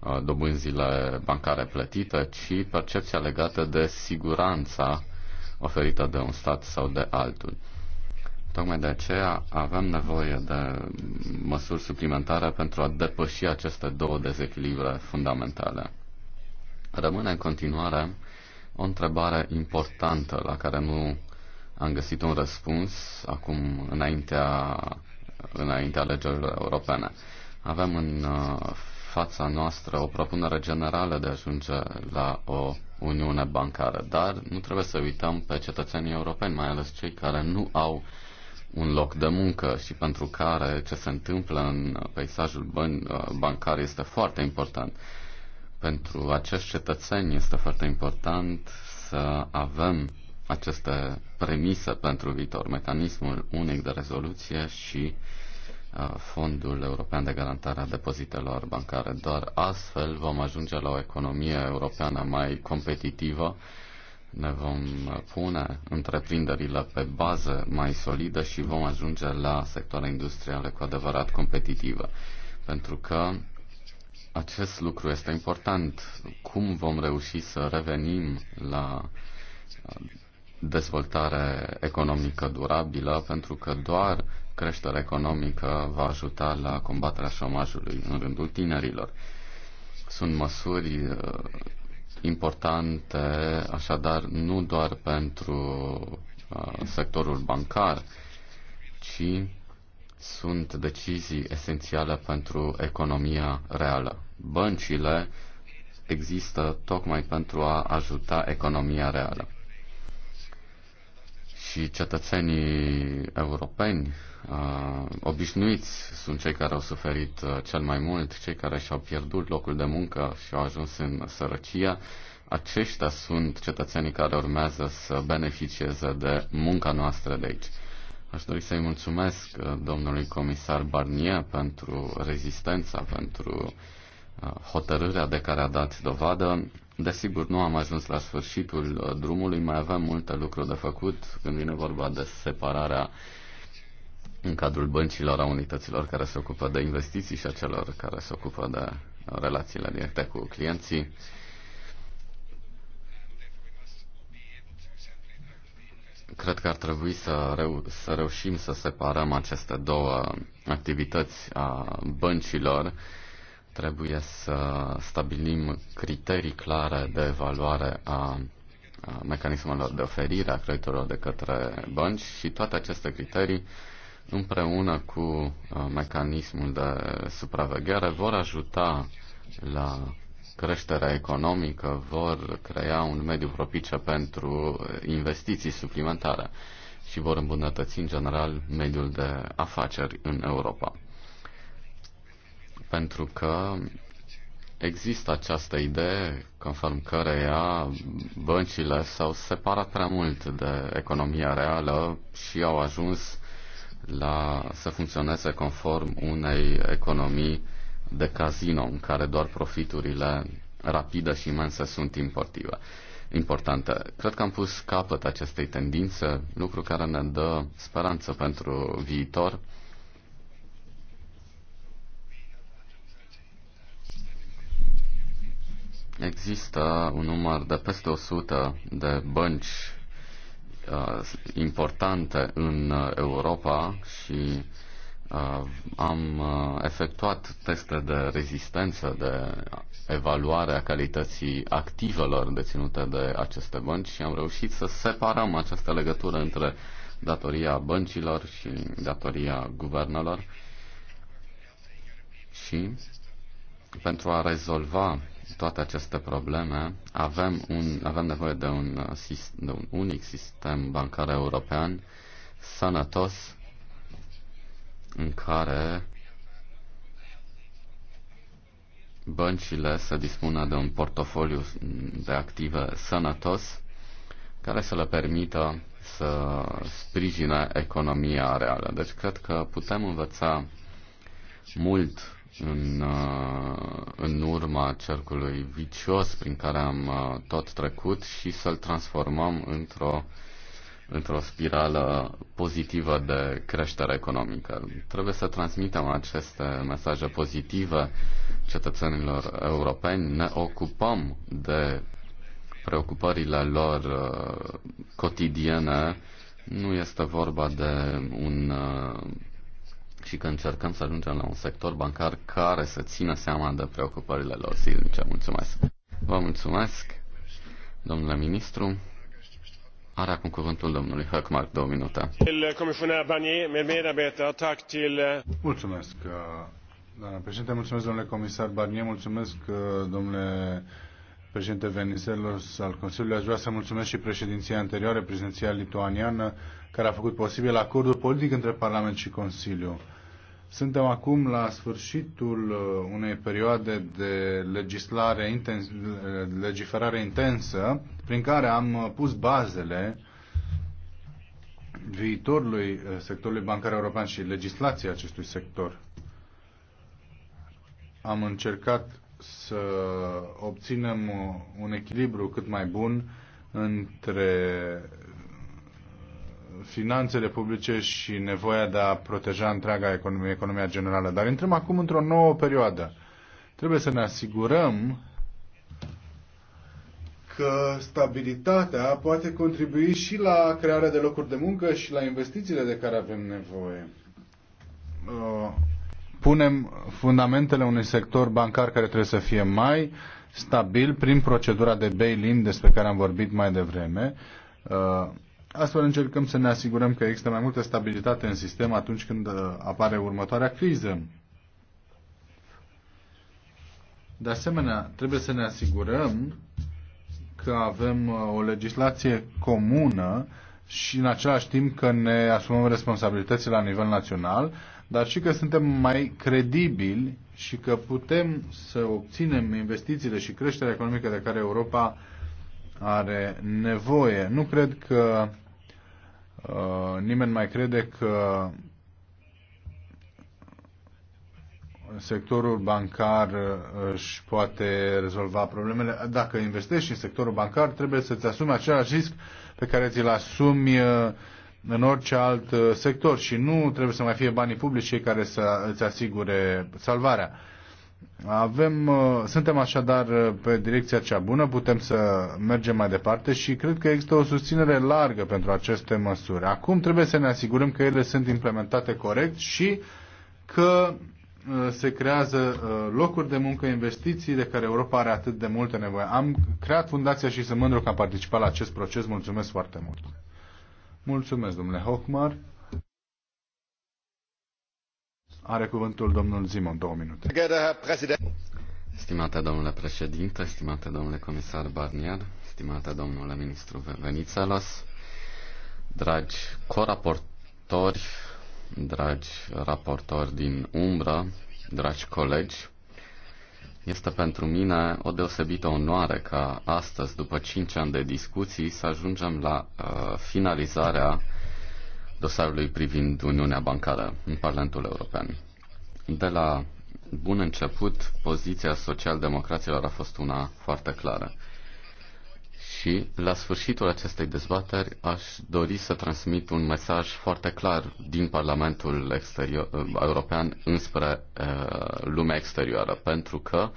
Uh, dobânzile bancare plătite, ci percepția legată de siguranța oferită de un stat sau de altul. Tocmai de aceea avem nevoie de măsuri suplimentare pentru a depăși aceste două dezechilibre fundamentale. Rămâne în continuare o întrebare importantă la care nu am găsit un răspuns acum înaintea, înaintea alegerilor europene. Avem în uh, fața noastră o propunere generală de a ajunge la o uniune bancară, dar nu trebuie să uităm pe cetățenii europeni, mai ales cei care nu au un loc de muncă și pentru care ce se întâmplă în peisajul bancar este foarte important. Pentru acești cetățeni este foarte important să avem aceste premise pentru viitor, mecanismul unic de rezoluție și uh, Fondul European de Garantare a Depozitelor Bancare. Doar astfel vom ajunge la o economie europeană mai competitivă, ne vom pune întreprinderile pe bază mai solidă și vom ajunge la sectoare industriale cu adevărat competitive. Pentru că acest lucru este important. Cum vom reuși să revenim la dezvoltare economică durabilă, pentru că doar creștere economică va ajuta la combaterea șomajului în rândul tinerilor. Sunt măsuri uh, importante, așadar, nu doar pentru uh, sectorul bancar, ci sunt decizii esențiale pentru economia reală. Băncile există tocmai pentru a ajuta economia reală. Și cetățenii europeni Uh, obișnuiți sunt cei care au suferit uh, cel mai mult, cei care și-au pierdut locul de muncă și au ajuns în sărăcia. Aceștia sunt cetățenii care urmează să beneficieze de munca noastră de aici. Aș dori să-i mulțumesc uh, domnului comisar Barnier pentru rezistența, pentru hotărârea de care a dat dovadă. Desigur, nu am ajuns la sfârșitul drumului, mai avem multe lucruri de făcut când vine vorba de separarea în cadrul băncilor a unităților care se ocupă de investiții și a celor care se ocupă de relațiile directe cu clienții. Cred că ar trebui să, reu- să reușim să separăm aceste două activități a băncilor. Trebuie să stabilim criterii clare de evaluare a mecanismelor de oferire a creditorilor de către bănci și toate aceste criterii împreună cu uh, mecanismul de supraveghere vor ajuta la creșterea economică, vor crea un mediu propice pentru investiții suplimentare și vor îmbunătăți în general mediul de afaceri în Europa. Pentru că există această idee conform căreia băncile s-au separat prea mult de economia reală și au ajuns la, să funcționeze conform unei economii de casino în care doar profiturile rapide și imense sunt importive, importante. Cred că am pus capăt acestei tendințe, lucru care ne dă speranță pentru viitor. Există un număr de peste 100 de bănci Uh, importante în Europa și uh, am uh, efectuat teste de rezistență, de evaluare a calității activelor deținute de aceste bănci și am reușit să separăm această legătură între datoria băncilor și datoria guvernelor și pentru a rezolva toate aceste probleme, avem, un, avem nevoie de un, uh, de un unic sistem bancar european sănătos în care băncile să dispună de un portofoliu de active sănătos care să le permită să sprijine economia reală. Deci cred că putem învăța mult în, uh, în urma cercului vicios prin care am uh, tot trecut și să-l transformăm într-o într-o spirală pozitivă de creștere economică. Trebuie să transmitem aceste mesaje pozitive cetățenilor europeni. Ne ocupăm de preocupările lor uh, cotidiene. Nu este vorba de un și că încercăm să ajungem la un sector bancar care să țină seama de preocupările lor zilnice. Mulțumesc! Vă mulțumesc, domnule ministru. Are acum cuvântul domnului Höckmark, două minute. Eh, mulțumesc, eh, doamna președinte, mulțumesc, domnule comisar Barnier, mulțumesc, eh, domnule președinte Veniselos al Consiliului. Aș vrea să mulțumesc și președinția anterioară, președinția lituaniană, care a făcut posibil acordul politic între Parlament și Consiliu. Suntem acum la sfârșitul uh, unei perioade de legislare intens, legiferare intensă, prin care am uh, pus bazele viitorului uh, sectorului bancar european și legislației acestui sector. Am încercat să obținem un echilibru cât mai bun între finanțele publice și nevoia de a proteja întreaga economie, economia generală. Dar intrăm acum într-o nouă perioadă. Trebuie să ne asigurăm că stabilitatea poate contribui și la crearea de locuri de muncă și la investițiile de care avem nevoie. Uh, punem fundamentele unui sector bancar care trebuie să fie mai stabil prin procedura de bail-in despre care am vorbit mai devreme uh, Astfel încercăm să ne asigurăm că există mai multă stabilitate în sistem atunci când uh, apare următoarea criză. De asemenea, trebuie să ne asigurăm că avem uh, o legislație comună și în același timp că ne asumăm responsabilitățile la nivel național, dar și că suntem mai credibili și că putem să obținem investițiile și creșterea economică de care Europa are nevoie. Nu cred că uh, nimeni mai crede că sectorul bancar uh, își poate rezolva problemele. Dacă investești în sectorul bancar, trebuie să-ți asumi același risc pe care ți-l asumi uh, în orice alt uh, sector și nu trebuie să mai fie banii publici cei care să îți asigure salvarea. Avem, uh, suntem așadar uh, pe direcția cea bună, putem să mergem mai departe și cred că există o susținere largă pentru aceste măsuri. Acum trebuie să ne asigurăm că ele sunt implementate corect și că uh, se creează locuri de muncă, investiții de care Europa are atât de multă nevoie. Am creat fundația și sunt mândru că am participat la acest proces. Mulțumesc foarte mult! Mulțumesc, domnule Hochmar! Are cuvântul domnul Zimon, două minute. Stimate domnule președinte, stimate domnule comisar Barnier, stimate domnule ministru Venizelos, dragi coraportori, dragi raportori din umbră, dragi colegi, este pentru mine o deosebită onoare ca astăzi, după cinci ani de discuții, să ajungem la uh, finalizarea dosarului privind Uniunea Bancară în Parlamentul European. De la bun început, poziția social-democraților a fost una foarte clară. Și la sfârșitul acestei dezbateri aș dori să transmit un mesaj foarte clar din Parlamentul exterior, uh, European înspre uh, lumea exterioară, pentru că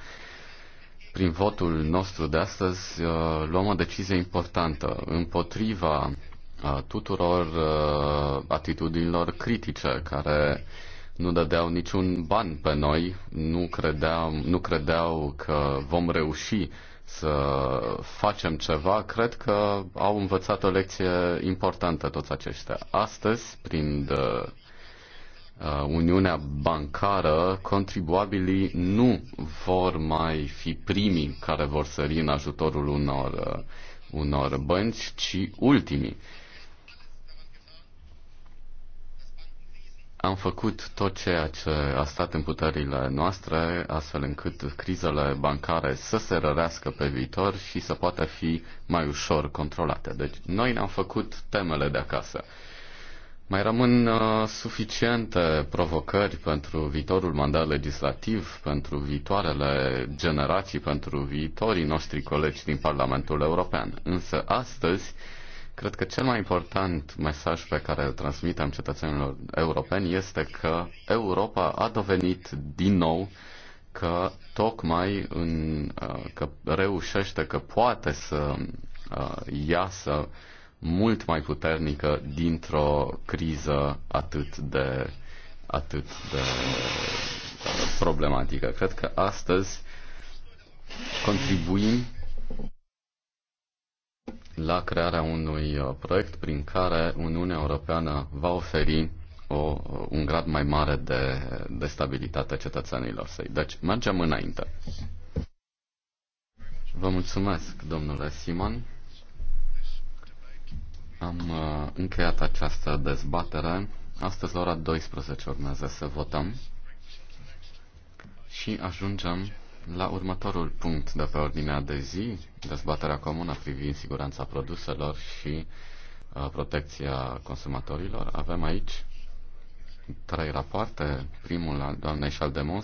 prin votul nostru de astăzi uh, luăm o decizie importantă împotriva tuturor uh, atitudinilor critice care nu dădeau niciun ban pe noi, nu credeam, nu credeau că vom reuși să facem ceva, cred că au învățat o lecție importantă toți aceștia. Astăzi, prin uh, uh, Uniunea Bancară, contribuabilii nu vor mai fi primii care vor sări în ajutorul unor, unor bănci, ci ultimii. Am făcut tot ceea ce a stat în puterile noastre, astfel încât crizele bancare să se rărească pe viitor și să poată fi mai ușor controlate. Deci noi ne-am făcut temele de acasă. Mai rămân uh, suficiente provocări pentru viitorul mandat legislativ, pentru viitoarele generații, pentru viitorii noștri colegi din Parlamentul European. Însă astăzi, uh, Cred că cel mai important mesaj pe care îl transmitem cetățenilor europeni este că Europa a devenit din nou că tocmai în, uh, că reușește, că poate să uh, iasă mult mai puternică dintr-o criză atât de, atât de problematică. Cred că astăzi contribuim la crearea unui uh, proiect prin care Uniunea Europeană va oferi o, uh, un grad mai mare de, de stabilitate cetățenilor săi. Deci, mergem înainte. Vă mulțumesc, domnule Simon. Am uh, încheiat această dezbatere. Astăzi, la ora 12, urmează să votăm și ajungem la următorul punct de pe ordinea de zi, dezbaterea comună privind siguranța produselor și uh, protecția consumatorilor. Avem aici trei rapoarte, primul al doamnei Șaldemon,